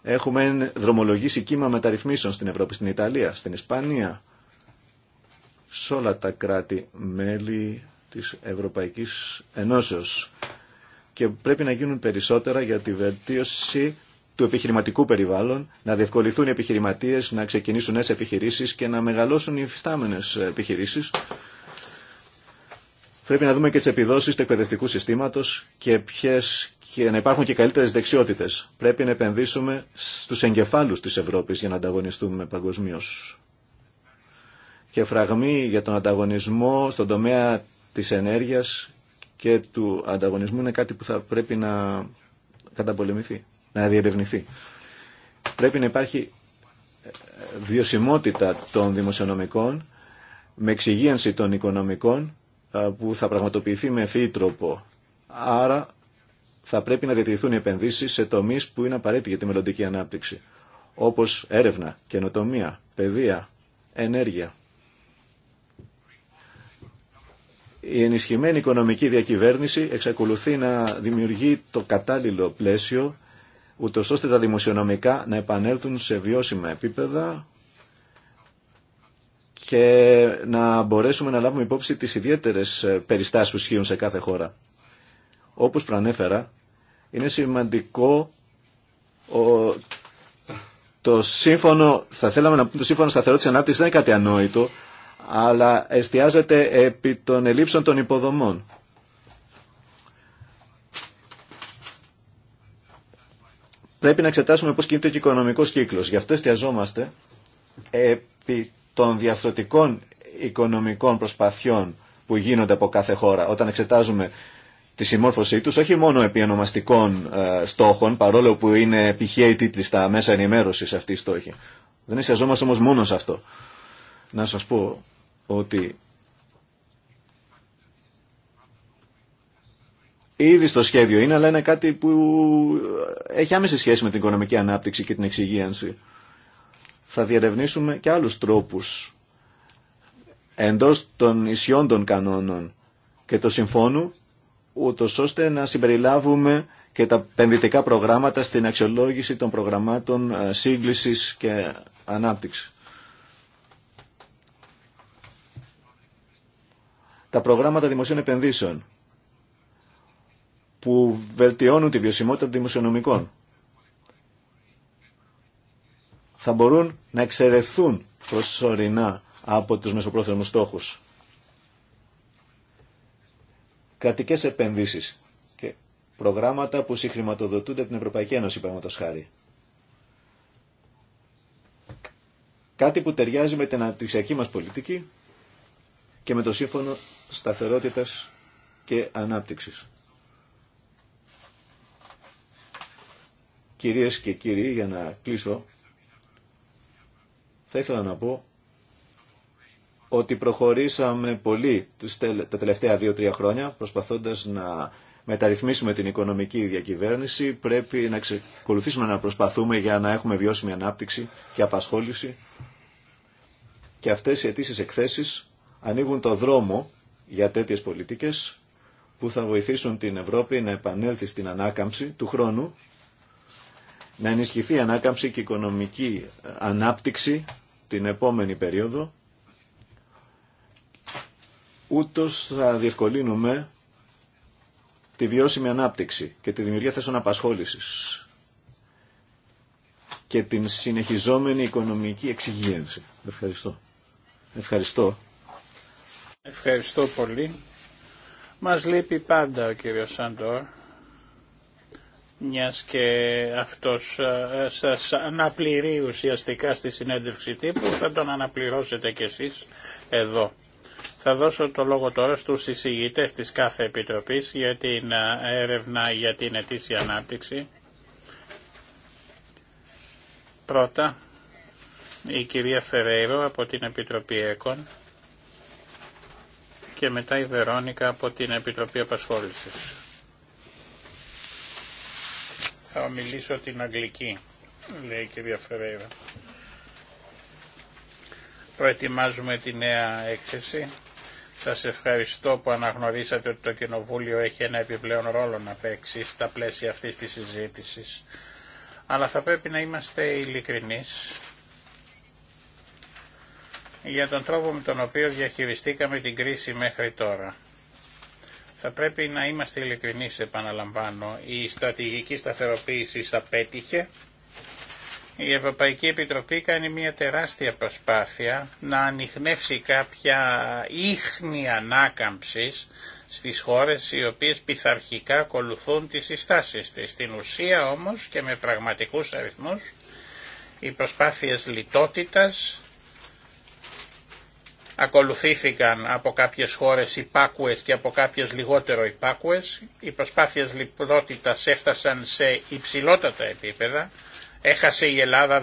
έχουμε δρομολογήσει κύμα μεταρρυθμίσεων στην Ευρώπη, στην Ιταλία, στην Ισπανία, σε όλα τα κράτη-μέλη της Ευρωπαϊκής Ενώσεως και πρέπει να γίνουν περισσότερα για τη βελτίωση του επιχειρηματικού περιβάλλον, να διευκολυθούν οι επιχειρηματίες, να ξεκινήσουν νέες επιχειρήσεις και να μεγαλώσουν οι υφιστάμενες επιχειρήσεις. Πρέπει να δούμε και τις επιδόσεις του εκπαιδευτικού συστήματος και ποιες και να υπάρχουν και καλύτερες δεξιότητες. Πρέπει να επενδύσουμε στους εγκεφάλους της Ευρώπης για να ανταγωνιστούμε παγκοσμίως και φραγμή για τον ανταγωνισμό στον τομέα της ενέργειας και του ανταγωνισμού είναι κάτι που θα πρέπει να καταπολεμηθεί, να διερευνηθεί. Πρέπει να υπάρχει βιωσιμότητα των δημοσιονομικών με εξυγίανση των οικονομικών που θα πραγματοποιηθεί με ευφύ τρόπο. Άρα θα πρέπει να διατηρηθούν οι επενδύσεις σε τομείς που είναι απαραίτητοι για τη μελλοντική ανάπτυξη, όπως έρευνα, καινοτομία, παιδεία, ενέργεια. η ενισχυμένη οικονομική διακυβέρνηση εξακολουθεί να δημιουργεί το κατάλληλο πλαίσιο ούτως ώστε τα δημοσιονομικά να επανέλθουν σε βιώσιμα επίπεδα και να μπορέσουμε να λάβουμε υπόψη τις ιδιαίτερες περιστάσεις που ισχύουν σε κάθε χώρα. Όπως προανέφερα, είναι σημαντικό το σύμφωνο, θα θέλαμε να πούμε το σύμφωνο σταθερότητας ανάπτυξης δεν είναι κάτι ανόητο, αλλά εστιάζεται επί των ελλείψεων των υποδομών. Πρέπει να εξετάσουμε πώς κινείται και ο οικονομικός κύκλος. Γι' αυτό εστιαζόμαστε επί των διαφορετικών οικονομικών προσπαθειών που γίνονται από κάθε χώρα όταν εξετάζουμε τη συμμόρφωσή τους, όχι μόνο επί ονομαστικών ε, στόχων, παρόλο που είναι πηχαίοι τίτλοι στα μέσα ενημέρωσης αυτή η στόχη. Δεν εστιαζόμαστε όμως μόνο σε αυτό να σας πω ότι ήδη στο σχέδιο είναι, αλλά είναι κάτι που έχει άμεση σχέση με την οικονομική ανάπτυξη και την εξυγίανση. Θα διερευνήσουμε και άλλους τρόπους εντός των ισιών των κανόνων και το συμφώνου, ούτω ώστε να συμπεριλάβουμε και τα πενδυτικά προγράμματα στην αξιολόγηση των προγραμμάτων ε, σύγκλησης και ανάπτυξης. τα προγράμματα δημοσίων επενδύσεων που βελτιώνουν τη βιωσιμότητα των δημοσιονομικών. Θα μπορούν να εξαιρεθούν προσωρινά από τους μεσοπρόθεσμους στόχους. Κρατικές επενδύσεις και προγράμματα που συγχρηματοδοτούνται από την Ευρωπαϊκή Ένωση, παραδείγματος χάρη. Κάτι που ταιριάζει με την αντιξιακή μας πολιτική και με το Σύμφωνο Σταθερότητας και Ανάπτυξης. Κυρίες και κύριοι, για να κλείσω, θα ήθελα να πω ότι προχωρήσαμε πολύ τα τελευταία δύο-τρία χρόνια προσπαθώντας να μεταρρυθμίσουμε την οικονομική διακυβέρνηση. Πρέπει να ξεκολουθήσουμε να προσπαθούμε για να έχουμε βιώσιμη ανάπτυξη και απασχόληση. Και αυτές οι αιτήσει εκθέσεις ανοίγουν το δρόμο για τέτοιες πολιτικές που θα βοηθήσουν την Ευρώπη να επανέλθει στην ανάκαμψη του χρόνου, να ενισχυθεί η ανάκαμψη και η οικονομική ε, ανάπτυξη την επόμενη περίοδο, ούτως θα διευκολύνουμε τη βιώσιμη ανάπτυξη και τη δημιουργία θέσεων απασχόλησης και την συνεχιζόμενη οικονομική εξυγίανση. Ευχαριστώ. Ευχαριστώ. Ευχαριστώ πολύ. Μας λείπει πάντα ο κύριος Σαντόρ, μιας και αυτός ε, σας αναπληρεί ουσιαστικά στη συνέντευξη τύπου, θα τον αναπληρώσετε κι εσείς εδώ. Θα δώσω το λόγο τώρα στους εισηγητές της κάθε επιτροπής για την ε, έρευνα για την ετήσια ανάπτυξη. Πρώτα, η κυρία Φεραίρο από την Επιτροπή ΕΚΟΝ και μετά η Βερόνικα από την Επιτροπή Απασχόλησης. Θα μιλήσω την Αγγλική, λέει και κυρία Φεραίρα. Προετοιμάζουμε τη νέα έκθεση. Σας ευχαριστώ που αναγνωρίσατε ότι το Κοινοβούλιο έχει ένα επιπλέον ρόλο να παίξει στα πλαίσια αυτής της συζήτησης. Αλλά θα πρέπει να είμαστε ειλικρινεί για τον τρόπο με τον οποίο διαχειριστήκαμε την κρίση μέχρι τώρα. Θα πρέπει να είμαστε ειλικρινείς, επαναλαμβάνω. Η στρατηγική σταθεροποίηση απέτυχε. Η Ευρωπαϊκή Επιτροπή κάνει μια τεράστια προσπάθεια να ανοιχνεύσει κάποια ίχνη ανάκαμψης στις χώρες οι οποίες πειθαρχικά ακολουθούν τις συστάσεις της. Στην ουσία όμως και με πραγματικούς αριθμούς οι προσπάθειες λιτότητας ακολουθήθηκαν από κάποιες χώρες υπάκουες και από κάποιες λιγότερο υπάκουες. Οι προσπάθειες λιπρότητας έφτασαν σε υψηλότατα επίπεδα. Έχασε η Ελλάδα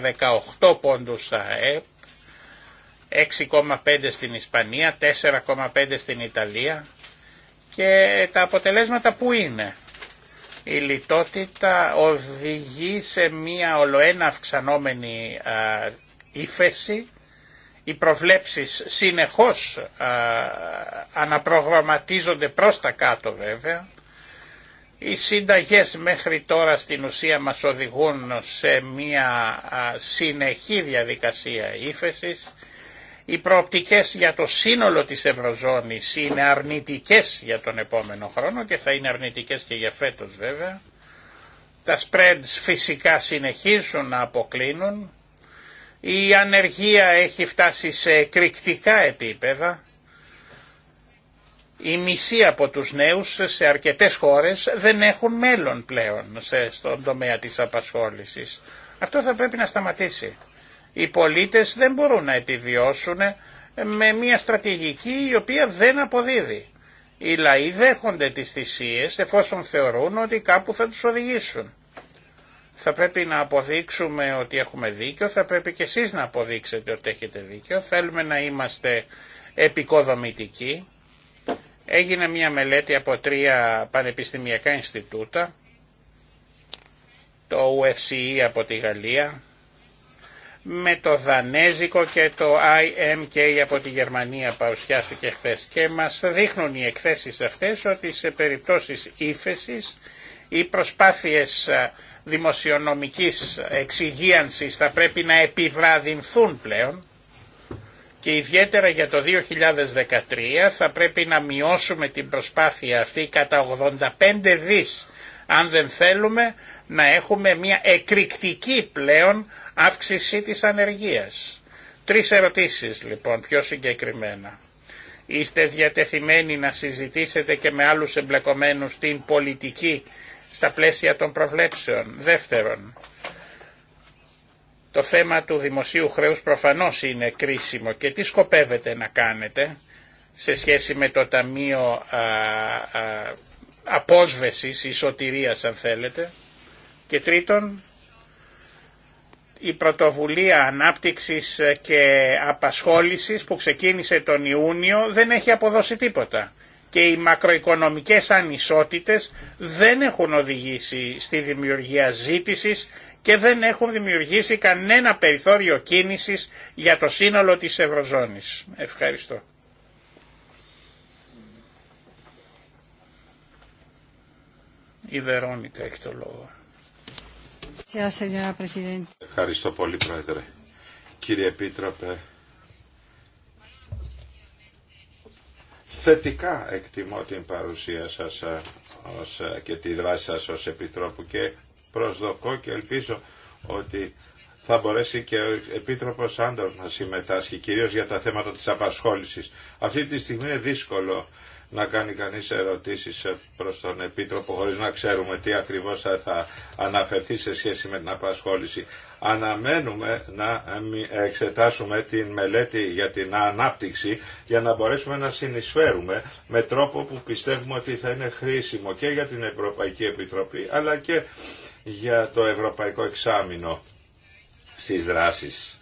18 πόντους στα έπ 6,5 στην Ισπανία, 4,5 στην Ιταλία και τα αποτελέσματα που είναι. Η λιτότητα οδηγεί σε μια ολοένα αυξανόμενη ύφεση οι προβλέψεις συνεχώς αναπρογραμματίζονται προς τα κάτω βέβαια. Οι συνταγές μέχρι τώρα στην ουσία μας οδηγούν σε μια συνεχή διαδικασία ύφεσης. Οι προοπτικές για το σύνολο της Ευρωζώνης είναι αρνητικές για τον επόμενο χρόνο και θα είναι αρνητικές και για φέτος βέβαια. Τα spreads φυσικά συνεχίζουν να αποκλίνουν η ανεργία έχει φτάσει σε εκρηκτικά επίπεδα. Η μισή από τους νέους σε αρκετές χώρες δεν έχουν μέλλον πλέον στον τομέα της απασχόλησης. Αυτό θα πρέπει να σταματήσει. Οι πολίτες δεν μπορούν να επιβιώσουν με μια στρατηγική η οποία δεν αποδίδει. Οι λαοί δέχονται τις θυσίες εφόσον θεωρούν ότι κάπου θα τους οδηγήσουν θα πρέπει να αποδείξουμε ότι έχουμε δίκιο, θα πρέπει και εσείς να αποδείξετε ότι έχετε δίκιο, θέλουμε να είμαστε επικοδομητικοί. Έγινε μια μελέτη από τρία πανεπιστημιακά Ινστιτούτα, το UFCE από τη Γαλλία, με το Δανέζικο και το IMK από τη Γερμανία παρουσιάστηκε χθε και μας δείχνουν οι εκθέσεις αυτές ότι σε περιπτώσεις ύφεσης οι προσπάθειες ε, δημοσιονομικής εξυγίανσης θα πρέπει να επιβραδυνθούν πλέον και ιδιαίτερα για το 2013 θα πρέπει να μειώσουμε την προσπάθεια αυτή κατά 85 δις αν δεν θέλουμε να έχουμε μια εκρηκτική πλέον αύξηση της ανεργίας. Τρεις ερωτήσεις λοιπόν πιο συγκεκριμένα. Είστε διατεθειμένοι να συζητήσετε και με άλλους εμπλεκομένους την πολιτική στα πλαίσια των προβλέψεων. Δεύτερον, το θέμα του δημοσίου χρέους προφανώς είναι κρίσιμο και τι σκοπεύετε να κάνετε σε σχέση με το Ταμείο α, α, Απόσβεσης, αν θέλετε. Και τρίτον, η πρωτοβουλία ανάπτυξης και απασχόλησης που ξεκίνησε τον Ιούνιο δεν έχει αποδώσει τίποτα και οι μακροοικονομικές ανισότητες δεν έχουν οδηγήσει στη δημιουργία ζήτησης και δεν έχουν δημιουργήσει κανένα περιθώριο κίνησης για το σύνολο της Ευρωζώνης. Ευχαριστώ. Η Βερόνικα έχει το λόγο. Ευχαριστώ πολύ, Πρόεδρε. Κύριε Επίτροπε, θετικά εκτιμώ την παρουσία σας ε, ε, και τη δράση σας ως Επιτρόπου και προσδοκώ και ελπίζω ότι θα μπορέσει και ο Επίτροπος Άντορ να συμμετάσχει, κυρίως για τα θέματα της απασχόλησης. Αυτή τη στιγμή είναι δύσκολο να κάνει κανείς ερωτήσεις ε, προς τον Επίτροπο χωρίς να ξέρουμε τι ακριβώς θα αναφερθεί σε σχέση με την απασχόληση αναμένουμε να εξετάσουμε την μελέτη για την ανάπτυξη για να μπορέσουμε να συνεισφέρουμε με τρόπο που πιστεύουμε ότι θα είναι χρήσιμο και για την Ευρωπαϊκή Επιτροπή αλλά και για το Ευρωπαϊκό Εξάμεινο στις δράσεις.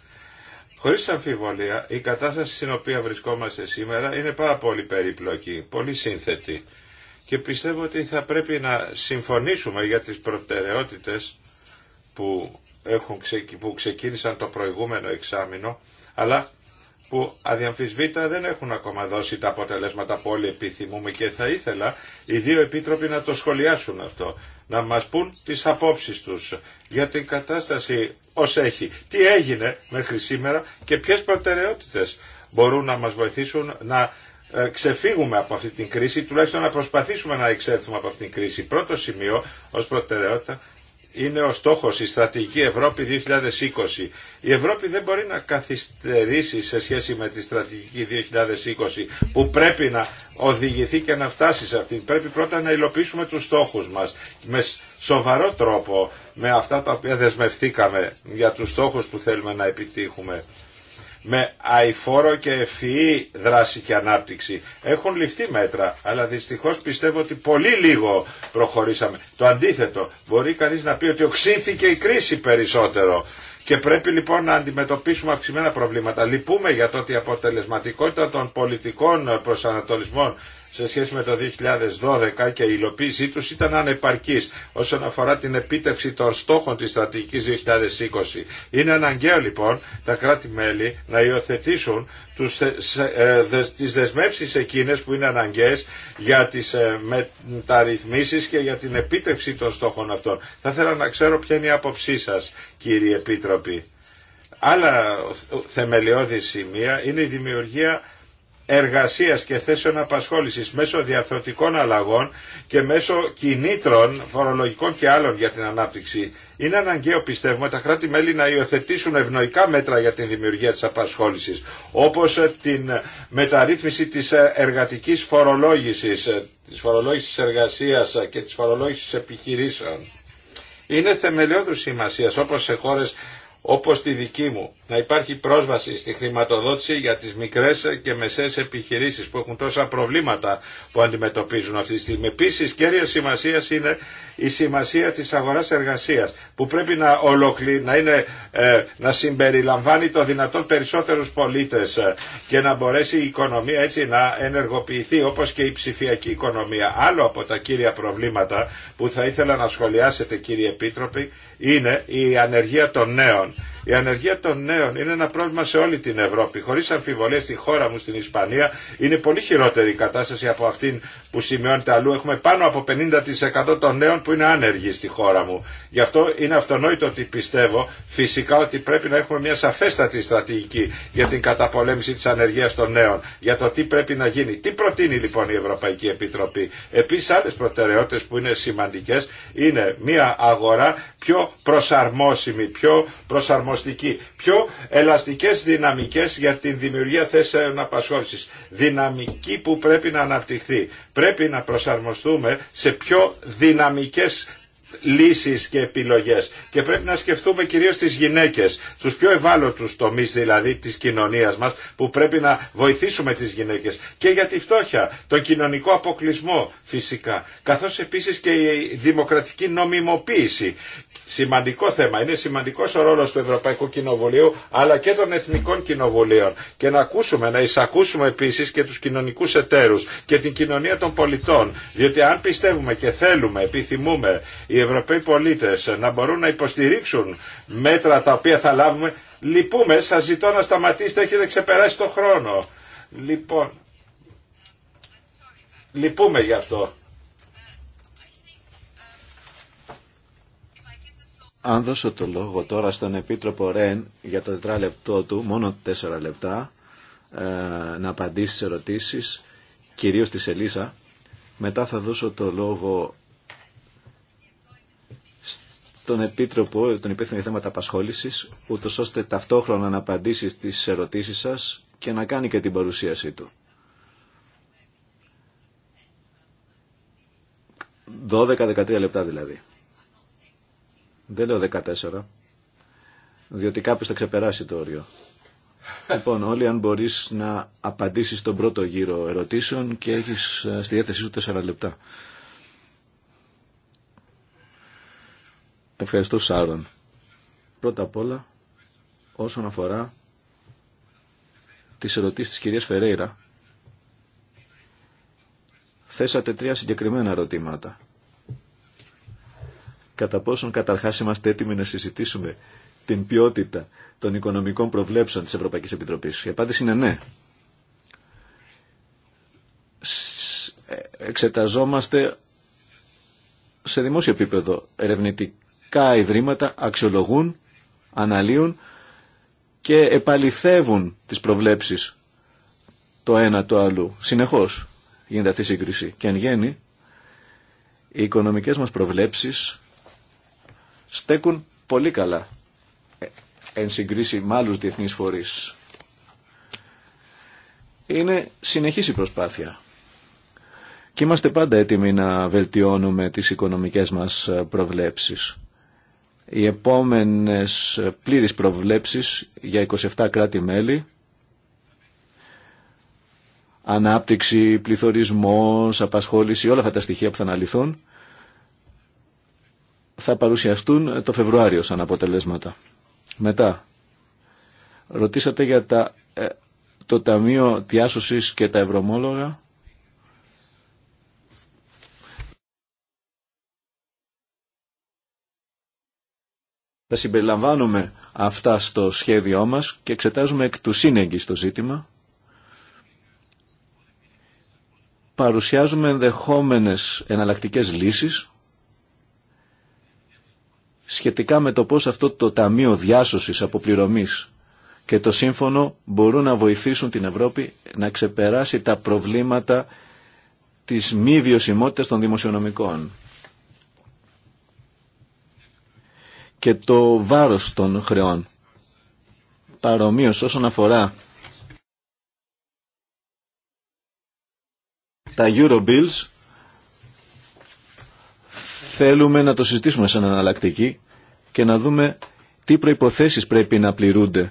Χωρίς αμφιβολία, η κατάσταση στην οποία βρισκόμαστε σήμερα είναι πάρα πολύ περίπλοκη, πολύ σύνθετη και πιστεύω ότι θα πρέπει να συμφωνήσουμε για τις προτεραιότητες που έχουν, που ξεκίνησαν το προηγούμενο εξάμεινο, αλλά που αδιαμφισβήτα δεν έχουν ακόμα δώσει τα αποτελέσματα που όλοι επιθυμούμε και θα ήθελα οι δύο επίτροποι να το σχολιάσουν αυτό, να μας πούν τις απόψεις τους για την κατάσταση ως έχει, τι έγινε μέχρι σήμερα και ποιες προτεραιότητες μπορούν να μας βοηθήσουν να ε, ξεφύγουμε από αυτή την κρίση, τουλάχιστον να προσπαθήσουμε να εξέλθουμε από αυτή την κρίση. Πρώτο σημείο ως προτεραιότητα είναι ο στόχος η στρατηγική Ευρώπη 2020. Η Ευρώπη δεν μπορεί να καθυστερήσει σε σχέση με τη στρατηγική 2020 που πρέπει να οδηγηθεί και να φτάσει σε αυτήν. Πρέπει πρώτα να υλοποιήσουμε τους στόχους μας με σοβαρό τρόπο με αυτά τα οποία δεσμευθήκαμε για τους στόχους που θέλουμε να επιτύχουμε με αηφόρο και ευφυή δράση και ανάπτυξη. Έχουν ληφθεί μέτρα, αλλά δυστυχώς πιστεύω ότι πολύ λίγο προχωρήσαμε. Το αντίθετο, μπορεί κανείς να πει ότι οξύθηκε η κρίση περισσότερο. Και πρέπει λοιπόν να αντιμετωπίσουμε αυξημένα προβλήματα. Λυπούμε για το ότι η αποτελεσματικότητα των πολιτικών προσανατολισμών σε σχέση με το 2012 και η υλοποίησή του ήταν ανεπαρκή όσον αφορά την επίτευξη των στόχων τη στρατηγική 2020. Είναι αναγκαίο λοιπόν τα κράτη-μέλη να υιοθετήσουν τους, ε, τις δεσμεύσεις εκείνες που είναι αναγκαίες για τις ε, μεταρρυθμίσεις και για την επίτευξη των στόχων αυτών. Θα ήθελα να ξέρω ποια είναι η άποψή σας κύριε Επίτροπη. Άλλα θεμελιώδη σημεία είναι η δημιουργία εργασίας και θέσεων απασχόλησης μέσω διαρθρωτικών αλλαγών και μέσω κινήτρων φορολογικών και άλλων για την ανάπτυξη. Είναι αναγκαίο πιστεύουμε τα κράτη-μέλη να υιοθετήσουν ευνοϊκά μέτρα για την δημιουργία της απασχόλησης, όπως ε, την μεταρρύθμιση της ε, εργατικής φορολόγησης, ε, της φορολόγησης εργασίας και της φορολόγησης επιχειρήσεων. Είναι θεμελιώδους σημασίας, όπως σε χώρες όπως τη δική μου, να υπάρχει πρόσβαση στη χρηματοδότηση για τις μικρές και μεσαίες επιχειρήσεις που έχουν τόσα προβλήματα που αντιμετωπίζουν αυτή τη στιγμή. Επίσης, κέρια σημασία είναι η σημασία της αγοράς εργασίας που πρέπει να, ολοκλη... να, είναι, ε, να συμπεριλαμβάνει το δυνατόν περισσότερους πολίτες ε, και να μπορέσει η οικονομία έτσι να ενεργοποιηθεί όπως και η ψηφιακή οικονομία. Άλλο από τα κύρια προβλήματα που θα ήθελα να σχολιάσετε κύριε Επίτροπη είναι η ανεργία των νέων η ανεργία των νέων είναι ένα πρόβλημα σε όλη την Ευρώπη. Χωρί αμφιβολία στη χώρα μου, στην Ισπανία, είναι πολύ χειρότερη η κατάσταση από αυτήν που σημειώνεται αλλού. Έχουμε πάνω από 50% των νέων που είναι άνεργοι στη χώρα μου. Γι' αυτό είναι αυτονόητο ότι πιστεύω φυσικά ότι πρέπει να έχουμε μια σαφέστατη στρατηγική για την καταπολέμηση τη ανεργία των νέων. Για το τι πρέπει να γίνει. Τι προτείνει λοιπόν η Ευρωπαϊκή Επιτροπή. Επίση, άλλε προτεραιότητε που είναι σημαντικέ είναι μια αγορά πιο προσαρμόσιμη, πιο προσαρμόσιμη πιο ελαστικές δυναμικές για την δημιουργία θέσεων απασχόληση. Δυναμική που πρέπει να αναπτυχθεί. Πρέπει να προσαρμοστούμε σε πιο δυναμικές λύσεις και επιλογές και πρέπει να σκεφτούμε κυρίως τις γυναίκες τους πιο ευάλωτους τομείς δηλαδή της κοινωνίας μας που πρέπει να βοηθήσουμε τις γυναίκες και για τη φτώχεια, τον κοινωνικό αποκλεισμό φυσικά καθώς επίσης και η δημοκρατική νομιμοποίηση Σημαντικό θέμα. Είναι σημαντικό ο ρόλο του Ευρωπαϊκού Κοινοβουλίου αλλά και των Εθνικών Κοινοβουλίων. Και να ακούσουμε, να εισακούσουμε επίση και του κοινωνικού εταίρου και την κοινωνία των πολιτών. Διότι αν πιστεύουμε και θέλουμε, επιθυμούμε οι Ευρωπαίοι πολίτε να μπορούν να υποστηρίξουν μέτρα τα οποία θα λάβουμε, λυπούμε, σα ζητώ να σταματήσετε, έχετε ξεπεράσει το χρόνο. Λοιπόν, λυπούμε γι' αυτό. Αν δώσω το λόγο τώρα στον Επίτροπο Ρεν για το τετράλεπτό του, μόνο τέσσερα λεπτά, ε, να απαντήσει σε ερωτήσεις, κυρίως της Ελίσσα. Μετά θα δώσω το λόγο στον Επίτροπο, τον υπεύθυνο για θέματα απασχόλησης, ούτως ώστε ταυτόχρονα να απαντήσει στις ερωτήσεις σας και να κάνει και την παρουσίασή του. 12-13 λεπτά δηλαδή. Δεν λέω 14. Διότι κάποιος θα ξεπεράσει το όριο. Λοιπόν, όλοι αν μπορείς να απαντήσεις στον πρώτο γύρο ερωτήσεων και έχεις ε, στη διάθεσή σου 4 λεπτά. Ευχαριστώ Σάρων. Πρώτα απ' όλα, όσον αφορά τις ερωτήσεις της κυρίας Φερέιρα, θέσατε τρία συγκεκριμένα ερωτήματα κατά πόσον καταρχάς είμαστε έτοιμοι να συζητήσουμε την ποιότητα των οικονομικών προβλέψεων της Ευρωπαϊκής Επιτροπής. Η απάντηση είναι ναι. Εξεταζόμαστε σε δημόσιο επίπεδο. Ερευνητικά ιδρύματα αξιολογούν, αναλύουν και επαληθεύουν τις προβλέψεις το ένα το άλλο. Συνεχώς γίνεται αυτή η σύγκριση. Και αν γίνει, οι οικονομικές μας προβλέψεις στέκουν πολύ καλά ε, εν συγκρίση με άλλους διεθνείς φορείς. Είναι συνεχής η προσπάθεια. Και είμαστε πάντα έτοιμοι να βελτιώνουμε τις οικονομικές μας προβλέψεις. Οι επόμενες πλήρεις προβλέψεις για 27 κράτη-μέλη, ανάπτυξη, πληθωρισμός, απασχόληση, όλα αυτά τα στοιχεία που θα αναλυθούν, θα παρουσιαστούν ε, το Φεβρουάριο σαν αποτελέσματα. Μετά, ρωτήσατε για τα, ε, το Ταμείο Διάσωσης και τα Ευρωμόλογα. Θα συμπεριλαμβάνουμε αυτά στο σχέδιό μας και εξετάζουμε εκ του σύνεγγυ στο ζήτημα. Παρουσιάζουμε ενδεχόμενες εναλλακτικές λύσεις σχετικά με το πώς αυτό το Ταμείο Διάσωσης Αποπληρωμής και το σύμφωνο μπορούν να βοηθήσουν την Ευρώπη να ξεπεράσει τα προβλήματα της μη βιωσιμότητας των δημοσιονομικών και το βάρος των χρεών. Παρομοίως όσον αφορά τα Eurobills θέλουμε να το συζητήσουμε σαν αναλλακτική και να δούμε τι προϋποθέσεις πρέπει να πληρούνται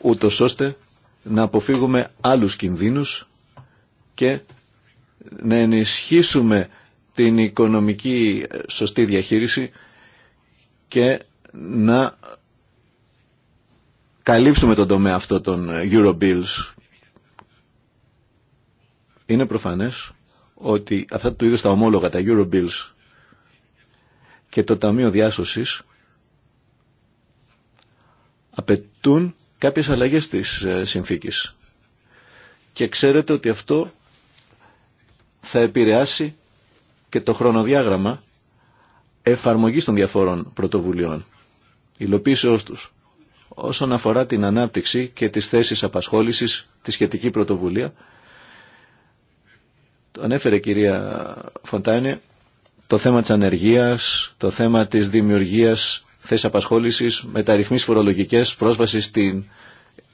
ούτω ώστε να αποφύγουμε άλλους κινδύνους και να ενισχύσουμε την οικονομική ε, σωστή διαχείριση και να καλύψουμε τον τομέα αυτό των ε, Eurobills. Είναι προφανές ότι αυτά του είδους τα ομόλογα, τα Eurobills, και το Ταμείο Διάσωσης απαιτούν κάποιες αλλαγές της ε, συνθήκης. Και ξέρετε ότι αυτό θα επηρεάσει και το χρονοδιάγραμμα εφαρμογής των διαφόρων πρωτοβουλειών, υλοποίησεώς τους. Όσον αφορά την ανάπτυξη και τις θέσεις απασχόλησης, τη σχετική πρωτοβουλία, το ανέφερε κυρία Φοντάνε, το θέμα της ανεργίας, το θέμα της δημιουργίας θέσης απασχόλησης, μεταρρυθμίσεις φορολογικές, πρόσβαση στην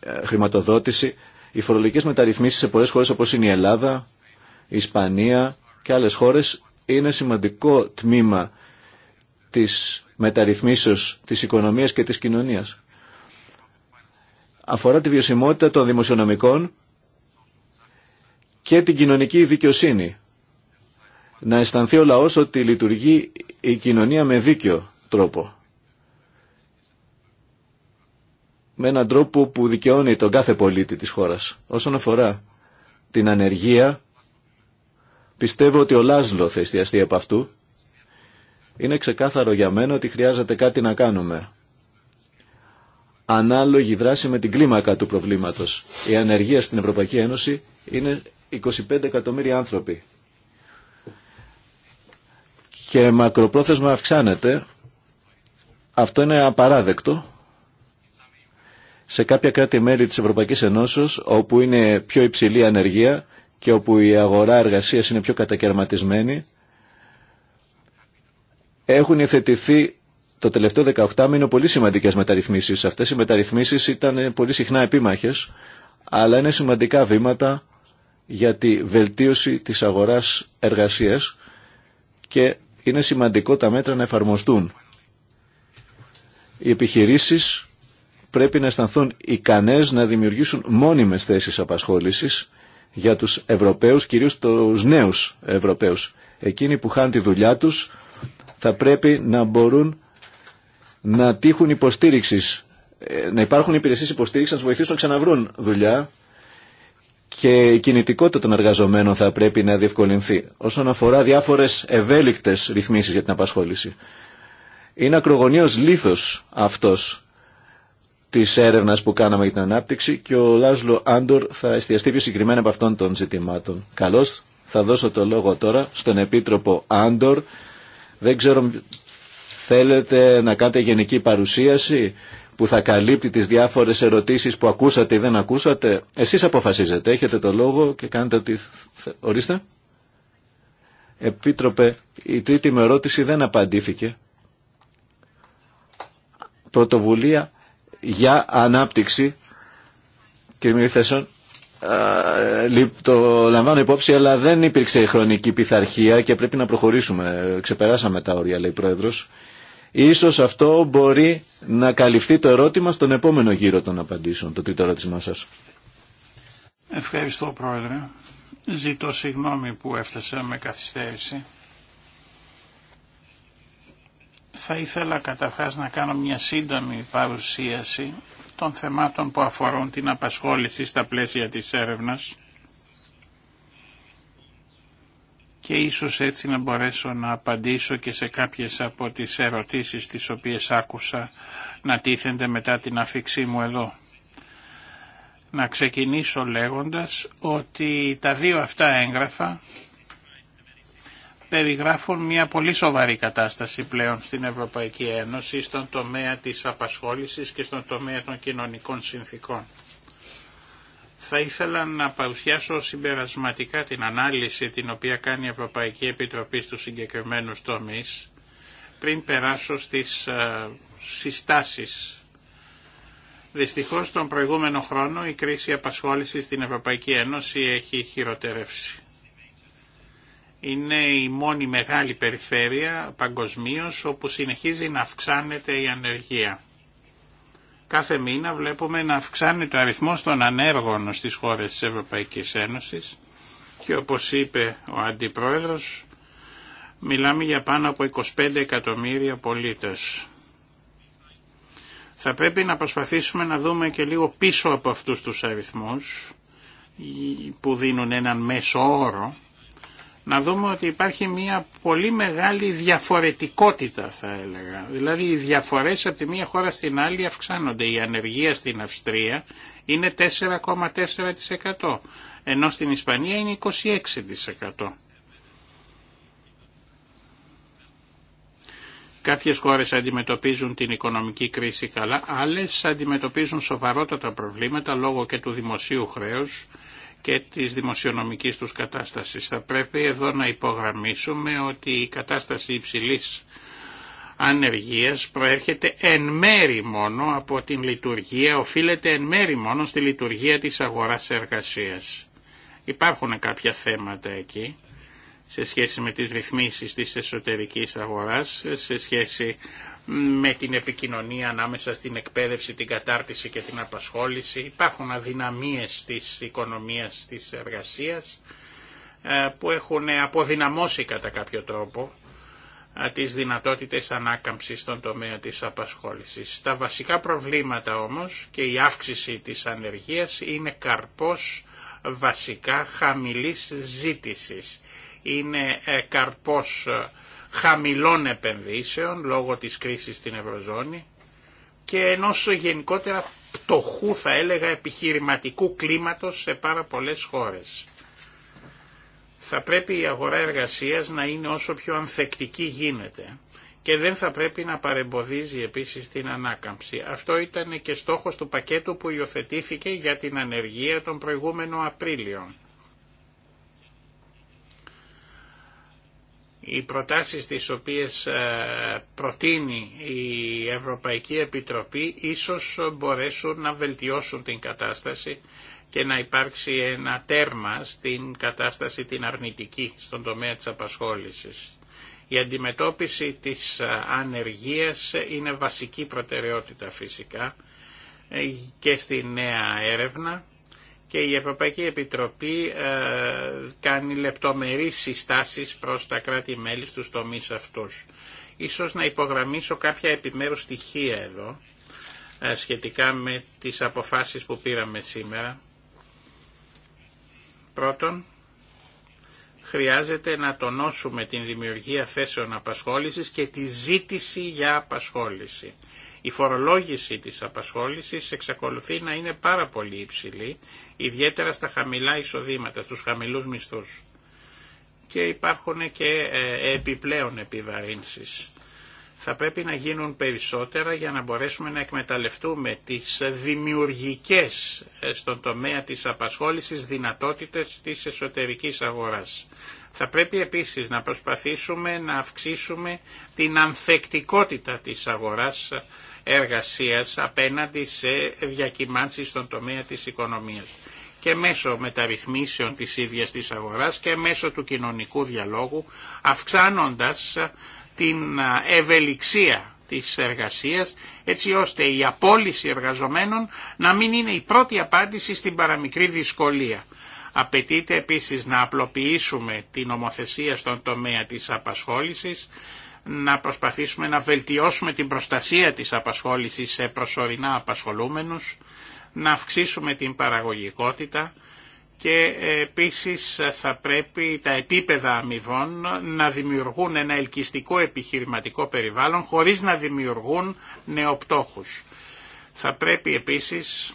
ε, χρηματοδότηση. Οι φορολογικές μεταρρυθμίσεις σε πολλές χώρες όπως είναι η Ελλάδα, η Ισπανία και άλλες χώρες είναι σημαντικό τμήμα της μεταρρυθμίσεως της οικονομίας και της κοινωνίας. Αφορά τη βιωσιμότητα των δημοσιονομικών και την κοινωνική δικαιοσύνη να αισθανθεί ο λαός ότι λειτουργεί η κοινωνία με δίκιο τρόπο. Με έναν τρόπο που δικαιώνει τον κάθε πολίτη της χώρας. Όσον αφορά την ανεργία, πιστεύω ότι ο Λάσλο θα εστιαστεί από αυτού. Είναι ξεκάθαρο για μένα ότι χρειάζεται κάτι να κάνουμε. Ανάλογη δράση με την κλίμακα του προβλήματος. Η ανεργία στην Ευρωπαϊκή Ένωση είναι 25 εκατομμύρια άνθρωποι και μακροπρόθεσμα αυξάνεται. Αυτό είναι απαράδεκτο σε κάποια κράτη-μέλη της Ευρωπαϊκής Ενώσεως όπου είναι πιο υψηλή ανεργία και όπου η αγορά εργασίας είναι πιο κατακαιρματισμένη έχουν υιοθετηθεί το τελευταίο 18 μήνο πολύ σημαντικές μεταρρυθμίσεις. Αυτές οι μεταρρυθμίσεις ήταν πολύ συχνά επίμαχες, αλλά είναι σημαντικά βήματα για τη βελτίωση της αγοράς εργασίας και είναι σημαντικό τα μέτρα να εφαρμοστούν. Οι επιχειρήσεις πρέπει να αισθανθούν ικανές να δημιουργήσουν μόνιμες θέσεις απασχόλησης για τους Ευρωπαίους, κυρίως τους νέους Ευρωπαίους. Εκείνοι που χάνουν τη δουλειά τους θα πρέπει να μπορούν να τύχουν υποστήριξης, ε, να υπάρχουν υπηρεσίες υποστήριξης, να βοηθήσουν να ξαναβρούν δουλειά και η κινητικότητα των εργαζομένων θα πρέπει να διευκολυνθεί όσον αφορά διάφορες ευέλικτες ρυθμίσεις για την απασχόληση. Είναι ακρογωνίως λίθος αυτός της έρευνας που κάναμε για την ανάπτυξη και ο Λάσλο Άντορ θα εστιαστεί πιο συγκεκριμένα από αυτών των ζητημάτων. Καλώς, θα δώσω το λόγο τώρα στον Επίτροπο Άντορ. Δεν ξέρω, θέλετε να κάνετε γενική παρουσίαση που θα καλύπτει τις διάφορες ερωτήσεις που ακούσατε ή δεν ακούσατε. Εσείς αποφασίζετε, έχετε το λόγο και κάνετε ότι... Ορίστε. Επίτροπε, η τρίτη με ερώτηση δεν απαντήθηκε. Πρωτοβουλία για ανάπτυξη και θέσεων το λαμβάνω υπόψη, αλλά δεν υπήρξε χρονική πειθαρχία και πρέπει να προχωρήσουμε. Ξεπεράσαμε τα όρια, λέει η τριτη με ερωτηση δεν απαντηθηκε πρωτοβουλια για αναπτυξη και το λαμβανω υποψη αλλα δεν υπηρξε χρονικη πειθαρχια και πρεπει να προχωρησουμε ξεπερασαμε τα ορια λεει η προεδρος Ίσως αυτό μπορεί να καλυφθεί το ερώτημα στον επόμενο γύρο των απαντήσεων, το τρίτο ερώτημά σας. Ευχαριστώ Πρόεδρε. Ζητώ συγγνώμη που έφτασα με καθυστέρηση. Θα ήθελα καταρχάς να κάνω μια σύντομη παρουσίαση των θεμάτων που αφορούν την απασχόληση στα πλαίσια της έρευνας και ίσως έτσι να μπορέσω να απαντήσω και σε κάποιες από τις ερωτήσεις τις οποίες άκουσα να τίθενται μετά την αφήξή μου εδώ. Να ξεκινήσω λέγοντας ότι τα δύο αυτά έγγραφα περιγράφουν μια πολύ σοβαρή κατάσταση πλέον στην Ευρωπαϊκή Ένωση στον τομέα της απασχόλησης και στον τομέα των κοινωνικών συνθήκων θα ήθελα να παρουσιάσω συμπερασματικά την ανάλυση την οποία κάνει η Ευρωπαϊκή Επιτροπή στους συγκεκριμένους τομείς πριν περάσω στις ε, συστάσεις. Δυστυχώς τον προηγούμενο χρόνο η κρίση απασχόλησης στην Ευρωπαϊκή Ένωση έχει χειροτερεύσει. Είναι η μόνη μεγάλη περιφέρεια παγκοσμίω όπου συνεχίζει να αυξάνεται η ανεργία κάθε μήνα βλέπουμε να αυξάνει το αριθμό των ανέργων στις χώρες της Ευρωπαϊκής Ένωσης και όπως είπε ο Αντιπρόεδρος μιλάμε για πάνω από 25 εκατομμύρια πολίτες. Θα πρέπει να προσπαθήσουμε να δούμε και λίγο πίσω από αυτούς τους αριθμούς που δίνουν έναν μέσο όρο να δούμε ότι υπάρχει μια πολύ μεγάλη διαφορετικότητα θα έλεγα. Δηλαδή οι διαφορές από τη μία χώρα στην άλλη αυξάνονται. Η ανεργία στην Αυστρία είναι 4,4% ενώ στην Ισπανία είναι 26%. Κάποιες χώρες αντιμετωπίζουν την οικονομική κρίση καλά, άλλες αντιμετωπίζουν σοβαρότατα προβλήματα λόγω και του δημοσίου χρέους και της δημοσιονομικής τους κατάστασης. Θα πρέπει εδώ να υπογραμμίσουμε ότι η κατάσταση υψηλής ανεργίας προέρχεται εν μέρη μόνο από την λειτουργία, οφείλεται εν μέρη μόνο στη λειτουργία της αγοράς εργασίας. Υπάρχουν κάποια θέματα εκεί σε σχέση με τις ρυθμίσεις της εσωτερικής αγοράς, σε σχέση με την επικοινωνία ανάμεσα στην εκπαίδευση, την κατάρτιση και την απασχόληση. Υπάρχουν αδυναμίες της οικονομίας της εργασίας ε, που έχουν αποδυναμώσει κατά κάποιο τρόπο ε, τις δυνατότητες ανάκαμψης στον τομέα της απασχόλησης. Τα βασικά προβλήματα όμως και η αύξηση της ανεργίας είναι καρπός βασικά χαμηλής ζήτησης. Είναι ε, καρπός χαμηλών επενδύσεων λόγω της κρίσης στην Ευρωζώνη και ενός γενικότερα πτωχού θα έλεγα επιχειρηματικού κλίματος σε πάρα πολλές χώρες. Θα πρέπει η αγορά εργασίας να είναι όσο πιο ανθεκτική γίνεται και δεν θα πρέπει να παρεμποδίζει επίσης την ανάκαμψη. Αυτό ήταν και στόχος του πακέτου που υιοθετήθηκε για την ανεργία τον προηγούμενο Απρίλιο. Οι προτάσεις τις οποίες ε, προτείνει η Ευρωπαϊκή Επιτροπή ίσως μπορέσουν να βελτιώσουν την κατάσταση και να υπάρξει ένα τέρμα στην κατάσταση την αρνητική στον τομέα της απασχόλησης. Η αντιμετώπιση της ε, ανεργίας είναι βασική προτεραιότητα φυσικά ε, και στη νέα έρευνα και η Ευρωπαϊκή Επιτροπή ε, κάνει λεπτομερείς συστάσεις προς τα κράτη-μέλη στους τομείς αυτούς. Ίσως να υπογραμμίσω κάποια επιμέρους στοιχεία εδώ ε, σχετικά με τις αποφάσεις που πήραμε σήμερα. Πρώτον, χρειάζεται να τονώσουμε την δημιουργία θέσεων απασχόλησης και τη ζήτηση για απασχόληση. Η φορολόγηση της απασχόλησης εξακολουθεί να είναι πάρα πολύ υψηλή, ιδιαίτερα στα χαμηλά εισοδήματα, στους χαμηλούς μισθούς. Και υπάρχουν και ε, επιπλέον επιβαρύνσεις. Θα πρέπει να γίνουν περισσότερα για να μπορέσουμε να εκμεταλλευτούμε τις δημιουργικές ε, στον τομέα της απασχόλησης δυνατότητες της εσωτερικής αγοράς. Θα πρέπει επίσης να προσπαθήσουμε να αυξήσουμε την ανθεκτικότητα της αγοράς εργασίας απέναντι σε διακυμάνσεις στον τομέα της οικονομίας και μέσω μεταρρυθμίσεων της ίδιας της αγοράς και μέσω του κοινωνικού διαλόγου αυξάνοντας την ευελιξία της εργασίας έτσι ώστε η απόλυση εργαζομένων να μην είναι η πρώτη απάντηση στην παραμικρή δυσκολία. Απαιτείται επίσης να απλοποιήσουμε την ομοθεσία στον τομέα της απασχόλησης να προσπαθήσουμε να βελτιώσουμε την προστασία της απασχόλησης σε προσωρινά απασχολούμενους, να αυξήσουμε την παραγωγικότητα και επίσης θα πρέπει τα επίπεδα αμοιβών να δημιουργούν ένα ελκυστικό επιχειρηματικό περιβάλλον χωρίς να δημιουργούν νεοπτώχους. Θα πρέπει επίσης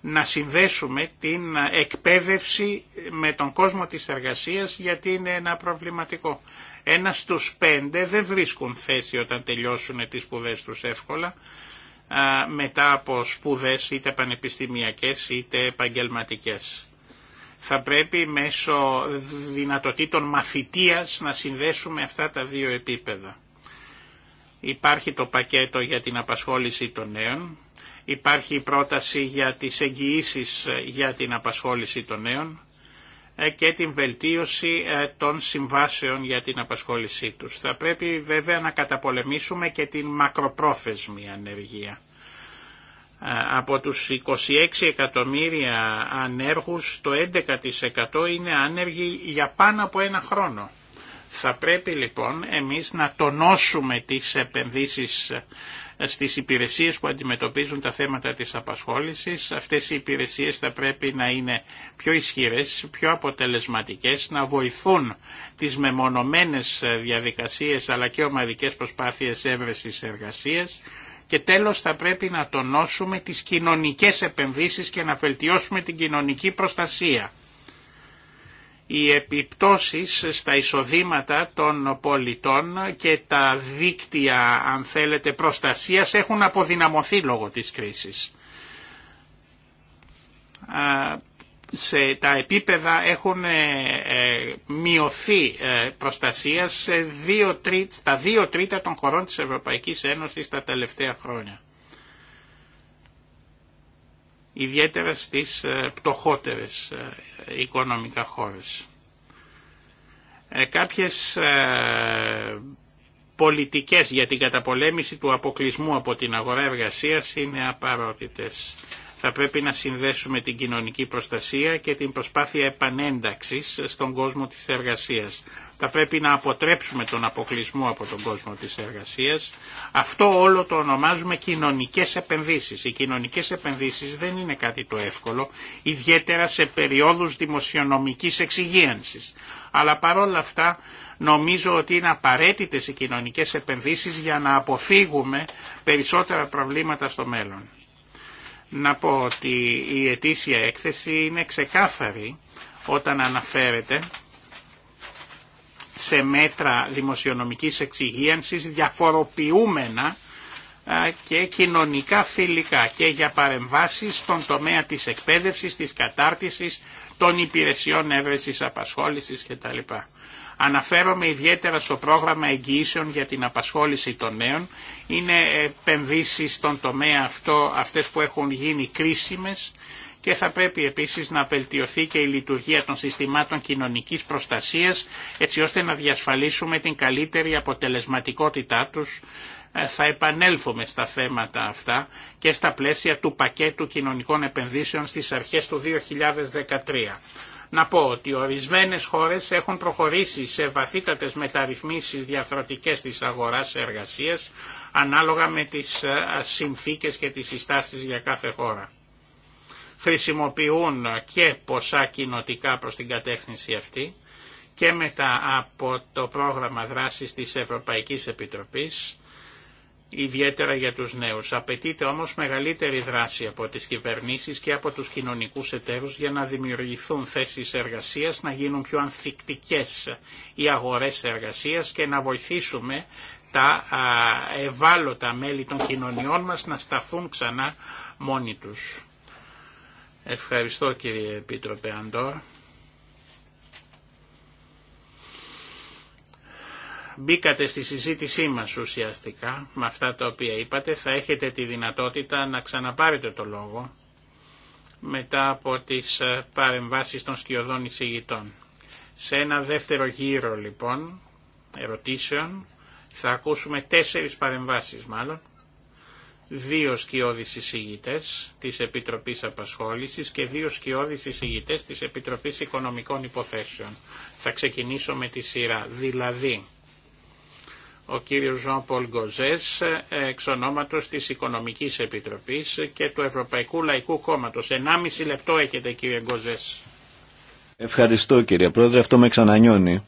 να συνδέσουμε την εκπαίδευση με τον κόσμο της εργασίας γιατί είναι ένα προβληματικό. Ένα στους πέντε δεν βρίσκουν θέση όταν τελειώσουν τις σπουδές τους εύκολα μετά από σπουδές είτε πανεπιστημιακές είτε επαγγελματικές. Θα πρέπει μέσω δυνατοτήτων μαθητείας να συνδέσουμε αυτά τα δύο επίπεδα. Υπάρχει το πακέτο για την απασχόληση των νέων, υπάρχει η πρόταση για τις εγγυήσει για την απασχόληση των νέων, ε, και την βελτίωση ε, των συμβάσεων για την απασχόλησή τους. Θα πρέπει βέβαια να καταπολεμήσουμε και την μακροπρόθεσμη ανεργία. Ε, από τους 26 εκατομμύρια ανέργους, το 11% είναι άνεργοι για πάνω από ένα χρόνο. Θα πρέπει λοιπόν εμείς να τονώσουμε τις επενδύσεις στις υπηρεσίες που αντιμετωπίζουν τα θέματα της απασχόλησης. Αυτές οι υπηρεσίες θα πρέπει να είναι πιο ισχυρές, πιο αποτελεσματικές, να βοηθούν τις μεμονωμένες διαδικασίες αλλά και ομαδικές προσπάθειες έβρεσης εργασίας και τέλος θα πρέπει να τονώσουμε τις κοινωνικές επενδύσεις και να βελτιώσουμε την κοινωνική προστασία οι επιπτώσεις στα εισοδήματα των πολιτών και τα δίκτυα, αν θέλετε, προστασίας έχουν αποδυναμωθεί λόγω της κρίσης. Σε τα επίπεδα έχουν ε, ε, μειωθεί ε, προστασία σε δύο στα δύο τρίτα των χωρών της Ευρωπαϊκής Ένωσης τα τελευταία χρόνια. Ιδιαίτερα στις πτωχότερες οικονομικά χώρες. Ε, κάποιες ε, πολιτικές για την καταπολέμηση του αποκλεισμού από την αγορά εργασίας είναι απαρότητες. Θα πρέπει να συνδέσουμε την κοινωνική προστασία και την προσπάθεια επανένταξης στον κόσμο της εργασίας. Θα πρέπει να αποτρέψουμε τον αποκλεισμό από τον κόσμο της εργασίας. Αυτό όλο το ονομάζουμε κοινωνικές επενδύσεις. Οι κοινωνικές επενδύσεις δεν είναι κάτι το εύκολο, ιδιαίτερα σε περιόδους δημοσιονομικής εξυγίανσης. Αλλά παρόλα αυτά νομίζω ότι είναι απαραίτητες οι κοινωνικές επενδύσεις για να αποφύγουμε περισσότερα προβλήματα στο μέλλον να πω ότι η ετήσια έκθεση είναι ξεκάθαρη όταν αναφέρεται σε μέτρα δημοσιονομικής εξυγίανσης διαφοροποιούμενα και κοινωνικά φιλικά και για παρεμβάσεις στον τομέα της εκπαίδευσης, της κατάρτισης, των υπηρεσιών έβρεσης απασχόλησης κτλ. Αναφέρομαι ιδιαίτερα στο πρόγραμμα εγγυήσεων για την απασχόληση των νέων. Είναι επενδύσεις στον τομέα αυτό, αυτές που έχουν γίνει κρίσιμες και θα πρέπει επίσης να βελτιωθεί και η λειτουργία των συστημάτων κοινωνικής προστασίας έτσι ώστε να διασφαλίσουμε την καλύτερη αποτελεσματικότητά τους ε, θα επανέλθουμε στα θέματα αυτά και στα πλαίσια του πακέτου κοινωνικών επενδύσεων στις αρχές του 2013. Να πω ότι ορισμένες χώρες έχουν προχωρήσει σε βαθύτατες μεταρρυθμίσεις διαφθορτικές της αγοράς εργασίας ανάλογα με τις ε, συνθήκες και τις συστάσεις για κάθε χώρα. Χρησιμοποιούν και ποσά κοινοτικά προς την κατεύθυνση αυτή και μετά από το πρόγραμμα δράσης της Ευρωπαϊκής Επιτροπής ιδιαίτερα για τους νέους. Απαιτείται όμως μεγαλύτερη δράση από τις κυβερνήσεις και από τους κοινωνικούς εταίρους για να δημιουργηθούν θέσεις εργασίας, να γίνουν πιο ανθικτικές οι αγορές εργασίας και να βοηθήσουμε τα ευάλωτα μέλη των κοινωνιών μας να σταθούν ξανά μόνοι τους. Ευχαριστώ κύριε Επίτροπε μπήκατε στη συζήτησή μας ουσιαστικά με αυτά τα οποία είπατε. Θα έχετε τη δυνατότητα να ξαναπάρετε το λόγο μετά από τις ε, παρεμβάσεις των σκιωδών εισηγητών. Σε ένα δεύτερο γύρο λοιπόν ερωτήσεων θα ακούσουμε τέσσερις παρεμβάσεις μάλλον. Δύο σκιώδεις εισηγητές της Επιτροπής Απασχόλησης και δύο σκιώδεις εισηγητές της Επιτροπής Οικονομικών Υποθέσεων. Θα ξεκινήσω με τη σειρά. Δηλαδή, ο κύριος Ζων Πολ Γκοζές, εξ ονόματος της Οικονομικής Επιτροπής και του Ευρωπαϊκού Λαϊκού Κόμματος. 1,5 λεπτό έχετε κύριε Γκοζές. Ευχαριστώ κύριε Πρόεδρε, αυτό με ξανανιώνει.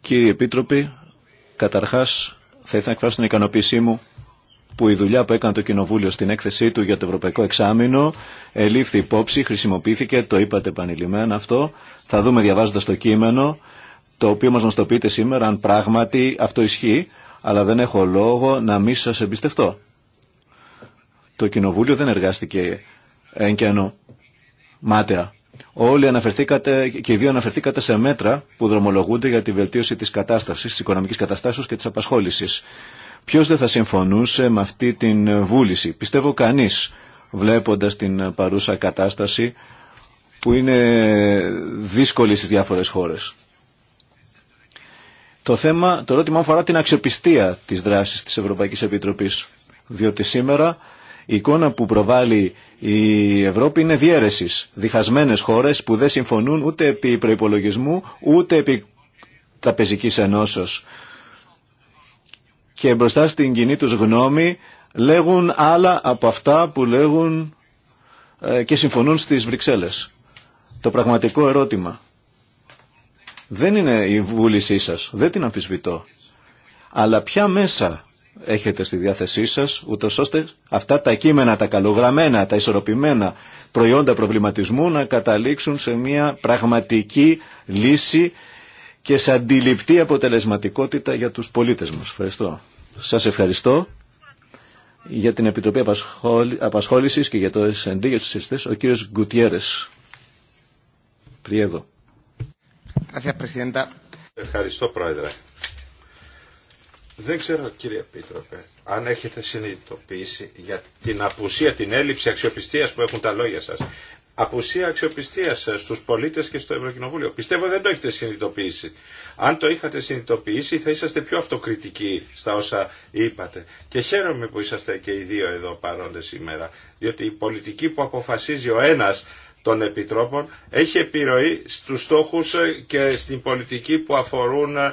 Κύριε Επίτροπη, καταρχάς θα ήθελα να εκφράσω την ικανοποίησή μου που η δουλειά που έκανε το Κοινοβούλιο στην έκθεσή του για το Ευρωπαϊκό Εξάμεινο ελήφθη υπόψη, χρησιμοποιήθηκε, το είπατε επανειλημμένα αυτό. Θα δούμε διαβάζοντας το κείμενο το οποίο μας πείτε σήμερα, αν πράγματι αυτό ισχύει, αλλά δεν έχω λόγο να μη σας εμπιστευτώ. Το Κοινοβούλιο δεν εργάστηκε εν και ενώ, μάταια. Όλοι αναφερθήκατε και οι δύο αναφερθήκατε σε μέτρα που δρομολογούνται για τη βελτίωση της κατάστασης, της οικονομικής καταστάσεως και της απασχόλησης. Ποιος δεν θα συμφωνούσε με αυτή την βούληση. Πιστεύω κανείς, βλέποντας την παρούσα κατάσταση που είναι δύσκολη στις διάφορες χώρες. Το θέμα, το ερώτημα αφορά την αξιοπιστία της δράσης της Ευρωπαϊκής Επιτροπής. Διότι σήμερα η εικόνα που προβάλλει η Ευρώπη είναι διέρεσης. Διχασμένες χώρες που δεν συμφωνούν ούτε επί προϋπολογισμού, ούτε επί τραπεζικής ενώσεως. Και μπροστά στην κοινή τους γνώμη λέγουν άλλα από αυτά που λέγουν ε, και συμφωνούν στις Βρυξέλλες. Το πραγματικό ερώτημα δεν είναι η βούλησή σας, δεν την αμφισβητώ. Αλλά ποια μέσα έχετε στη διάθεσή σας, ούτω ώστε αυτά τα κείμενα, τα καλογραμμένα, τα ισορροπημένα προϊόντα προβληματισμού να καταλήξουν σε μια πραγματική λύση και σε αντιληπτή αποτελεσματικότητα για τους πολίτες μας. Ευχαριστώ. Σας ευχαριστώ για την Επιτροπή Απασχόλησης και για το S&D, για τους συστές, ο κύριος Γκουτιέρες. Πριέδο. Ευχαριστώ, Πρόεδρε. Δεν ξέρω, κύριε Πίτροπε, αν έχετε συνειδητοποιήσει για την απουσία, την έλλειψη αξιοπιστίας που έχουν τα λόγια σας. Απουσία αξιοπιστίας στους πολίτες και στο Ευρωκοινοβούλιο. Πιστεύω δεν το έχετε συνειδητοποιήσει. Αν το είχατε συνειδητοποιήσει θα είσαστε πιο αυτοκριτικοί στα όσα είπατε. Και χαίρομαι που είσαστε και οι δύο εδώ παρόντες σήμερα. Διότι η πολιτική που αποφασίζει ο ένας των Επιτρόπων έχει επιρροή στους στόχους ε, και στην πολιτική που αφορούν ε,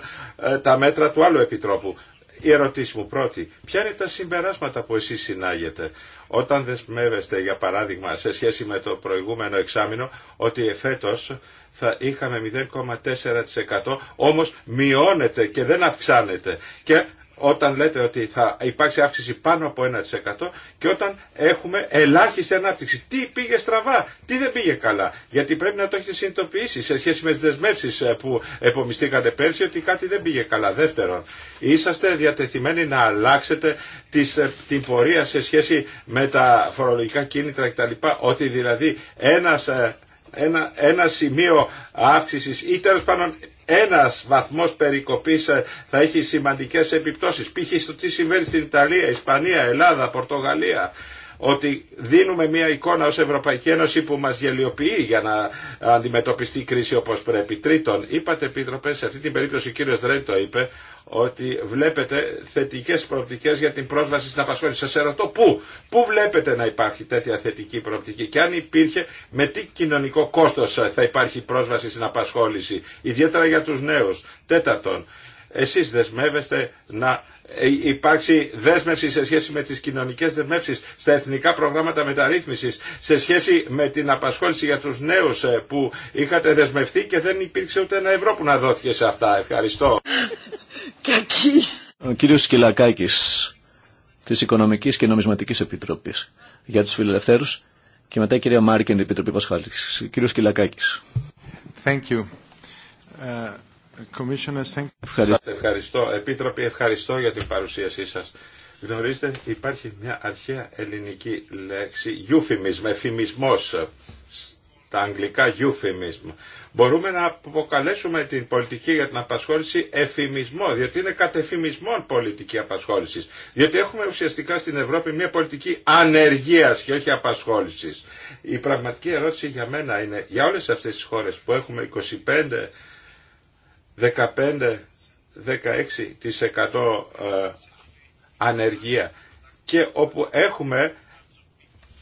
τα μέτρα του άλλου Επιτρόπου. Η ερωτήση μου πρώτη, ποια είναι τα συμπεράσματα που εσείς συνάγετε όταν δεσμεύεστε για παράδειγμα σε σχέση με το προηγούμενο εξάμεινο ότι εφέτος θα είχαμε 0,4% όμως μειώνεται και δεν αυξάνεται και όταν λέτε ότι θα υπάρξει αύξηση πάνω από 1% και όταν έχουμε ελάχιστη ανάπτυξη. Τι πήγε στραβά, τι δεν πήγε καλά. Γιατί πρέπει να το έχετε συνειδητοποιήσει σε σχέση με τι δεσμεύσει ε, που επομιστήκατε πέρσι ότι κάτι δεν πήγε καλά. Δεύτερον, είσαστε διατεθειμένοι να αλλάξετε ε, την πορεία σε σχέση με τα φορολογικά κίνητρα κτλ. Ότι δηλαδή ένας ε, ένα, ένα σημείο αύξηση ή τέλο πάντων ένας βαθμός περικοπής ε, θα έχει σημαντικές επιπτώσεις. Π.χ. στο τι συμβαίνει στην Ιταλία, Ισπανία, Ελλάδα, Πορτογαλία ότι δίνουμε μια εικόνα ως Ευρωπαϊκή Ένωση που μας γελιοποιεί για να αντιμετωπιστεί η κρίση όπως πρέπει. Τρίτον, είπατε επίτροπε, σε αυτή την περίπτωση ο κύριος Δρέν το είπε, ότι βλέπετε θετικές προοπτικές για την πρόσβαση στην απασχόληση. Σας ερωτώ πού, πού βλέπετε να υπάρχει τέτοια θετική προοπτική και αν υπήρχε με τι κοινωνικό κόστος θα υπάρχει πρόσβαση στην απασχόληση, ιδιαίτερα για τους νέους. Τέταρτον, εσείς δεσμεύεστε να ε, υπάρξει δέσμευση σε σχέση με τις κοινωνικές δεσμεύσεις στα εθνικά προγράμματα μεταρρύθμισης σε σχέση με την απασχόληση για τους νέους ε, που είχατε δεσμευτεί και δεν υπήρξε ούτε ένα ευρώ που να δόθηκε σε αυτά. Ευχαριστώ. Κακής. Ο κύριος Σκυλακάκης της Οικονομικής και Νομισματικής Επιτροπής για τους φιλελευθέρους και μετά η κυρία Μάρκεν, Επιτροπή Πασχάλης. Κύριος Σκυλακάκης. Thank you. Ε, Ευχαριστώ. ευχαριστώ. Επίτροποι, ευχαριστώ για την παρουσίασή σας. Γνωρίζετε, υπάρχει μια αρχαία ελληνική λέξη, euphemism, εφημισμός, στα αγγλικά euphemism. Μπορούμε να αποκαλέσουμε την πολιτική για την απασχόληση εφημισμό, διότι είναι κατεφημισμόν πολιτική απασχόλησης. Διότι έχουμε ουσιαστικά στην Ευρώπη μια πολιτική ανεργίας και όχι απασχόλησης. Η πραγματική ερώτηση για μένα είναι, για όλες αυτές τις χώρες που έχουμε 25 15-16% ε, ανεργία και όπου έχουμε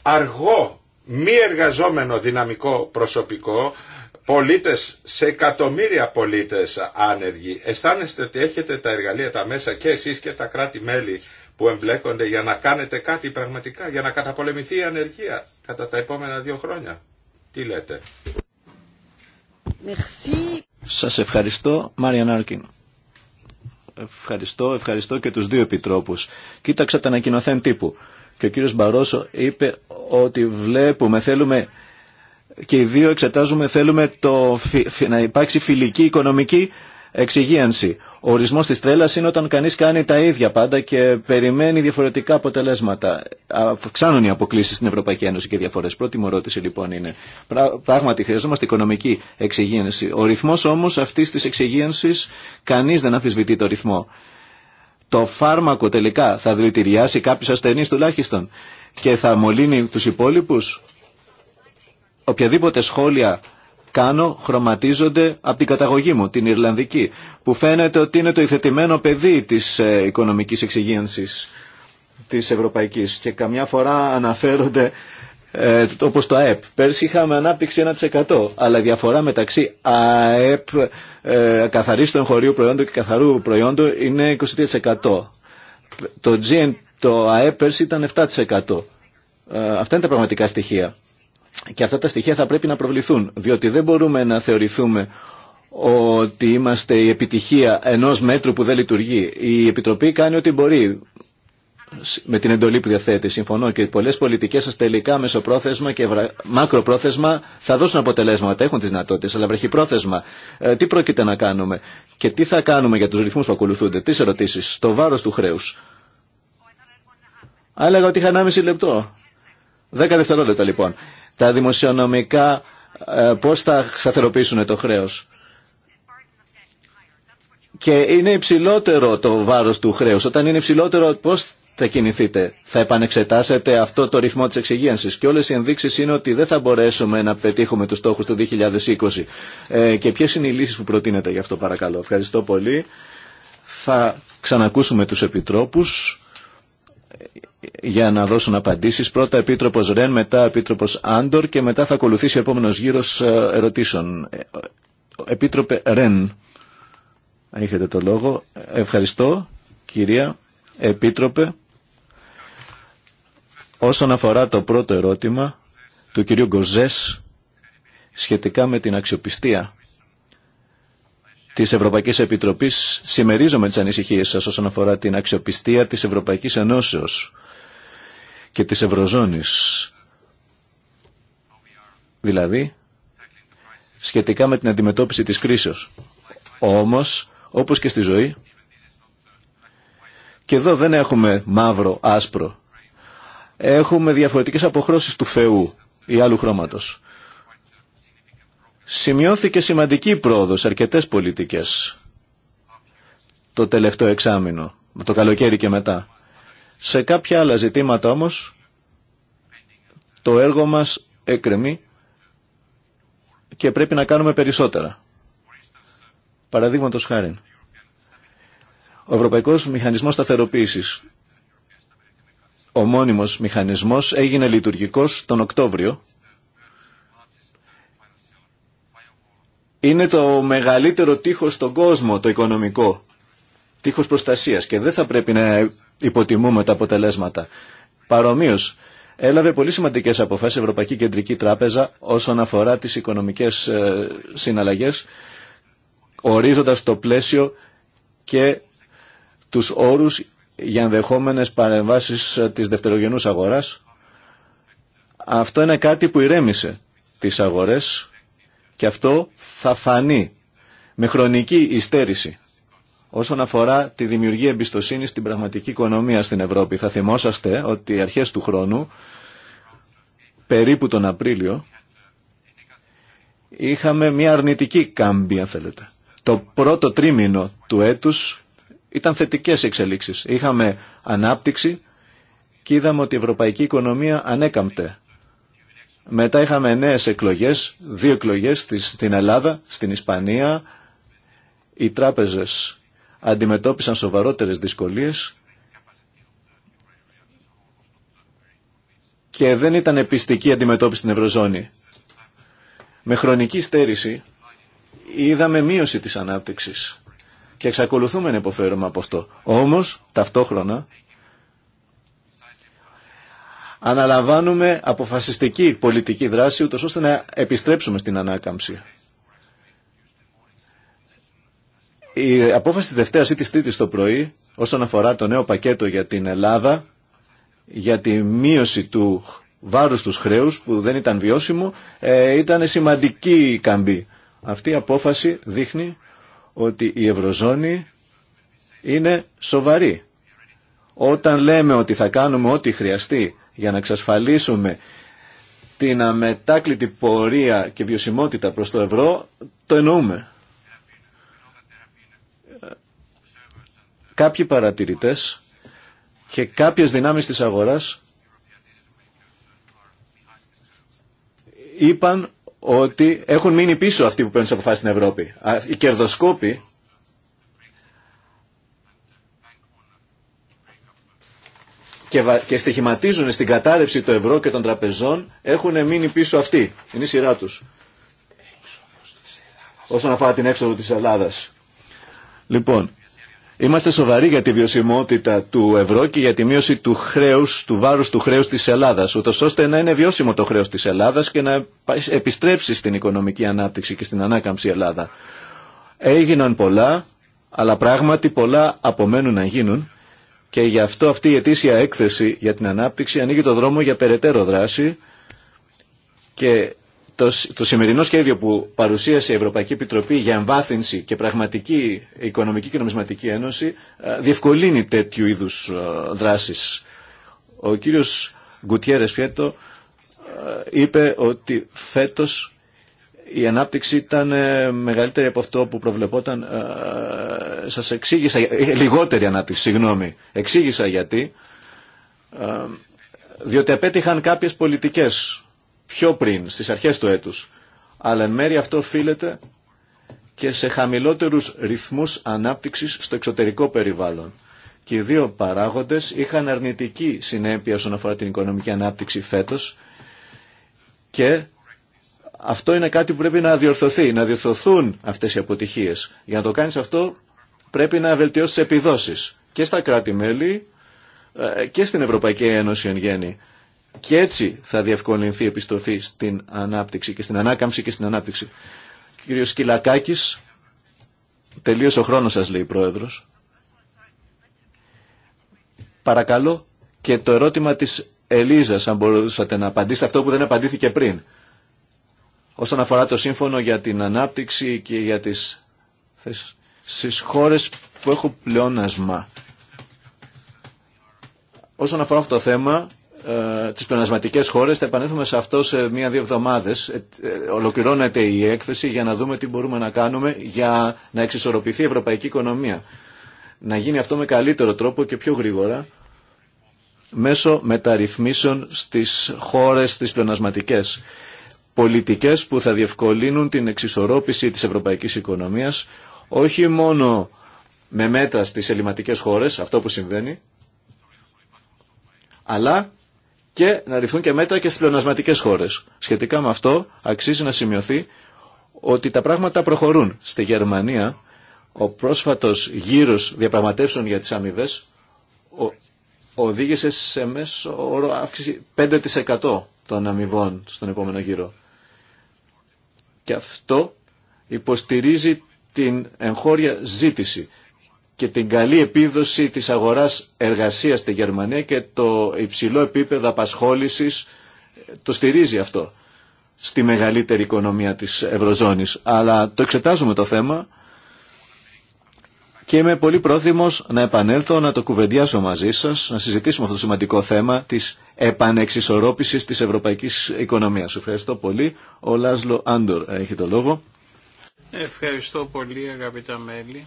αργό μη εργαζόμενο δυναμικό προσωπικό πολίτες, σε εκατομμύρια πολίτες άνεργοι. Αισθάνεστε ότι έχετε τα εργαλεία, τα μέσα και εσείς και τα κράτη-μέλη που εμπλέκονται για να κάνετε κάτι πραγματικά, για να καταπολεμηθεί η ανεργία κατά τα επόμενα δύο χρόνια. Τι λέτε. Merci. Σας ευχαριστώ, Μάρια Νάρκιν. Ευχαριστώ, ευχαριστώ και τους δύο επιτρόπους. Κοίταξα τα ανακοινωθέν τύπου. Και ο κύριος Μπαρόσο είπε ότι βλέπουμε, θέλουμε και οι δύο εξετάζουμε, θέλουμε το, να υπάρξει φιλική οικονομική Εξυγίανση. Ο ορισμό τη τρέλα είναι όταν κανεί κάνει τα ίδια πάντα και περιμένει διαφορετικά αποτελέσματα. Αυξάνουν οι αποκλήσει στην Ευρωπαϊκή Ένωση και διαφορέ. Πρώτη μου ερώτηση λοιπόν είναι. Πράγματι, χρειαζόμαστε οικονομική εξυγίανση. Ο ρυθμό όμω αυτή τη εξυγίανση, κανεί δεν αμφισβητεί το ρυθμό. Το φάρμακο τελικά θα δηλητηριάσει κάποιου ασθενεί τουλάχιστον και θα μολύνει του υπόλοιπου. Οποιαδήποτε σχόλια κάνω χρωματίζονται από την καταγωγή μου, την Ιρλανδική, που φαίνεται ότι είναι το υθετημένο παιδί της ε, οικονομικής εξυγίανσης της Ευρωπαϊκής και καμιά φορά αναφέρονται ε, όπως το ΑΕΠ. Πέρσι είχαμε ανάπτυξη 1%, αλλά η διαφορά μεταξύ ΑΕΠ, ε, καθαρίστου εγχωρίου προϊόντο και καθαρού προϊόντο είναι 20%. Το, GN, το ΑΕΠ πέρσι ήταν 7%. Ε, αυτά είναι τα πραγματικά στοιχεία. Και αυτά τα στοιχεία θα πρέπει να προβληθούν, διότι δεν μπορούμε να θεωρηθούμε ότι είμαστε η επιτυχία ενός μέτρου που δεν λειτουργεί. Η Επιτροπή κάνει ό,τι μπορεί με την εντολή που διαθέτει. Συμφωνώ και πολλέ πολιτικέ σα τελικά μεσοπρόθεσμα και μακροπρόθεσμα θα δώσουν αποτελέσματα, έχουν τις δυνατότητες, αλλά βραχυπρόθεσμα. Ε, τι πρόκειται να κάνουμε και τι θα κάνουμε για τους ρυθμούς που ακολουθούνται. Τι ερωτήσει. Το βάρος του χρέους. Άλλαγα ότι είχα 1,5 λεπτό. 10 δευτερόλεπτα λοιπόν τα δημοσιονομικά ε, πώς θα σταθεροποιήσουν το χρέος. Και είναι υψηλότερο το βάρος του χρέους. Όταν είναι υψηλότερο πώς θα κινηθείτε. Θα επανεξετάσετε αυτό το ρυθμό της εξυγίανσης. Και όλες οι ενδείξεις είναι ότι δεν θα μπορέσουμε να πετύχουμε τους στόχους του 2020. Ε, και ποιες είναι οι λύσεις που προτείνετε γι' αυτό παρακαλώ. Ευχαριστώ πολύ. Θα ξανακούσουμε τους επιτρόπους για να δώσουν απαντήσεις. Πρώτα Επίτροπος Ρεν, μετά Επίτροπος Άντορ και μετά θα ακολουθήσει ο επόμενος γύρος ε, ερωτήσεων. Ε, Επίτροπε Ρεν, έχετε το λόγο. Ευχαριστώ κυρία Επίτροπε. Όσον αφορά το πρώτο ερώτημα του κυρίου Γκοζές σχετικά με την αξιοπιστία της Ευρωπαϊκής Επιτροπής, συμμερίζομαι τις ανησυχίες σας όσον αφορά την αξιοπιστία της Ευρωπαϊκής Ενώσεως και της Ευρωζώνης. Δηλαδή, σχετικά με την αντιμετώπιση της κρίσεως. Όμως, όπως και στη ζωή, και εδώ δεν έχουμε μαύρο, άσπρο. Έχουμε διαφορετικές αποχρώσεις του Θεού ή άλλου χρώματος. Σημειώθηκε σημαντική πρόοδος σε αρκετές πολιτικές το τελευταίο εξάμεινο, το καλοκαίρι και μετά. Σε κάποια άλλα ζητήματα όμως το έργο μας έκρεμει και πρέπει να κάνουμε περισσότερα. Παραδείγματος χάρη. Ο Ευρωπαϊκός Μηχανισμός Σταθεροποίησης, ο μόνιμος μηχανισμός, έγινε λειτουργικός τον Οκτώβριο. Είναι το μεγαλύτερο τείχος στον κόσμο, το οικονομικό τείχος προστασίας και δεν θα πρέπει να υποτιμούμε τα αποτελέσματα. Παρομοίω, έλαβε πολύ σημαντικέ αποφάσει η Ευρωπαϊκή Κεντρική Τράπεζα όσον αφορά τι οικονομικέ ε, συναλλαγέ, ορίζοντα το πλαίσιο και του όρου για ενδεχόμενε παρεμβάσει ε, τη δευτερογενού αγορά. Αυτό είναι κάτι που ηρέμησε τις αγορές και αυτό θα φανεί με χρονική υστέρηση όσον αφορά τη δημιουργία εμπιστοσύνη στην πραγματική οικονομία στην Ευρώπη. Θα θυμόσαστε ότι οι αρχές του χρόνου, περίπου τον Απρίλιο, είχαμε μια αρνητική κάμπη, αν θέλετε. Το πρώτο τρίμηνο του έτους ήταν θετικές εξελίξεις. Είχαμε ανάπτυξη και είδαμε ότι η ευρωπαϊκή οικονομία ανέκαμπτε. Μετά είχαμε νέες εκλογές, δύο εκλογές στην Ελλάδα, στην Ισπανία. Οι τράπεζες αντιμετώπισαν σοβαρότερες δυσκολίες και δεν ήταν επιστική αντιμετώπιση στην Ευρωζώνη. Με χρονική στέρηση είδαμε μείωση της ανάπτυξης και εξακολουθούμε να υποφέρουμε από αυτό. Όμως, ταυτόχρονα, αναλαμβάνουμε αποφασιστική πολιτική δράση, ούτως ώστε να επιστρέψουμε στην ανάκαμψη. Η απόφαση της Δευτέρας ή της Τρίτης το πρωί όσον αφορά το νέο πακέτο για την Ελλάδα για τη μείωση του βάρους τους χρέους που δεν ήταν βιώσιμο ε, ήταν σημαντική καμπή. Αυτή η απόφαση δείχνει ότι η Ευρωζώνη είναι σοβαρή. Όταν λέμε ότι θα κάνουμε ό,τι χρειαστεί για να εξασφαλίσουμε την αμετάκλητη πορεία και βιωσιμότητα προς το ευρώ, το εννοούμε. κάποιοι παρατηρητές και κάποιες δυνάμεις της αγοράς είπαν ότι έχουν μείνει πίσω αυτοί που παίρνουν τις αποφάσεις στην Ευρώπη. Οι κερδοσκόποι και στοιχηματίζουν στην κατάρρευση του ευρώ και των τραπεζών έχουν μείνει πίσω αυτοί. Είναι η σειρά τους. Όσον αφορά την έξοδο της Ελλάδας. Λοιπόν, Είμαστε σοβαροί για τη βιωσιμότητα του ευρώ και για τη μείωση του χρέους, του βάρους του χρέους της Ελλάδας, ούτως ώστε να είναι βιώσιμο το χρέος της Ελλάδας και να επιστρέψει στην οικονομική ανάπτυξη και στην ανάκαμψη Ελλάδα. Έγιναν πολλά, αλλά πράγματι πολλά απομένουν να γίνουν και γι' αυτό αυτή η ετήσια έκθεση για την ανάπτυξη ανοίγει το δρόμο για περαιτέρω δράση και το, το σημερινό σχέδιο που παρουσίασε η Ευρωπαϊκή Επιτροπή για εμβάθυνση και πραγματική οικονομική και νομισματική ένωση ε, διευκολύνει τέτοιου είδους ε, δράσεις. Ο κύριος Γκουτιέρες Πιέτο ε, είπε ότι φέτος η ανάπτυξη ήταν μεγαλύτερη από αυτό που προβλεπόταν. Σας εξήγησα, λιγότερη ανάπτυξη, συγγνώμη. Εξήγησα γιατί, διότι απέτυχαν κάποιες πολιτικές πιο πριν, στις αρχές του έτους. Αλλά εν μέρει αυτό οφείλεται και σε χαμηλότερους ρυθμούς ανάπτυξης στο εξωτερικό περιβάλλον. Και οι δύο παράγοντες είχαν αρνητική συνέπεια όσον αφορά την οικονομική ανάπτυξη φέτος και αυτό είναι κάτι που πρέπει να διορθωθεί, να διορθωθούν αυτές οι αποτυχίες. Για να το κάνεις αυτό πρέπει να βελτιώσεις επιδόσεις και στα κράτη-μέλη ε, και στην Ευρωπαϊκή Ένωση εν γέννη. Και έτσι θα διευκολυνθεί η επιστροφή στην ανάπτυξη και στην ανάκαμψη και στην ανάπτυξη. Κύριο Σκυλακάκης, τελείωσε ο χρόνος σας λέει η Πρόεδρος. Παρακαλώ και το ερώτημα της Ελίζας αν μπορούσατε να απαντήσετε αυτό που δεν απαντήθηκε πριν. Όσον αφορά το σύμφωνο για την ανάπτυξη και για τις τις χώρες που έχουν πλεόνασμα. Όσον αφορά αυτό το θέμα, ε, τι πλανασματικέ χώρε, Θα επανέλθουμε σε αυτό σε μία-δύο εβδομάδες. Ε, ε, ολοκληρώνεται η έκθεση για να δούμε τι μπορούμε να κάνουμε για να εξισορροπηθεί η ευρωπαϊκή οικονομία. Να γίνει αυτό με καλύτερο τρόπο και πιο γρήγορα μέσω μεταρρυθμίσεων στις χώρες τις πλεονασματικές. Πολιτικές που θα διευκολύνουν την εξισορρόπηση της ευρωπαϊκής οικονομίας όχι μόνο με μέτρα στις ελληματικές χώρες, αυτό που συμβαίνει, αλλά και να ληφθούν και μέτρα και στι πλεονασματικέ χώρες. Σχετικά με αυτό αξίζει να σημειωθεί ότι τα πράγματα προχωρούν. Στη Γερμανία ο πρόσφατος γύρος διαπραγματεύσεων για τις αμοιβέ οδήγησε σε μέσο όρο αύξηση 5% των αμοιβών στον επόμενο γύρο. Και αυτό υποστηρίζει την εγχώρια ζήτηση και την καλή επίδοση της αγοράς εργασίας στη Γερμανία και το υψηλό επίπεδο απασχόλησης το στηρίζει αυτό στη μεγαλύτερη οικονομία της Ευρωζώνης. Αλλά το εξετάζουμε το θέμα και είμαι πολύ πρόθυμος να επανέλθω, να το κουβεντιάσω μαζί σας, να συζητήσουμε αυτό το σημαντικό θέμα της επανεξισορρόπησης της ευρωπαϊκής οικονομίας. Ευχαριστώ πολύ. Ο Λάσλο Άντορ έχει το λόγο. Ευχαριστώ πολύ αγαπητά μέλη.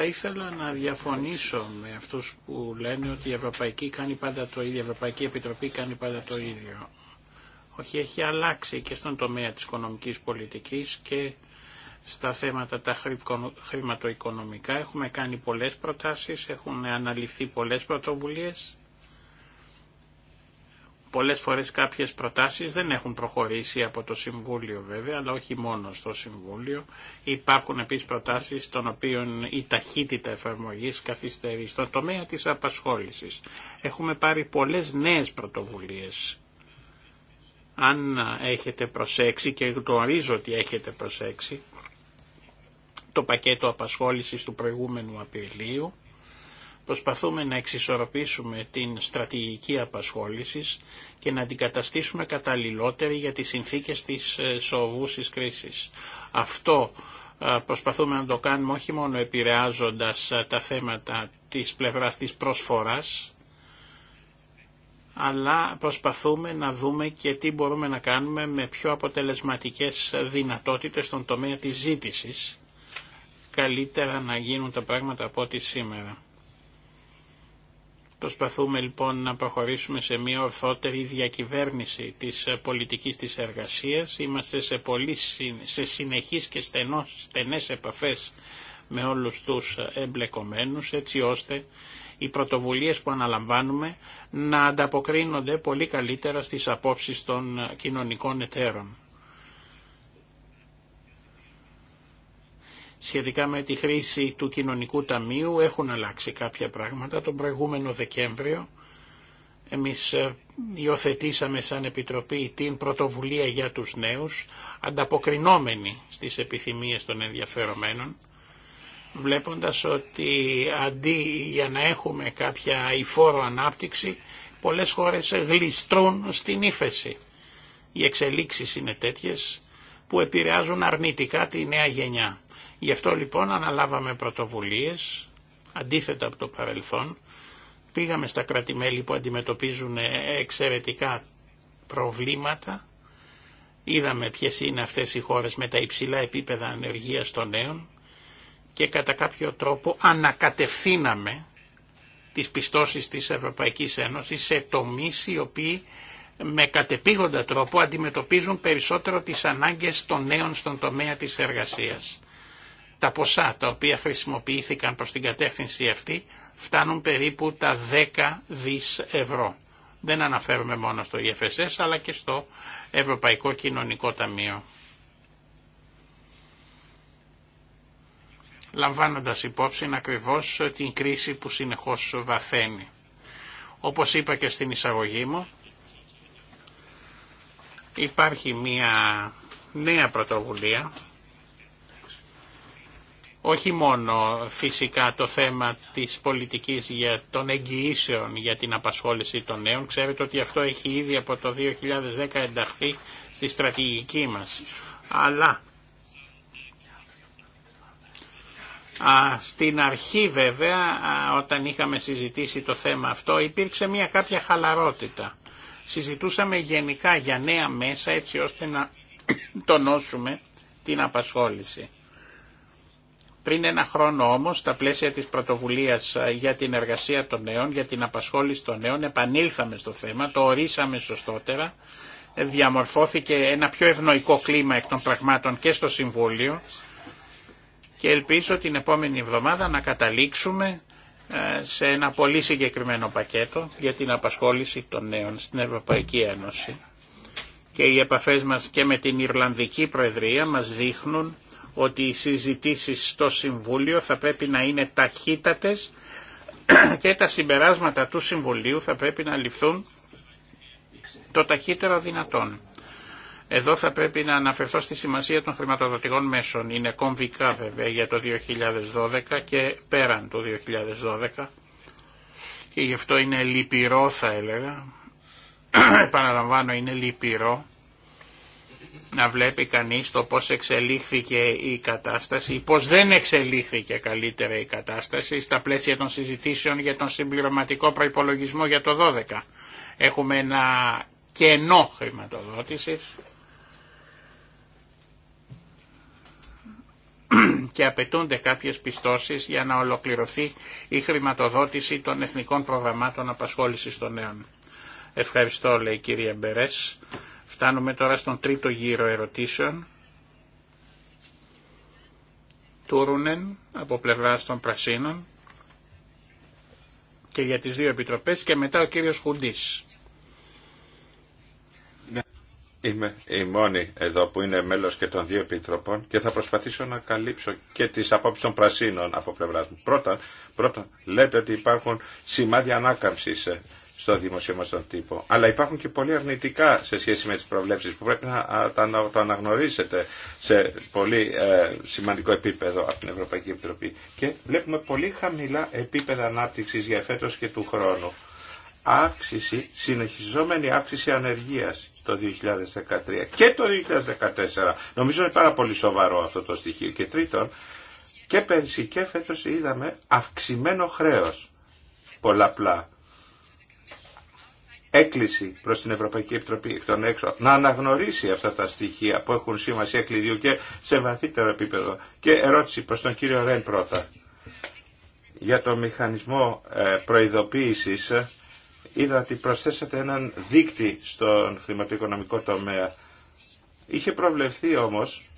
Θα ήθελα να διαφωνήσω με αυτούς που λένε ότι η Ευρωπαϊκή κάνει πάντα το ίδιο, η Ευρωπαϊκή Επιτροπή κάνει πάντα το ίδιο. Όχι, έχει αλλάξει και στον τομέα της οικονομικής πολιτικής και στα θέματα τα χρηματοοικονομικά. Έχουμε κάνει πολλές προτάσεις, έχουν αναλυθεί πολλές πρωτοβουλίες Πολλές φορές κάποιες προτάσεις δεν έχουν προχωρήσει από το Συμβούλιο βέβαια, αλλά όχι μόνο στο Συμβούλιο. Υπάρχουν επίσης προτάσεις των οποίων η ταχύτητα εφαρμογής καθυστερεί στον τομέα της απασχόλησης. Έχουμε πάρει πολλές νέες πρωτοβουλίες. Αν έχετε προσέξει και γνωρίζω ότι έχετε προσέξει, το πακέτο απασχόλησης του προηγούμενου Απριλίου, Προσπαθούμε να εξισορροπήσουμε την στρατηγική απασχόλησης και να την καταστήσουμε καταλληλότερη για τις συνθήκες της ε, σοβούσης κρίσης. Αυτό ε, προσπαθούμε να το κάνουμε όχι μόνο επηρεάζοντας ε, τα θέματα της πλευράς της προσφοράς, αλλά προσπαθούμε να δούμε και τι μπορούμε να κάνουμε με πιο αποτελεσματικές δυνατότητες στον τομέα της ζήτησης. Καλύτερα να γίνουν τα πράγματα από ό,τι σήμερα. Προσπαθούμε λοιπόν να προχωρήσουμε σε μια ορθότερη διακυβέρνηση της ε, πολιτικής της εργασίας. Είμαστε σε, πολύ, σε συνεχείς και στενός, στενές επαφές με όλους τους ε, εμπλεκομένους έτσι ώστε οι πρωτοβουλίες που αναλαμβάνουμε να ανταποκρίνονται πολύ καλύτερα στις απόψεις των ε, κοινωνικών εταίρων. σχετικά με τη χρήση του κοινωνικού ταμείου έχουν αλλάξει κάποια πράγματα. Τον προηγούμενο Δεκέμβριο εμείς ε, υιοθετήσαμε σαν Επιτροπή την πρωτοβουλία για τους νέους, ανταποκρινόμενοι στις επιθυμίες των ενδιαφερομένων, βλέποντας ότι αντί για να έχουμε κάποια υφόρο ανάπτυξη, πολλές χώρες γλιστρούν στην ύφεση. Οι εξελίξεις είναι τέτοιες που επηρεάζουν αρνητικά τη νέα γενιά. Γι' αυτό λοιπόν αναλάβαμε πρωτοβουλίες, αντίθετα από το παρελθόν, πήγαμε στα κρατημέλη που αντιμετωπίζουν εξαιρετικά προβλήματα, είδαμε ποιες είναι αυτές οι χώρες με τα υψηλά επίπεδα ανεργίας των νέων και κατά κάποιο τρόπο ανακατευθύναμε τις πιστώσεις της Ευρωπαϊκής Ένωσης σε τομείς οι οποίοι με κατεπήγοντα τρόπο αντιμετωπίζουν περισσότερο τις ανάγκες των νέων στον τομέα της εργασίας. Τα ποσά τα οποία χρησιμοποιήθηκαν προς την κατεύθυνση αυτή φτάνουν περίπου τα 10 δις ευρώ. Δεν αναφέρομαι μόνο στο EFSS αλλά και στο Ευρωπαϊκό Κοινωνικό Ταμείο. λαμβάνοντας υπόψη ακριβώς την κρίση που συνεχώς βαθαίνει. Όπως είπα και στην εισαγωγή μου, υπάρχει μια νέα πρωτοβουλία όχι μόνο φυσικά το θέμα της πολιτικής για των εγγυήσεων για την απασχόληση των νέων. Ξέρετε ότι αυτό έχει ήδη από το 2010 ενταχθεί στη στρατηγική μας. Αλλά στην αρχή βέβαια όταν είχαμε συζητήσει το θέμα αυτό υπήρξε μια κάποια χαλαρότητα. Συζητούσαμε γενικά για νέα μέσα έτσι ώστε να τονώσουμε την απασχόληση. Πριν ένα χρόνο όμως, στα πλαίσια της πρωτοβουλίας ε, για την εργασία των νέων, για την απασχόληση των νέων, επανήλθαμε στο θέμα, το ορίσαμε σωστότερα, ε, διαμορφώθηκε ένα πιο ευνοϊκό κλίμα εκ των πραγμάτων και στο Συμβούλιο και ελπίζω την επόμενη εβδομάδα να καταλήξουμε ε, σε ένα πολύ συγκεκριμένο πακέτο για την απασχόληση των νέων στην Ευρωπαϊκή Ένωση. Και οι επαφές μας και με την Ιρλανδική Προεδρία μας δείχνουν ότι οι συζητήσεις στο Συμβούλιο θα πρέπει να είναι ταχύτατες και τα συμπεράσματα του Συμβουλίου θα πρέπει να ληφθούν το ταχύτερο δυνατόν. Εδώ θα πρέπει να αναφερθώ στη σημασία των χρηματοδοτικών μέσων. Είναι κομβικά βέβαια για το 2012 και πέραν του 2012 και γι' αυτό είναι λυπηρό θα έλεγα. Επαναλαμβάνω είναι λυπηρό να βλέπει κανείς το πώς εξελίχθηκε η κατάσταση, πώς δεν εξελίχθηκε καλύτερα η κατάσταση στα πλαίσια των συζητήσεων για τον συμπληρωματικό προϋπολογισμό για το 12. Έχουμε ένα κενό χρηματοδότησης και απαιτούνται κάποιες πιστώσεις για να ολοκληρωθεί η χρηματοδότηση των εθνικών προγραμμάτων απασχόλησης των νέων. Ευχαριστώ λέει η κυρία Μπερές. Φτάνουμε τώρα στον τρίτο γύρο ερωτήσεων. Τούρουνεν από πλευρά των Πρασίνων και για τις δύο επιτροπές και μετά ο κύριος Χουντής. Ναι, είμαι η μόνη εδώ που είναι μέλος και των δύο επιτροπών και θα προσπαθήσω να καλύψω και τις απόψεις των πρασίνων από πλευρά. μου. Πρώτα, πρώτα λέτε ότι υπάρχουν σημάδια ανάκαμψης ε, στο δημοσίο μας τον τύπο. Αλλά υπάρχουν και πολύ αρνητικά σε σχέση με τις προβλέψεις που πρέπει να το αναγνωρίσετε σε πολύ ε, σημαντικό επίπεδο από την Ευρωπαϊκή Επιτροπή. Και βλέπουμε πολύ χαμηλά επίπεδα ανάπτυξης για φέτος και του χρόνου. Αύξηση, συνεχιζόμενη αύξηση ανεργίας το 2013 και το 2014. Νομίζω είναι πάρα πολύ σοβαρό αυτό το στοιχείο. Και τρίτον, και πέρσι και φέτος είδαμε αυξημένο χρέος πολλαπλά έκκληση προς την Ευρωπαϊκή Επιτροπή εκ των έξω να αναγνωρίσει αυτά τα στοιχεία που έχουν σημασία κλειδίου και σε βαθύτερο επίπεδο. Και ερώτηση προς τον κύριο Ρεν πρώτα. Για το μηχανισμό ε, προειδοποίησης ε, είδα ότι προσθέσατε έναν δείκτη στον χρηματοοικονομικό τομέα. Είχε προβλεφθεί όμως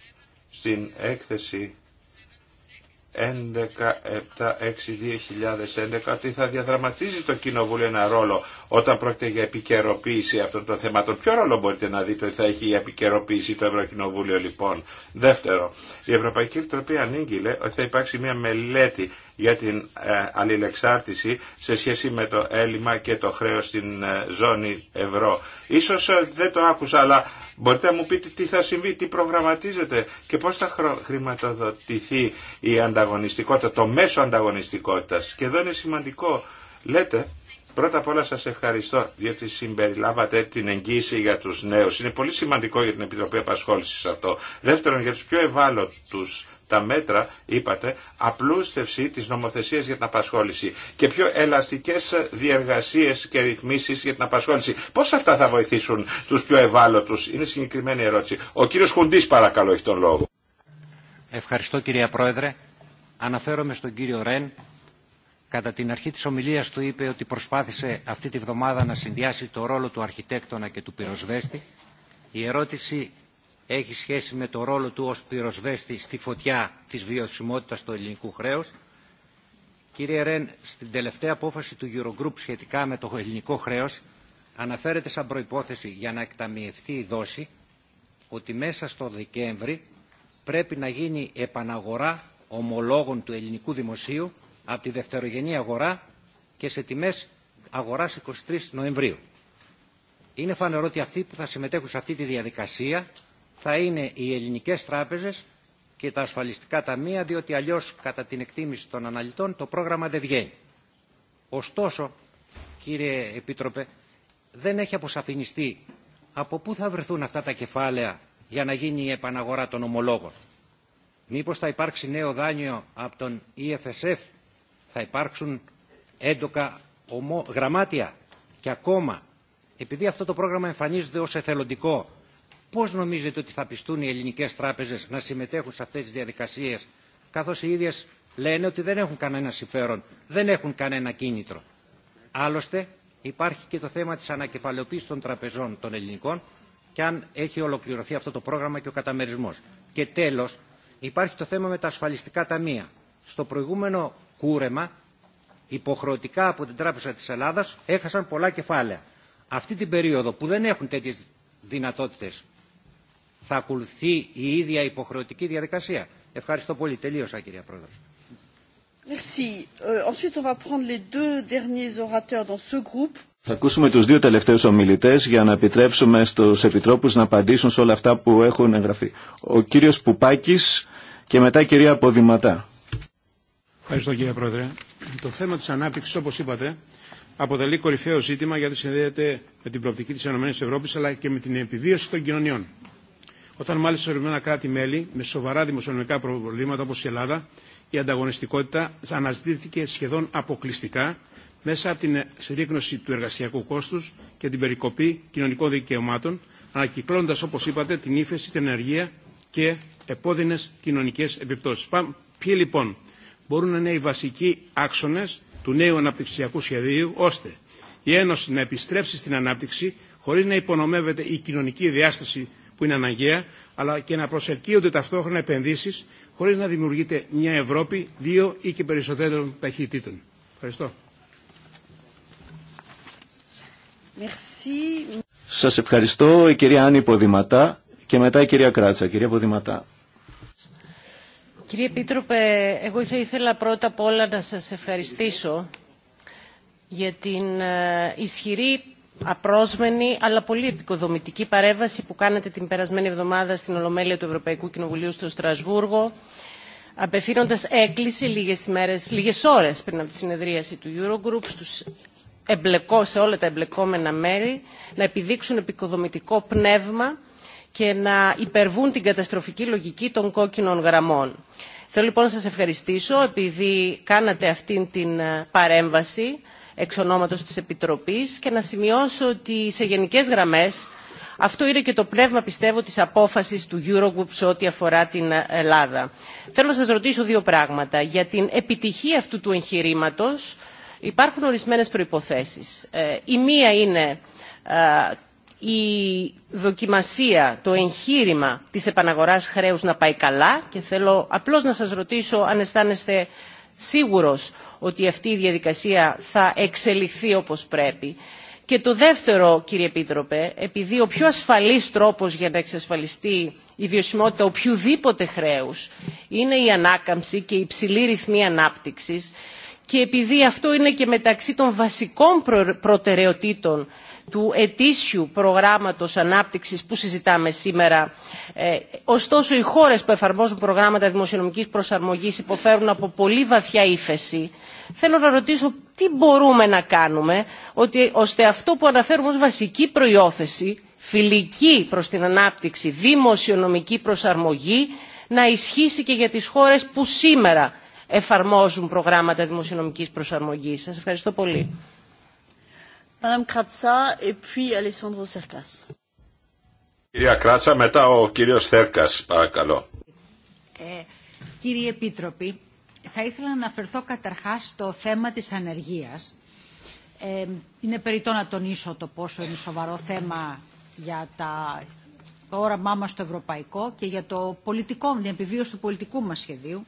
στην έκθεση 1176-2011 ότι θα διαδραματίζει το Κοινοβούλιο ένα ρόλο όταν πρόκειται για επικαιροποίηση αυτών των θεμάτων. Ποιο ρόλο μπορείτε να δείτε ότι θα έχει η επικαιροποίηση το Ευρωκοινοβούλιο λοιπόν. Δεύτερο, η Ευρωπαϊκή Επιτροπή ανήγγειλε ότι θα υπάρξει μια μελέτη για την ε, αλληλεξάρτηση σε σχέση με το έλλειμμα και το χρέος στην ε, ζώνη ευρώ. Ίσως ε, δεν το άκουσα αλλά Μπορείτε να μου πείτε τι θα συμβεί, τι προγραμματίζεται και πώς θα χρηματοδοτηθεί η ανταγωνιστικότητα, το μέσο ανταγωνιστικότητας. Και εδώ είναι σημαντικό. Λέτε, πρώτα απ' όλα σας ευχαριστώ διότι συμπεριλάβατε την εγγύηση για τους νέους. Είναι πολύ σημαντικό για την Επιτροπή Απασχόλησης αυτό. Δεύτερον, για τους πιο ευάλωτους τα μέτρα, είπατε, απλούστευση της νομοθεσίας για την απασχόληση και πιο ελαστικές διεργασίες και ρυθμίσεις για την απασχόληση. Πώς αυτά θα βοηθήσουν τους πιο ευάλωτους, είναι συγκεκριμένη ερώτηση. Ο κύριος Χουντής παρακαλώ έχει τον λόγο. Ευχαριστώ κυρία Πρόεδρε. Αναφέρομαι στον κύριο Ρεν. Κατά την αρχή της ομιλίας του είπε ότι προσπάθησε αυτή τη βδομάδα να συνδυάσει το ρόλο του αρχιτέκτονα και του πυροσβέστη. Η ερώτηση έχει σχέση με το ρόλο του ως πυροσβέστη στη φωτιά της βιωσιμότητας του ελληνικού χρέους. Κύριε Ρεν, στην τελευταία απόφαση του Eurogroup σχετικά με το ελληνικό χρέος αναφέρεται σαν προϋπόθεση για να εκταμιευθεί η δόση ότι μέσα στο Δεκέμβρη πρέπει να γίνει επαναγορά ομολόγων του ελληνικού δημοσίου από τη δευτερογενή αγορά και σε τιμές αγοράς 23 Νοεμβρίου. Είναι φανερό ότι αυτοί που θα συμμετέχουν σε αυτή τη διαδικασία θα είναι οι ελληνικές τράπεζες και τα ασφαλιστικά ταμεία, διότι αλλιώς κατά την εκτίμηση των αναλυτών το πρόγραμμα δεν βγαίνει. Ωστόσο, κύριε Επίτροπε, δεν έχει αποσαφινιστεί από πού θα βρεθούν αυτά τα κεφάλαια για να γίνει η επαναγορά των ομολόγων. Μήπως θα υπάρξει νέο δάνειο από τον EFSF, θα υπάρξουν έντοκα ομο... γραμμάτια και ακόμα, επειδή αυτό το πρόγραμμα εμφανίζεται ως εθελοντικό, Πώς νομίζετε ότι θα πιστούν οι ελληνικές τράπεζες να συμμετέχουν σε αυτές τις διαδικασίες, καθώς οι ίδιες λένε ότι δεν έχουν κανένα συμφέρον, δεν έχουν κανένα κίνητρο. Άλλωστε υπάρχει και το θέμα της ανακεφαλαιοποίησης των τραπεζών των ελληνικών και αν έχει ολοκληρωθεί αυτό το πρόγραμμα και ο καταμερισμός. Και τέλος υπάρχει το θέμα με τα ασφαλιστικά ταμεία. Στο προηγούμενο κούρεμα υποχρεωτικά από την Τράπεζα της Ελλάδας έχασαν πολλά κεφάλαια. Αυτή την περίοδο που δεν έχουν τέτοιες δυνατότητες θα ακολουθεί η ίδια υποχρεωτική διαδικασία. Ευχαριστώ πολύ. Τελείωσα κυρία Πρόεδρε. Θα ακούσουμε τους δύο τελευταίους ομιλητές για να επιτρέψουμε στους επιτρόπους να απαντήσουν σε όλα αυτά που έχουν εγγραφεί. Ο κύριος Πουπάκης και μετά η κυρία Ποδηματά. Ευχαριστώ κύριε Πρόεδρε. Το θέμα της ανάπτυξης όπως είπατε αποτελεί κορυφαίο ζήτημα γιατί συνδέεται με την προοπτική της ΕΕ αλλά και με την επιβίωση των κοινωνιών όταν μάλιστα ορισμένα κράτη-μέλη με σοβαρά δημοσιονομικά προβλήματα όπω η Ελλάδα, η ανταγωνιστικότητα αναζητήθηκε σχεδόν αποκλειστικά μέσα από την συρρήκνωση του εργασιακού κόστου και την περικοπή κοινωνικών δικαιωμάτων, ανακυκλώνοντα, όπω είπατε, την ύφεση, την ενεργεία και επώδυνε κοινωνικέ επιπτώσει. Ποιοι λοιπόν μπορούν να είναι οι βασικοί άξονε του νέου αναπτυξιακού σχεδίου, ώστε η Ένωση να επιστρέψει στην ανάπτυξη χωρί να υπονομεύεται η κοινωνική διάσταση που είναι αναγκαία, αλλά και να προσελκύονται ταυτόχρονα επενδύσεις, χωρίς να δημιουργείται μια Ευρώπη δύο ή και περισσότερων ταχυτήτων. Ευχαριστώ. σα Σας ευχαριστώ η κυρία Άννη Ποδηματά και μετά η κυρία Κράτσα. Κυρία Ποδηματά. Κύριε Επίτροπε, εγώ θα ήθελα πρώτα απ' όλα να σας ευχαριστήσω για την ε, ισχυρή απρόσμενη αλλά πολύ επικοδομητική παρέμβαση που κάνατε την περασμένη εβδομάδα στην Ολομέλεια του Ευρωπαϊκού Κοινοβουλίου στο Στρασβούργο, απευθύνοντα έκκληση λίγε ημέρες, λίγες ώρες πριν από τη συνεδρίαση του Eurogroup στους εμπλεκό, σε όλα τα εμπλεκόμενα μέρη να επιδείξουν επικοδομητικό πνεύμα και να υπερβούν την καταστροφική λογική των κόκκινων γραμμών. Θέλω λοιπόν να σας ευχαριστήσω επειδή κάνατε αυτήν την ε, παρέμβαση εξ ονόματος της Επιτροπής και να σημειώσω ότι σε γενικές γραμμές αυτό είναι και το πνεύμα, πιστεύω, της απόφασης του Eurogroup σε ό,τι αφορά την Ελλάδα. Θέλω να σας ρωτήσω δύο πράγματα. Για την επιτυχία αυτού του εγχειρήματο υπάρχουν ορισμένες προϋποθέσεις. Ε, η μία είναι ε, η δοκιμασία, το εγχείρημα της επαναγοράς χρέους να πάει καλά και θέλω απλώς να σας ρωτήσω αν αισθάνεστε σίγουρος ότι αυτή η διαδικασία θα εξελιχθεί όπως πρέπει. Και το δεύτερο, κύριε Επίτροπε, επειδή ο πιο ασφαλής τρόπος για να εξασφαλιστεί η βιωσιμότητα οποιοδήποτε χρέους είναι η ανάκαμψη και η υψηλή ρυθμή ανάπτυξης και επειδή αυτό είναι και μεταξύ των βασικών προτεραιοτήτων του ετήσιου προγράμματος ανάπτυξης που συζητάμε σήμερα. Ε, ωστόσο, οι χώρες που εφαρμόζουν προγράμματα δημοσιονομικής προσαρμογής υποφέρουν από πολύ βαθιά ύφεση. Θέλω να ρωτήσω τι μπορούμε να κάνουμε ότι, ώστε αυτό που αναφέρουμε ως βασική προϋόθεση, φιλική προς την ανάπτυξη, δημοσιονομική προσαρμογή, να ισχύσει και για τις χώρες που σήμερα εφαρμόζουν προγράμματα δημοσιονομικής προσαρμογής. Σας ευχαριστώ πολύ. Κυρία Κράτσα, μετά ο κύριος Θέρκας, παρακαλώ. Ε, κύριε Επίτροπη, θα ήθελα να αναφερθώ καταρχάς στο θέμα της ανεργίας. Ε, είναι περιττό να τονίσω το πόσο είναι σοβαρό θέμα για τα, το όραμά μας το ευρωπαϊκό και για το πολιτικό, την επιβίωση του πολιτικού μας σχεδίου.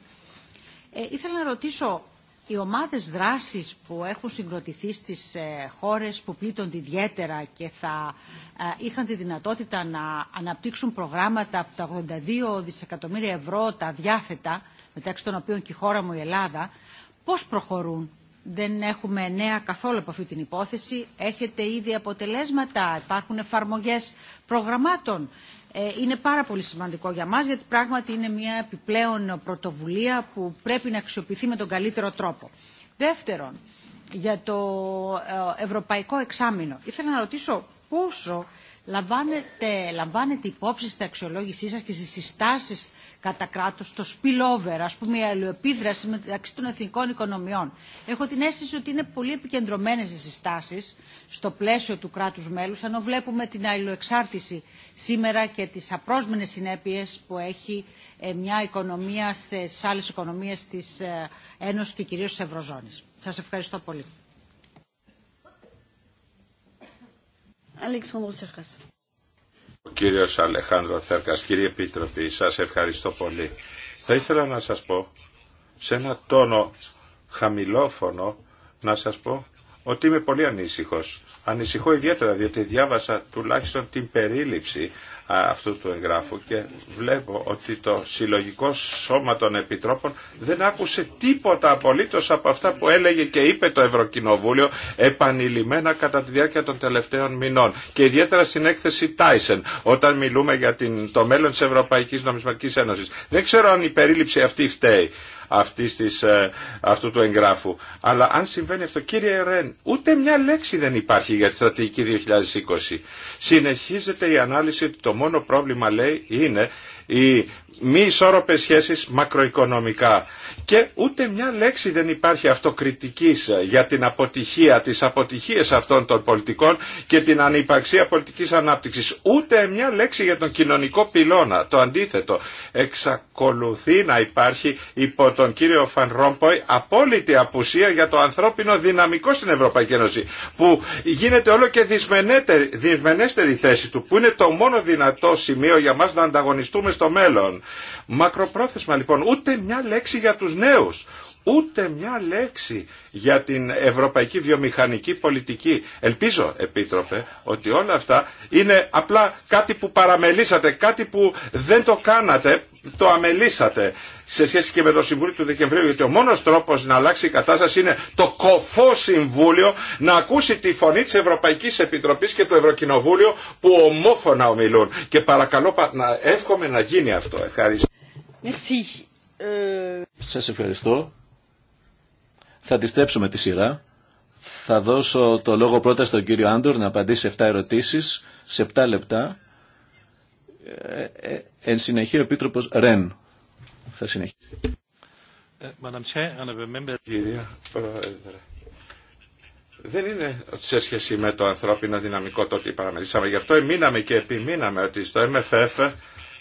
Ε, ήθελα να ρωτήσω οι ομάδες δράσης που έχουν συγκροτηθεί στις ε, χώρες που πλήττονται ιδιαίτερα και θα ε, είχαν τη δυνατότητα να αναπτύξουν προγράμματα από τα 82 δισεκατομμύρια ευρώ τα διάθετα, μεταξύ των οποίων και η χώρα μου η Ελλάδα, πώς προχωρούν. Δεν έχουμε νέα καθόλου από αυτή την υπόθεση. Έχετε ήδη αποτελέσματα, υπάρχουν εφαρμογές προγραμμάτων. Ε, είναι πάρα πολύ σημαντικό για μας γιατί πράγματι είναι μια επιπλέον πρωτοβουλία που πρέπει να αξιοποιηθεί με τον καλύτερο τρόπο. Δεύτερον, για το ε, ευρωπαϊκό εξάμεινο. Ήθελα να ρωτήσω πόσο λαμβάνετε, λαμβάνετε υπόψη στα αξιολόγησή σας και στις συστάσεις κατά κράτος το spillover, ας πούμε η αλληλεπίδραση μεταξύ των εθνικών οικονομιών. Έχω την αίσθηση ότι είναι πολύ επικεντρωμένες οι συστάσεις στο πλαίσιο του κράτους μέλους, ενώ βλέπουμε την αλληλοεξάρτηση σήμερα και τις απρόσμενες συνέπειες που έχει ε, μια οικονομία σε άλλες οικονομίες της ε, Ένωσης και κυρίως της Ευρωζώνης. Σας ευχαριστώ πολύ. Ο κύριος Αλεχάνδρο Θέρκας, κύριε Επίτροπη, σας ευχαριστώ πολύ. Θα ήθελα να σας πω, σε ένα τόνο χαμηλόφωνο, να σας πω ότι είμαι πολύ ανήσυχος. Ανησυχώ ιδιαίτερα διότι διάβασα τουλάχιστον την περίληψη αυτού του εγγράφου και βλέπω ότι το συλλογικό σώμα των επιτρόπων δεν άκουσε τίποτα απολύτως από αυτά που έλεγε και είπε το Ευρωκοινοβούλιο επανειλημμένα κατά τη διάρκεια των τελευταίων μηνών και ιδιαίτερα στην έκθεση Τάισεν όταν μιλούμε για την, το μέλλον της Ευρωπαϊκής Νομισματικής Ένωσης. Δεν ξέρω αν η περίληψη αυτή φταίει αυτής της, ε, αυτού του εγγράφου. Αλλά αν συμβαίνει αυτό, κύριε Ρεν, ούτε μια λέξη δεν υπάρχει για τη στρατηγική 2020. Συνεχίζεται η ανάλυση ότι το μόνο πρόβλημα, λέει, είναι οι μη ισόρροπες σχέσεις μακροοικονομικά. Και ούτε μια λέξη δεν υπάρχει αυτοκριτικής ε, για την αποτυχία, τις αποτυχίες αυτών των πολιτικών και την ανυπαξία πολιτικής ανάπτυξης. Ούτε μια λέξη για τον κοινωνικό πυλώνα. Το αντίθετο, εξακολουθεί να υπάρχει υπό τον κύριο Φαν απόλυτη απουσία για το ανθρώπινο δυναμικό στην Ευρωπαϊκή Ένωση που γίνεται όλο και δυσμενέστερη θέση του που είναι το μόνο δυνατό σημείο για μας να ανταγωνιστούμε στο μέλλον. Μακροπρόθεσμα λοιπόν, ούτε μια λέξη για τους νέους, ούτε μια λέξη για την ευρωπαϊκή βιομηχανική πολιτική. Ελπίζω, Επίτροπε, ότι όλα αυτά είναι απλά κάτι που παραμελήσατε, κάτι που δεν το κάνατε, το αμελήσατε σε σχέση και με το Συμβούλιο του Δεκεμβρίου, γιατί ο μόνος τρόπος να αλλάξει η κατάσταση είναι το κοφό Συμβούλιο να ακούσει τη φωνή της Ευρωπαϊκής Επιτροπής και του Ευρωκοινοβούλιο που ομόφωνα ομιλούν. Και παρακαλώ, να εύχομαι να γίνει αυτό. Ευχαριστώ. Merci. Ε, ευχαριστώ. Θα αντιστρέψουμε τη σειρά. Θα δώσω το λόγο πρώτα στον κύριο Άντορ να απαντήσει σε 7 ερωτήσεις, σε 7 λεπτά. Ε, ε, εν συνεχεία ο Επίτροπος Ρεν θα συνεχίσει. Ε, Κυρία Πρόεδρε, δεν είναι σε σχέση με το ανθρώπινο δυναμικό το ότι παραμελήσαμε. Γι' αυτό εμείναμε και επιμείναμε ότι στο MFF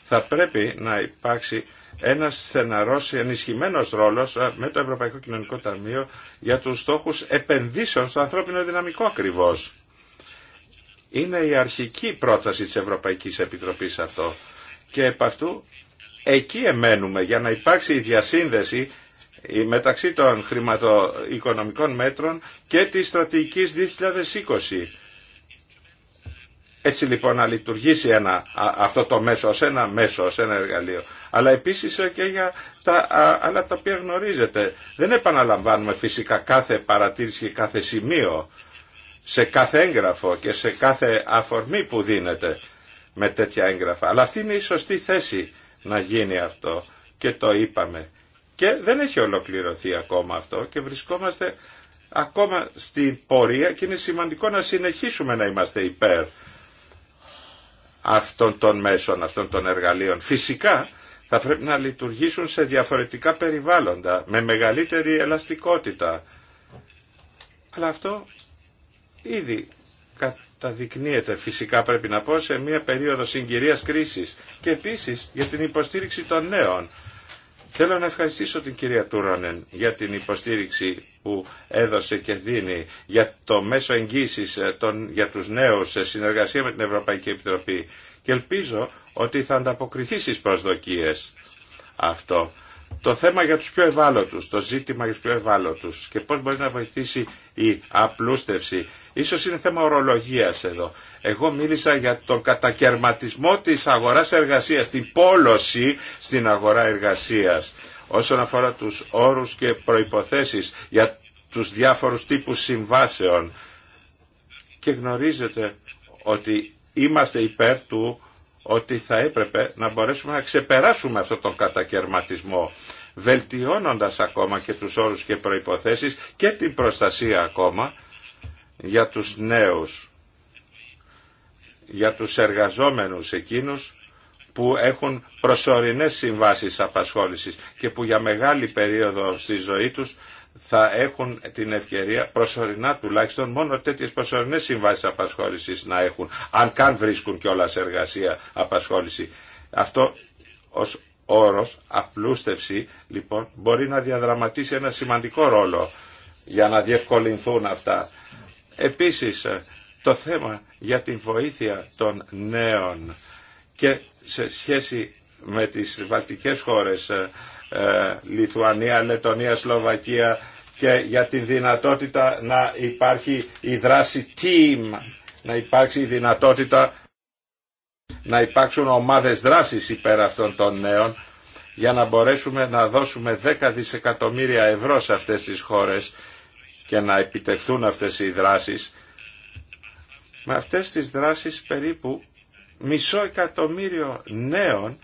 θα πρέπει να υπάρξει ένα στεναρό, ενισχυμένο ρόλο ε, με το Ευρωπαϊκό Κοινωνικό Ταμείο για του στόχους επενδύσεων στο ανθρώπινο δυναμικό ακριβώ. Είναι η αρχική πρόταση της Ευρωπαϊκής Επιτροπής αυτό. Και επ' αυτού εκεί εμένουμε για να υπάρξει η διασύνδεση μεταξύ των χρηματοοικονομικών μέτρων και της στρατηγικής 2020 έτσι λοιπόν να λειτουργήσει ένα, αυτό το μέσο ως ένα μέσο, ως ένα εργαλείο. Αλλά επίσης ε, και για τα άλλα τα οποία γνωρίζετε. Δεν επαναλαμβάνουμε φυσικά κάθε παρατήρηση και κάθε σημείο σε κάθε έγγραφο και σε κάθε αφορμή που δίνεται με τέτοια έγγραφα. Αλλά αυτή είναι η σωστή θέση να γίνει αυτό και το είπαμε. Και δεν έχει ολοκληρωθεί ακόμα αυτό και βρισκόμαστε ακόμα στην πορεία και είναι σημαντικό να συνεχίσουμε να είμαστε υπέρ αυτών των μέσων, αυτών των εργαλείων. Φυσικά θα πρέπει να λειτουργήσουν σε διαφορετικά περιβάλλοντα, με μεγαλύτερη ελαστικότητα. Αλλά αυτό ήδη καταδεικνύεται φυσικά πρέπει να πω σε μια περίοδο συγκυρίας κρίσης και επίσης για την υποστήριξη των νέων. Θέλω να ευχαριστήσω την κυρία Τούρανεν για την υποστήριξη που έδωσε και δίνει για το μέσο εγγύησης ε, των, για τους νέους σε συνεργασία με την Ευρωπαϊκή Επιτροπή και ελπίζω ότι θα ανταποκριθεί στις προσδοκίες αυτό. Το θέμα για τους πιο ευάλωτους, το ζήτημα για τους πιο ευάλωτους και πώς μπορεί να βοηθήσει η απλούστευση. Ίσως είναι θέμα ορολογίας εδώ. Εγώ μίλησα για τον κατακαιρματισμό της αγοράς εργασίας, την πόλωση στην αγορά εργασίας όσον αφορά τους όρους και προϋποθέσεις για τους διάφορους τύπους συμβάσεων και γνωρίζετε ότι είμαστε υπέρ του ότι θα έπρεπε να μπορέσουμε να ξεπεράσουμε αυτόν τον κατακαιρματισμό βελτιώνοντας ακόμα και τους όρους και προϋποθέσεις και την προστασία ακόμα για τους νέους, για τους εργαζόμενους εκείνους που έχουν προσωρινές συμβάσεις απασχόλησης και που για μεγάλη περίοδο στη ζωή τους θα έχουν την ευκαιρία προσωρινά τουλάχιστον μόνο τέτοιες προσωρινές συμβάσει απασχόλησης να έχουν, αν καν βρίσκουν κιόλα εργασία απασχόληση. Αυτό ως όρος απλούστευση, λοιπόν, μπορεί να διαδραματίσει ένα σημαντικό ρόλο για να διευκολυνθούν αυτά. Επίσης, ε, το θέμα για την βοήθεια των νέων και σε σχέση με τις βαλτικές χώρες ε, ε, Λιθουανία, Λετωνία, Σλοβακία και για την δυνατότητα να υπάρχει η δράση team, να υπάρξει η δυνατότητα να υπάρξουν ομάδες δράσης υπέρ αυτών των νέων για να μπορέσουμε να δώσουμε 10 δισεκατομμύρια ευρώ σε αυτές τις χώρες και να επιτευχθούν αυτές οι δράσεις. Με αυτές τις δράσεις περίπου μισό εκατομμύριο νέων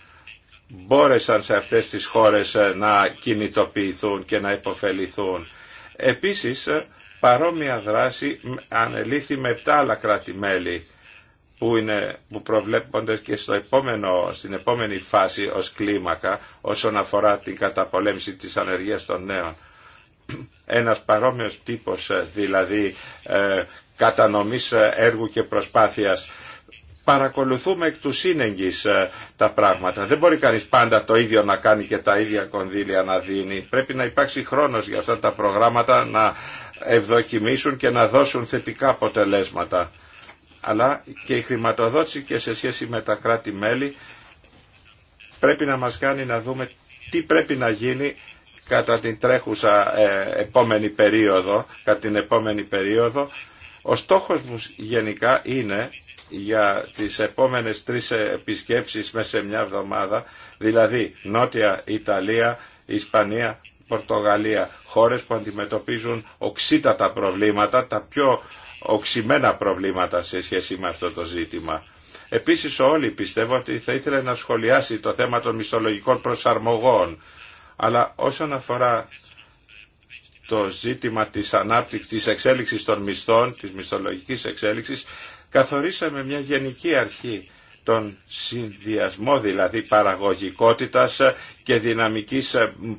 μπόρεσαν σε αυτές τις χώρες ε, να κινητοποιηθούν και να υποφεληθούν. Επίσης, ε, παρόμοια δράση ανελήφθη με τα άλλα κράτη-μέλη που, είναι, που προβλέπονται και στο επόμενο, στην επόμενη φάση ως κλίμακα όσον αφορά την καταπολέμηση της ανεργίας των νέων. Ένας παρόμοιος τύπος ε, δηλαδή κατανομής έργου και προσπάθειας παρακολουθούμε εκ του σύνεγγυς ε, τα πράγματα. Δεν μπορεί κανείς πάντα το ίδιο να κάνει και τα ίδια κονδύλια να δίνει. Πρέπει να υπάρξει χρόνος για αυτά τα προγράμματα να ευδοκιμήσουν και να δώσουν θετικά αποτελέσματα. Αλλά και η χρηματοδότηση και σε σχέση με τα κράτη-μέλη πρέπει να μας κάνει να δούμε τι πρέπει να γίνει κατά την τρέχουσα ε, επόμενη περίοδο, κατά την επόμενη περίοδο. Ο στόχος μου γενικά είναι για τις επόμενες τρεις επισκέψεις μέσα σε μια εβδομάδα, δηλαδή Νότια Ιταλία, Ισπανία, Πορτογαλία, χώρες που αντιμετωπίζουν οξύτατα προβλήματα, τα πιο οξυμένα προβλήματα σε σχέση με αυτό το ζήτημα. Επίσης όλοι πιστεύω ότι θα ήθελε να σχολιάσει το θέμα των μισθολογικών προσαρμογών. Αλλά όσον αφορά το ζήτημα της ανάπτυξης, της εξέλιξης των μισθών, της μισθολογικής εξέλιξης, καθορίσαμε μια γενική αρχή των συνδυασμό δηλαδή παραγωγικότητας και δυναμικής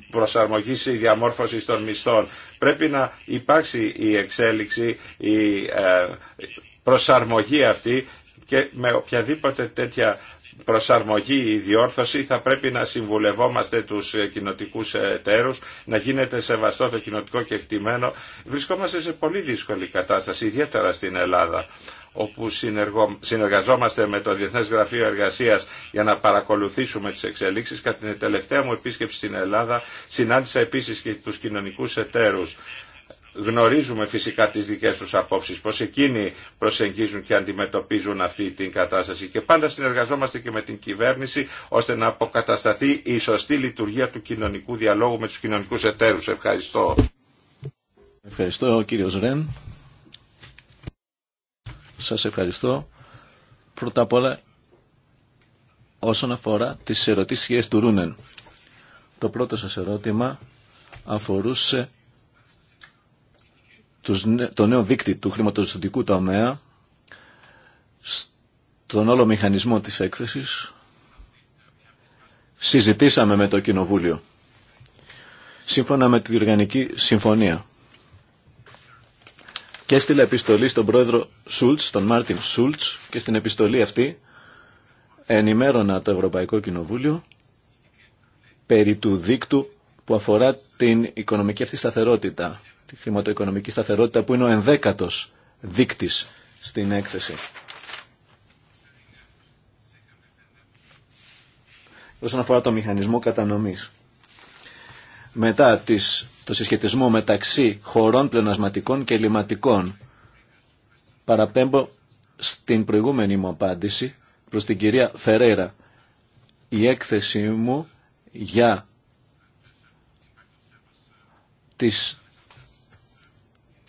προσαρμογής ή διαμόρφωσης των μισθών. Πρέπει να υπάρξει η εξέλιξη, η ε, προσαρμογή αυτή και με οποιαδήποτε τέτοια προσαρμογή, η διόρθωση θα πρέπει να συμβουλευόμαστε τους κοινοτικού εταίρους, να γίνεται σεβαστό το κοινοτικό κεκτημένο. Βρισκόμαστε σε πολύ δύσκολη κατάσταση, ιδιαίτερα στην Ελλάδα όπου συνεργαζόμαστε με το Διεθνές Γραφείο Εργασίας για να παρακολουθήσουμε τις εξελίξεις. Κατά την τελευταία μου επίσκεψη στην Ελλάδα συνάντησα επίσης και τους κοινωνικούς εταίρους γνωρίζουμε φυσικά τις δικές τους απόψεις, πως εκείνοι προσεγγίζουν και αντιμετωπίζουν αυτή την κατάσταση και πάντα συνεργαζόμαστε και με την κυβέρνηση ώστε να αποκατασταθεί η σωστή λειτουργία του κοινωνικού διαλόγου με τους κοινωνικούς εταίρους. Ευχαριστώ. Ευχαριστώ κύριος Ρεν. Σας ευχαριστώ. Πρώτα απ' όλα όσον αφορά τις ερωτήσεις του Ρούνεν. Το πρώτο σας ερώτημα αφορούσε το νέο δίκτυ του χρηματοδοτικού τομέα στον όλο μηχανισμό της έκθεσης συζητήσαμε με το Κοινοβούλιο σύμφωνα με τη οργανική Συμφωνία και έστειλε επιστολή στον πρόεδρο Σούλτς, τον Μάρτιν Σούλτς και στην επιστολή αυτή ενημέρωνα το Ευρωπαϊκό Κοινοβούλιο περί του δίκτου που αφορά την οικονομική αυτή σταθερότητα τη χρηματοοικονομική σταθερότητα που είναι ο ενδέκατος δείκτης στην έκθεση. Όσον αφορά το μηχανισμό κατανομής. Μετά τις, το συσχετισμό μεταξύ χωρών πλεονασματικών και λιματικών παραπέμπω στην προηγούμενη μου απάντηση προς την κυρία Φερέρα. Η έκθεση μου για τις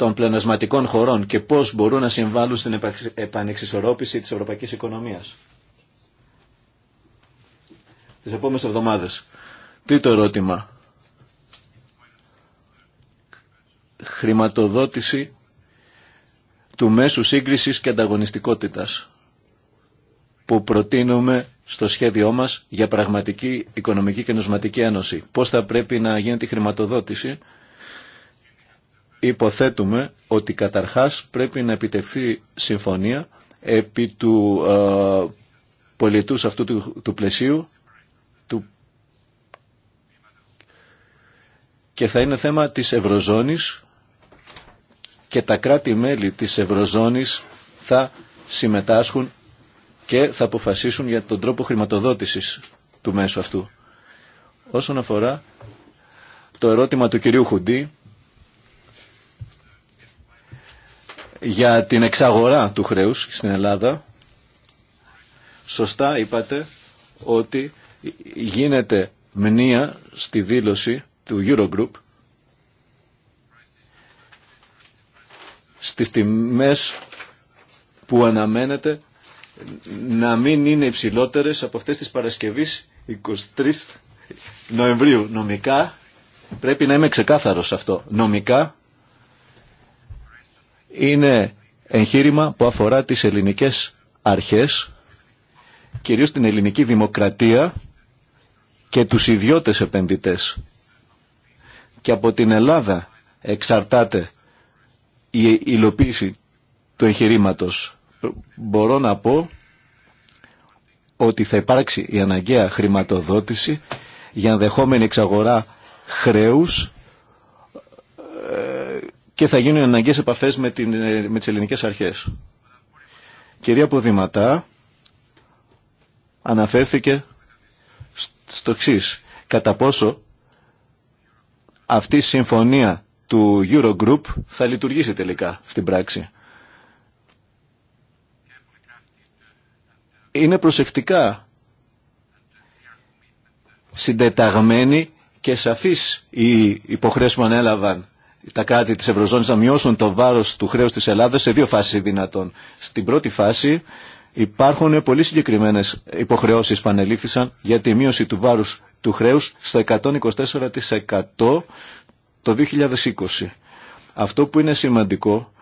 των πλενοσματικών χωρών και πώς μπορούν να συμβάλλουν στην επανεξισορρόπηση της ευρωπαϊκής οικονομίας. Τις επόμενες εβδομάδες. το ερώτημα. Χρηματοδότηση του μέσου σύγκρισης και ανταγωνιστικότητας που προτείνουμε στο σχέδιό μας για πραγματική οικονομική και νοσματική ένωση. Πώς θα πρέπει να γίνεται η χρηματοδότηση Υποθέτουμε ότι καταρχάς πρέπει να επιτευχθεί συμφωνία επί του ε, πολιτούς αυτού του, του πλαισίου του... και θα είναι θέμα της Ευρωζώνης και τα κράτη-μέλη της Ευρωζώνης θα συμμετάσχουν και θα αποφασίσουν για τον τρόπο χρηματοδότησης του μέσου αυτού. Όσον αφορά το ερώτημα του κυρίου Χουντή, για την εξαγορά του χρέους στην Ελλάδα. Σωστά είπατε ότι γίνεται μνήα στη δήλωση του Eurogroup στις τιμές που αναμένεται να μην είναι υψηλότερες από αυτές τις Παρασκευής 23 Νοεμβρίου. Νομικά πρέπει να είμαι ξεκάθαρος αυτό. Νομικά είναι εγχείρημα που αφορά τις ελληνικές αρχές, κυρίως την ελληνική δημοκρατία και τους ιδιώτες επενδυτές. Και από την Ελλάδα εξαρτάται η υλοποίηση του εγχειρήματο. Μπορώ να πω ότι θα υπάρξει η αναγκαία χρηματοδότηση για ενδεχόμενη εξαγορά χρέους και θα γίνουν αναγκαίες επαφές με, την, ε, με τις ελληνικές αρχές. Κυρία Ποδηματά αναφέρθηκε στο εξή. Κατά πόσο αυτή η συμφωνία του Eurogroup θα λειτουργήσει τελικά στην πράξη. Είναι προσεκτικά συντεταγμένη και σαφής η υποχρέωση που ανέλαβαν τα κράτη της Ευρωζώνης να μειώσουν το βάρος του χρέους της Ελλάδας σε δύο φάσεις δυνατών. Στην πρώτη φάση υπάρχουν πολύ συγκεκριμένες υποχρεώσεις που ανελήφθησαν για τη μείωση του βάρους του χρέους στο 124% το 2020. Αυτό που είναι σημαντικό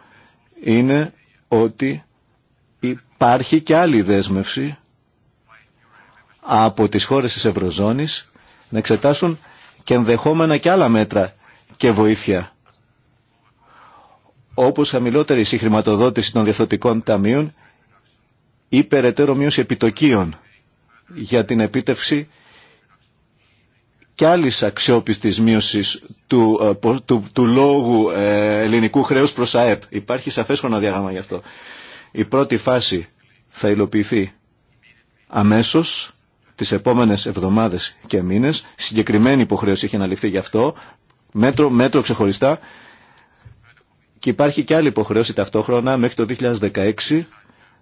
είναι ότι υπάρχει και άλλη δέσμευση από τις χώρες της Ευρωζώνης να εξετάσουν και ενδεχόμενα και άλλα μέτρα και βοήθεια όπως χαμηλότερη συγχρηματοδότηση των διαθωτικών ταμείων ή περαιτέρω μείωση επιτοκίων για την επίτευξη και άλλης αξιόπιστης μείωσης του, ε, του, του, λόγου ε, ελληνικού χρέους προς ΑΕΠ. Υπάρχει σαφέ χρονοδιάγραμμα γι' αυτό. Η πρώτη φάση θα υλοποιηθεί αμέσως τις επόμενες εβδομάδες και μήνες. Συγκεκριμένη υποχρέωση έχει αναλυφθεί γι' αυτό. Μέτρο, μέτρο ξεχωριστά και υπάρχει και άλλη υποχρέωση ταυτόχρονα μέχρι το 2016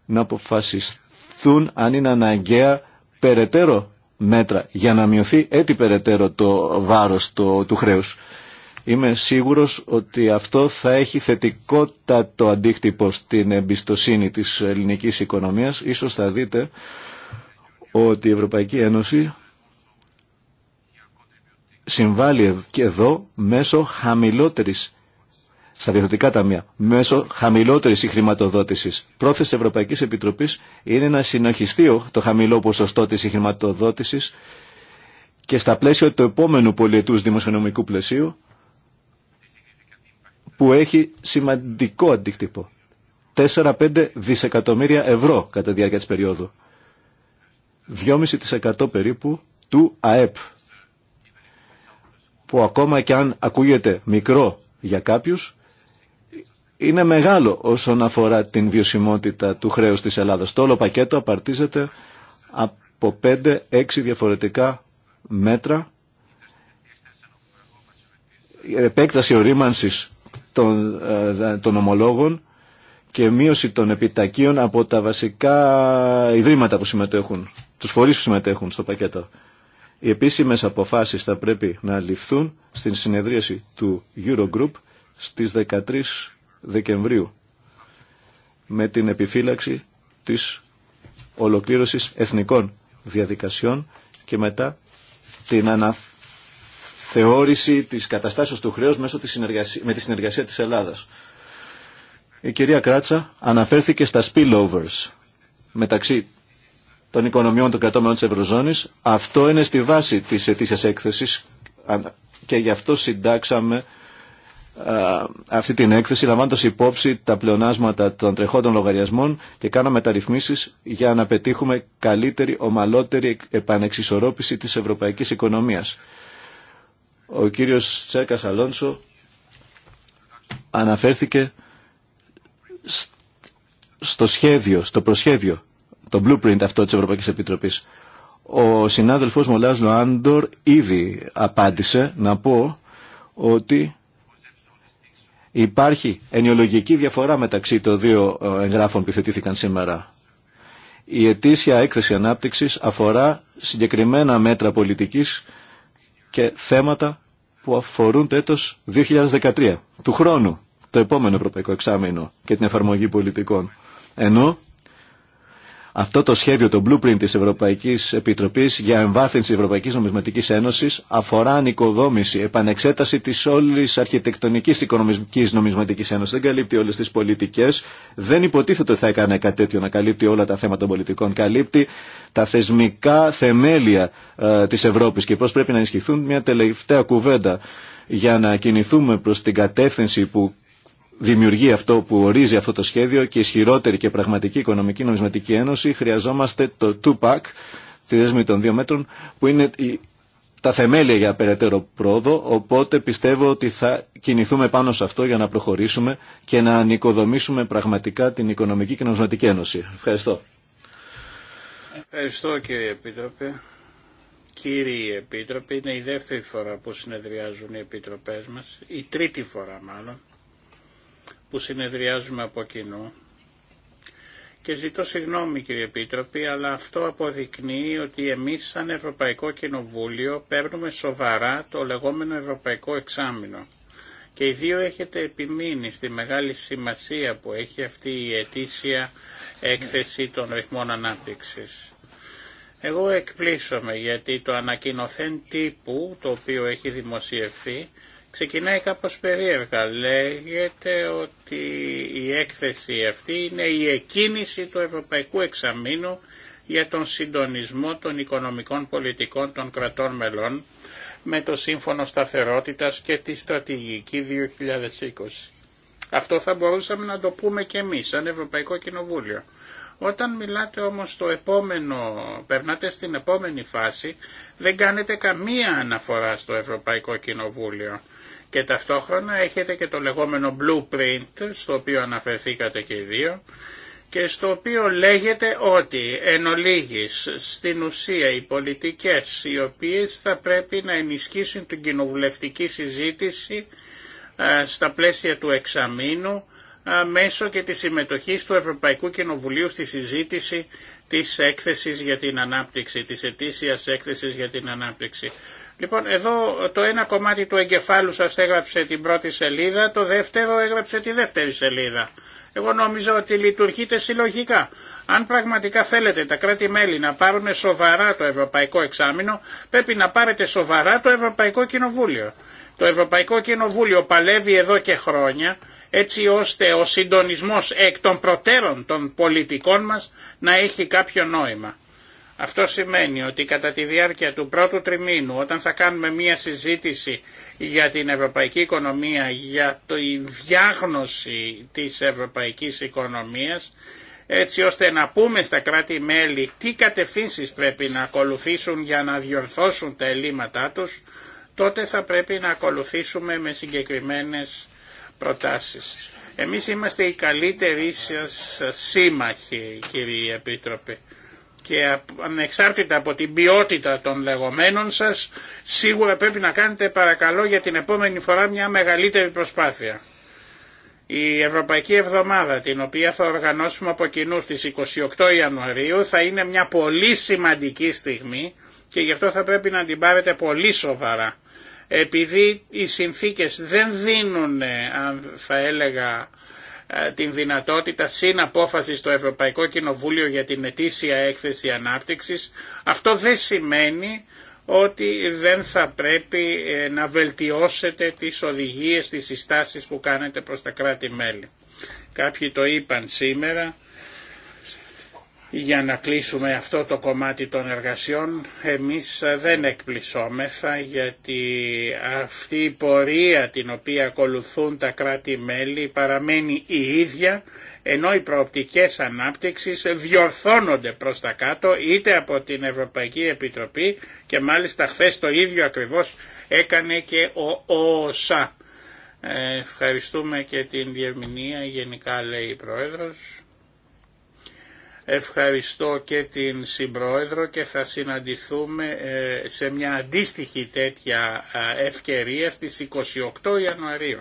να αποφασιστούν αν είναι αναγκαία περαιτέρω μέτρα για να μειωθεί έτσι περαιτέρω το βάρος το, του χρέους. Είμαι σίγουρος ότι αυτό θα έχει θετικότατο αντίκτυπο στην εμπιστοσύνη της ελληνικής οικονομίας. Ίσως θα δείτε ότι η Ευρωπαϊκή Ένωση συμβάλλει και εδώ μέσω χαμηλότερης στα διεθντικά ταμεία μέσω χαμηλότερης συγχρηματοδότησης. Πρόθεση Ευρωπαϊκής Επιτροπής είναι να συνοχιστεί το χαμηλό ποσοστό της συγχρηματοδότησης και στα πλαίσια του επόμενου πολιετούς δημοσιονομικού πλαισίου που έχει σημαντικό αντίκτυπο. 4-5 δισεκατομμύρια ευρώ κατά τη διάρκεια της περίοδου. 2,5% περίπου του ΑΕΠ που ακόμα και αν ακούγεται μικρό για κάποιους είναι μεγάλο όσον αφορά την βιωσιμότητα του χρέους της Ελλάδας. Το όλο πακέτο απαρτίζεται από 5-6 διαφορετικά μέτρα επέκταση ορίμανσης των, ε, των ομολόγων και μείωση των επιτακίων από τα βασικά ιδρύματα που συμμετέχουν, τους φορείς που συμμετέχουν στο πακέτο. Οι επίσημες αποφάσεις θα πρέπει να ληφθούν στην συνεδρίαση του Eurogroup στις 13 Δεκεμβρίου με την επιφύλαξη της ολοκλήρωσης εθνικών διαδικασιών και μετά την αναθεώρηση της καταστάσεως του χρέους μέσω της με τη συνεργασία της Ελλάδας. Η κυρία Κράτσα αναφέρθηκε στα spillovers μεταξύ των οικονομιών των κρατώμενων της Ευρωζώνης. Αυτό είναι στη βάση της ετήσιας έκθεσης και γι' αυτό συντάξαμε αυτή την έκθεση λαμβάνοντας υπόψη τα πλεονάσματα των τρεχόντων λογαριασμών και κάναμε μεταρρυθμίσεις για να πετύχουμε καλύτερη, ομαλότερη επανεξισορρόπηση της ευρωπαϊκής οικονομίας. Ο κύριος Τσέρκας Αλόνσο αναφέρθηκε στο σχέδιο, στο προσχέδιο, το blueprint αυτό της Ευρωπαϊκής Επιτροπής. Ο συνάδελφός μου Λοάντορ ήδη απάντησε να πω ότι Υπάρχει ενοιολογική διαφορά μεταξύ των δύο ε, εγγράφων που θετήθηκαν σήμερα. Η ετήσια έκθεση ανάπτυξης αφορά συγκεκριμένα μέτρα πολιτικής και θέματα που αφορούν το έτος 2013, του χρόνου, το επόμενο Ευρωπαϊκό Εξάμεινο και την εφαρμογή πολιτικών. Ενώ αυτό το σχέδιο, το blueprint της Ευρωπαϊκής Επιτροπής για εμβάθυνση της Ευρωπαϊκής Νομισματικής Ένωσης αφορά ανικοδόμηση, επανεξέταση της όλης αρχιτεκτονικής οικονομικής νομισματικής ένωσης. Δεν καλύπτει όλες τις πολιτικές. Δεν υποτίθεται ότι θα έκανε κάτι τέτοιο να καλύπτει όλα τα θέματα των πολιτικών. Καλύπτει τα θεσμικά θεμέλια ε, της Ευρώπης και πώς πρέπει να ενισχυθούν μια τελευταία κουβέντα για να κινηθούμε προς την κατεύθυνση που δημιουργεί αυτό που ορίζει αυτό το σχέδιο και ισχυρότερη και πραγματική οικονομική νομισματική ένωση χρειαζόμαστε το 2PAC, τη δέσμη των δύο μέτρων, που είναι τα θεμέλια για περαιτέρω πρόοδο, οπότε πιστεύω ότι θα κινηθούμε πάνω σε αυτό για να προχωρήσουμε και να ανοικοδομήσουμε πραγματικά την Οικονομική και Νομισματική Ένωση. Ευχαριστώ. Ευχαριστώ κύριε Επίτροπε. Κύριοι Επίτροποι, είναι η δεύτερη φορά που συνεδριάζουν οι Επιτροπές μας, η τρίτη φορά μάλλον που συνεδριάζουμε από κοινού. Και ζητώ συγγνώμη κύριε Επίτροπη, αλλά αυτό αποδεικνύει ότι εμείς σαν Ευρωπαϊκό Κοινοβούλιο παίρνουμε σοβαρά το λεγόμενο Ευρωπαϊκό Εξάμεινο. Και οι δύο έχετε επιμείνει στη μεγάλη σημασία που έχει αυτή η ετήσια έκθεση των ρυθμών ανάπτυξης. Εγώ εκπλήσωμαι γιατί το ανακοινωθέν τύπου, το οποίο έχει δημοσιευθεί, Ξεκινάει κάπως περίεργα. Λέγεται ότι η έκθεση αυτή είναι η εκκίνηση του Ευρωπαϊκού Εξαμήνου για τον συντονισμό των οικονομικών πολιτικών των κρατών μελών με το Σύμφωνο Σταθερότητας και τη Στρατηγική 2020. Αυτό θα μπορούσαμε να το πούμε και εμείς σαν Ευρωπαϊκό Κοινοβούλιο. Όταν μιλάτε όμως στο επόμενο, περνάτε στην επόμενη φάση, δεν κάνετε καμία αναφορά στο Ευρωπαϊκό Κοινοβούλιο και ταυτόχρονα έχετε και το λεγόμενο blueprint στο οποίο αναφερθήκατε και οι δύο και στο οποίο λέγεται ότι εν ολίγης στην ουσία οι πολιτικές οι οποίες θα πρέπει να ενισχύσουν την κοινοβουλευτική συζήτηση στα πλαίσια του εξαμήνου μέσω και της συμμετοχής του Ευρωπαϊκού Κοινοβουλίου στη συζήτηση της έκθεσης για την ανάπτυξη, της ετήσιας έκθεσης για την ανάπτυξη. Λοιπόν, εδώ το ένα κομμάτι του εγκεφάλου σας έγραψε την πρώτη σελίδα, το δεύτερο έγραψε τη δεύτερη σελίδα. Εγώ νόμιζα ότι λειτουργείτε συλλογικά. Αν πραγματικά θέλετε τα κράτη-μέλη να πάρουν σοβαρά το Ευρωπαϊκό Εξάμεινο, πρέπει να πάρετε σοβαρά το Ευρωπαϊκό Κοινοβούλιο. Το Ευρωπαϊκό Κοινοβούλιο παλεύει εδώ και χρόνια έτσι ώστε ο συντονισμός εκ των προτέρων των πολιτικών μας να έχει κάποιο νόημα. Αυτό σημαίνει ότι κατά τη διάρκεια του πρώτου τριμήνου όταν θα κάνουμε μία συζήτηση για την ευρωπαϊκή οικονομία, για τη διάγνωση της ευρωπαϊκής οικονομίας, έτσι ώστε να πούμε στα κράτη-μέλη τι κατευθύνσεις πρέπει να ακολουθήσουν για να διορθώσουν τα ελλείμματά τους, τότε θα πρέπει να ακολουθήσουμε με συγκεκριμένες προτάσεις. Εμείς είμαστε οι καλύτεροι σας σύμμαχοι, κύριοι Επίτροποι και ανεξάρτητα από την ποιότητα των λεγόμενων σας, σίγουρα πρέπει να κάνετε παρακαλώ για την επόμενη φορά μια μεγαλύτερη προσπάθεια. Η Ευρωπαϊκή Εβδομάδα, την οποία θα οργανώσουμε από κοινού στις 28 Ιανουαρίου, θα είναι μια πολύ σημαντική στιγμή και γι' αυτό θα πρέπει να την πάρετε πολύ σοβαρά. Επειδή οι συνθήκες δεν δίνουν, αν θα έλεγα, ε, την δυνατότητα απόφαση στο Ευρωπαϊκό Κοινοβούλιο για την ετήσια έκθεση ανάπτυξης. Αυτό δεν σημαίνει ότι δεν θα πρέπει ε, να βελτιώσετε τις οδηγίες, τις συστάσεις που κάνετε προς τα κράτη-μέλη. Κάποιοι το είπαν σήμερα για να κλείσουμε αυτό το κομμάτι των εργασιών, εμείς δεν εκπλησόμεθα γιατί αυτή η πορεία την οποία ακολουθούν τα κράτη-μέλη παραμένει η ίδια, ενώ οι προοπτικές ανάπτυξης διορθώνονται προς τα κάτω είτε από την Ευρωπαϊκή Επιτροπή και μάλιστα χθε το ίδιο ακριβώς έκανε και ο ΟΣΑ. Ε, ευχαριστούμε και την Διευμηνία, γενικά λέει η Πρόεδρος. Ευχαριστώ και την Συμπρόεδρο και θα συναντηθούμε ε, σε μια αντίστοιχη τέτοια ε, ευκαιρία στις 28 Ιανουαρίου.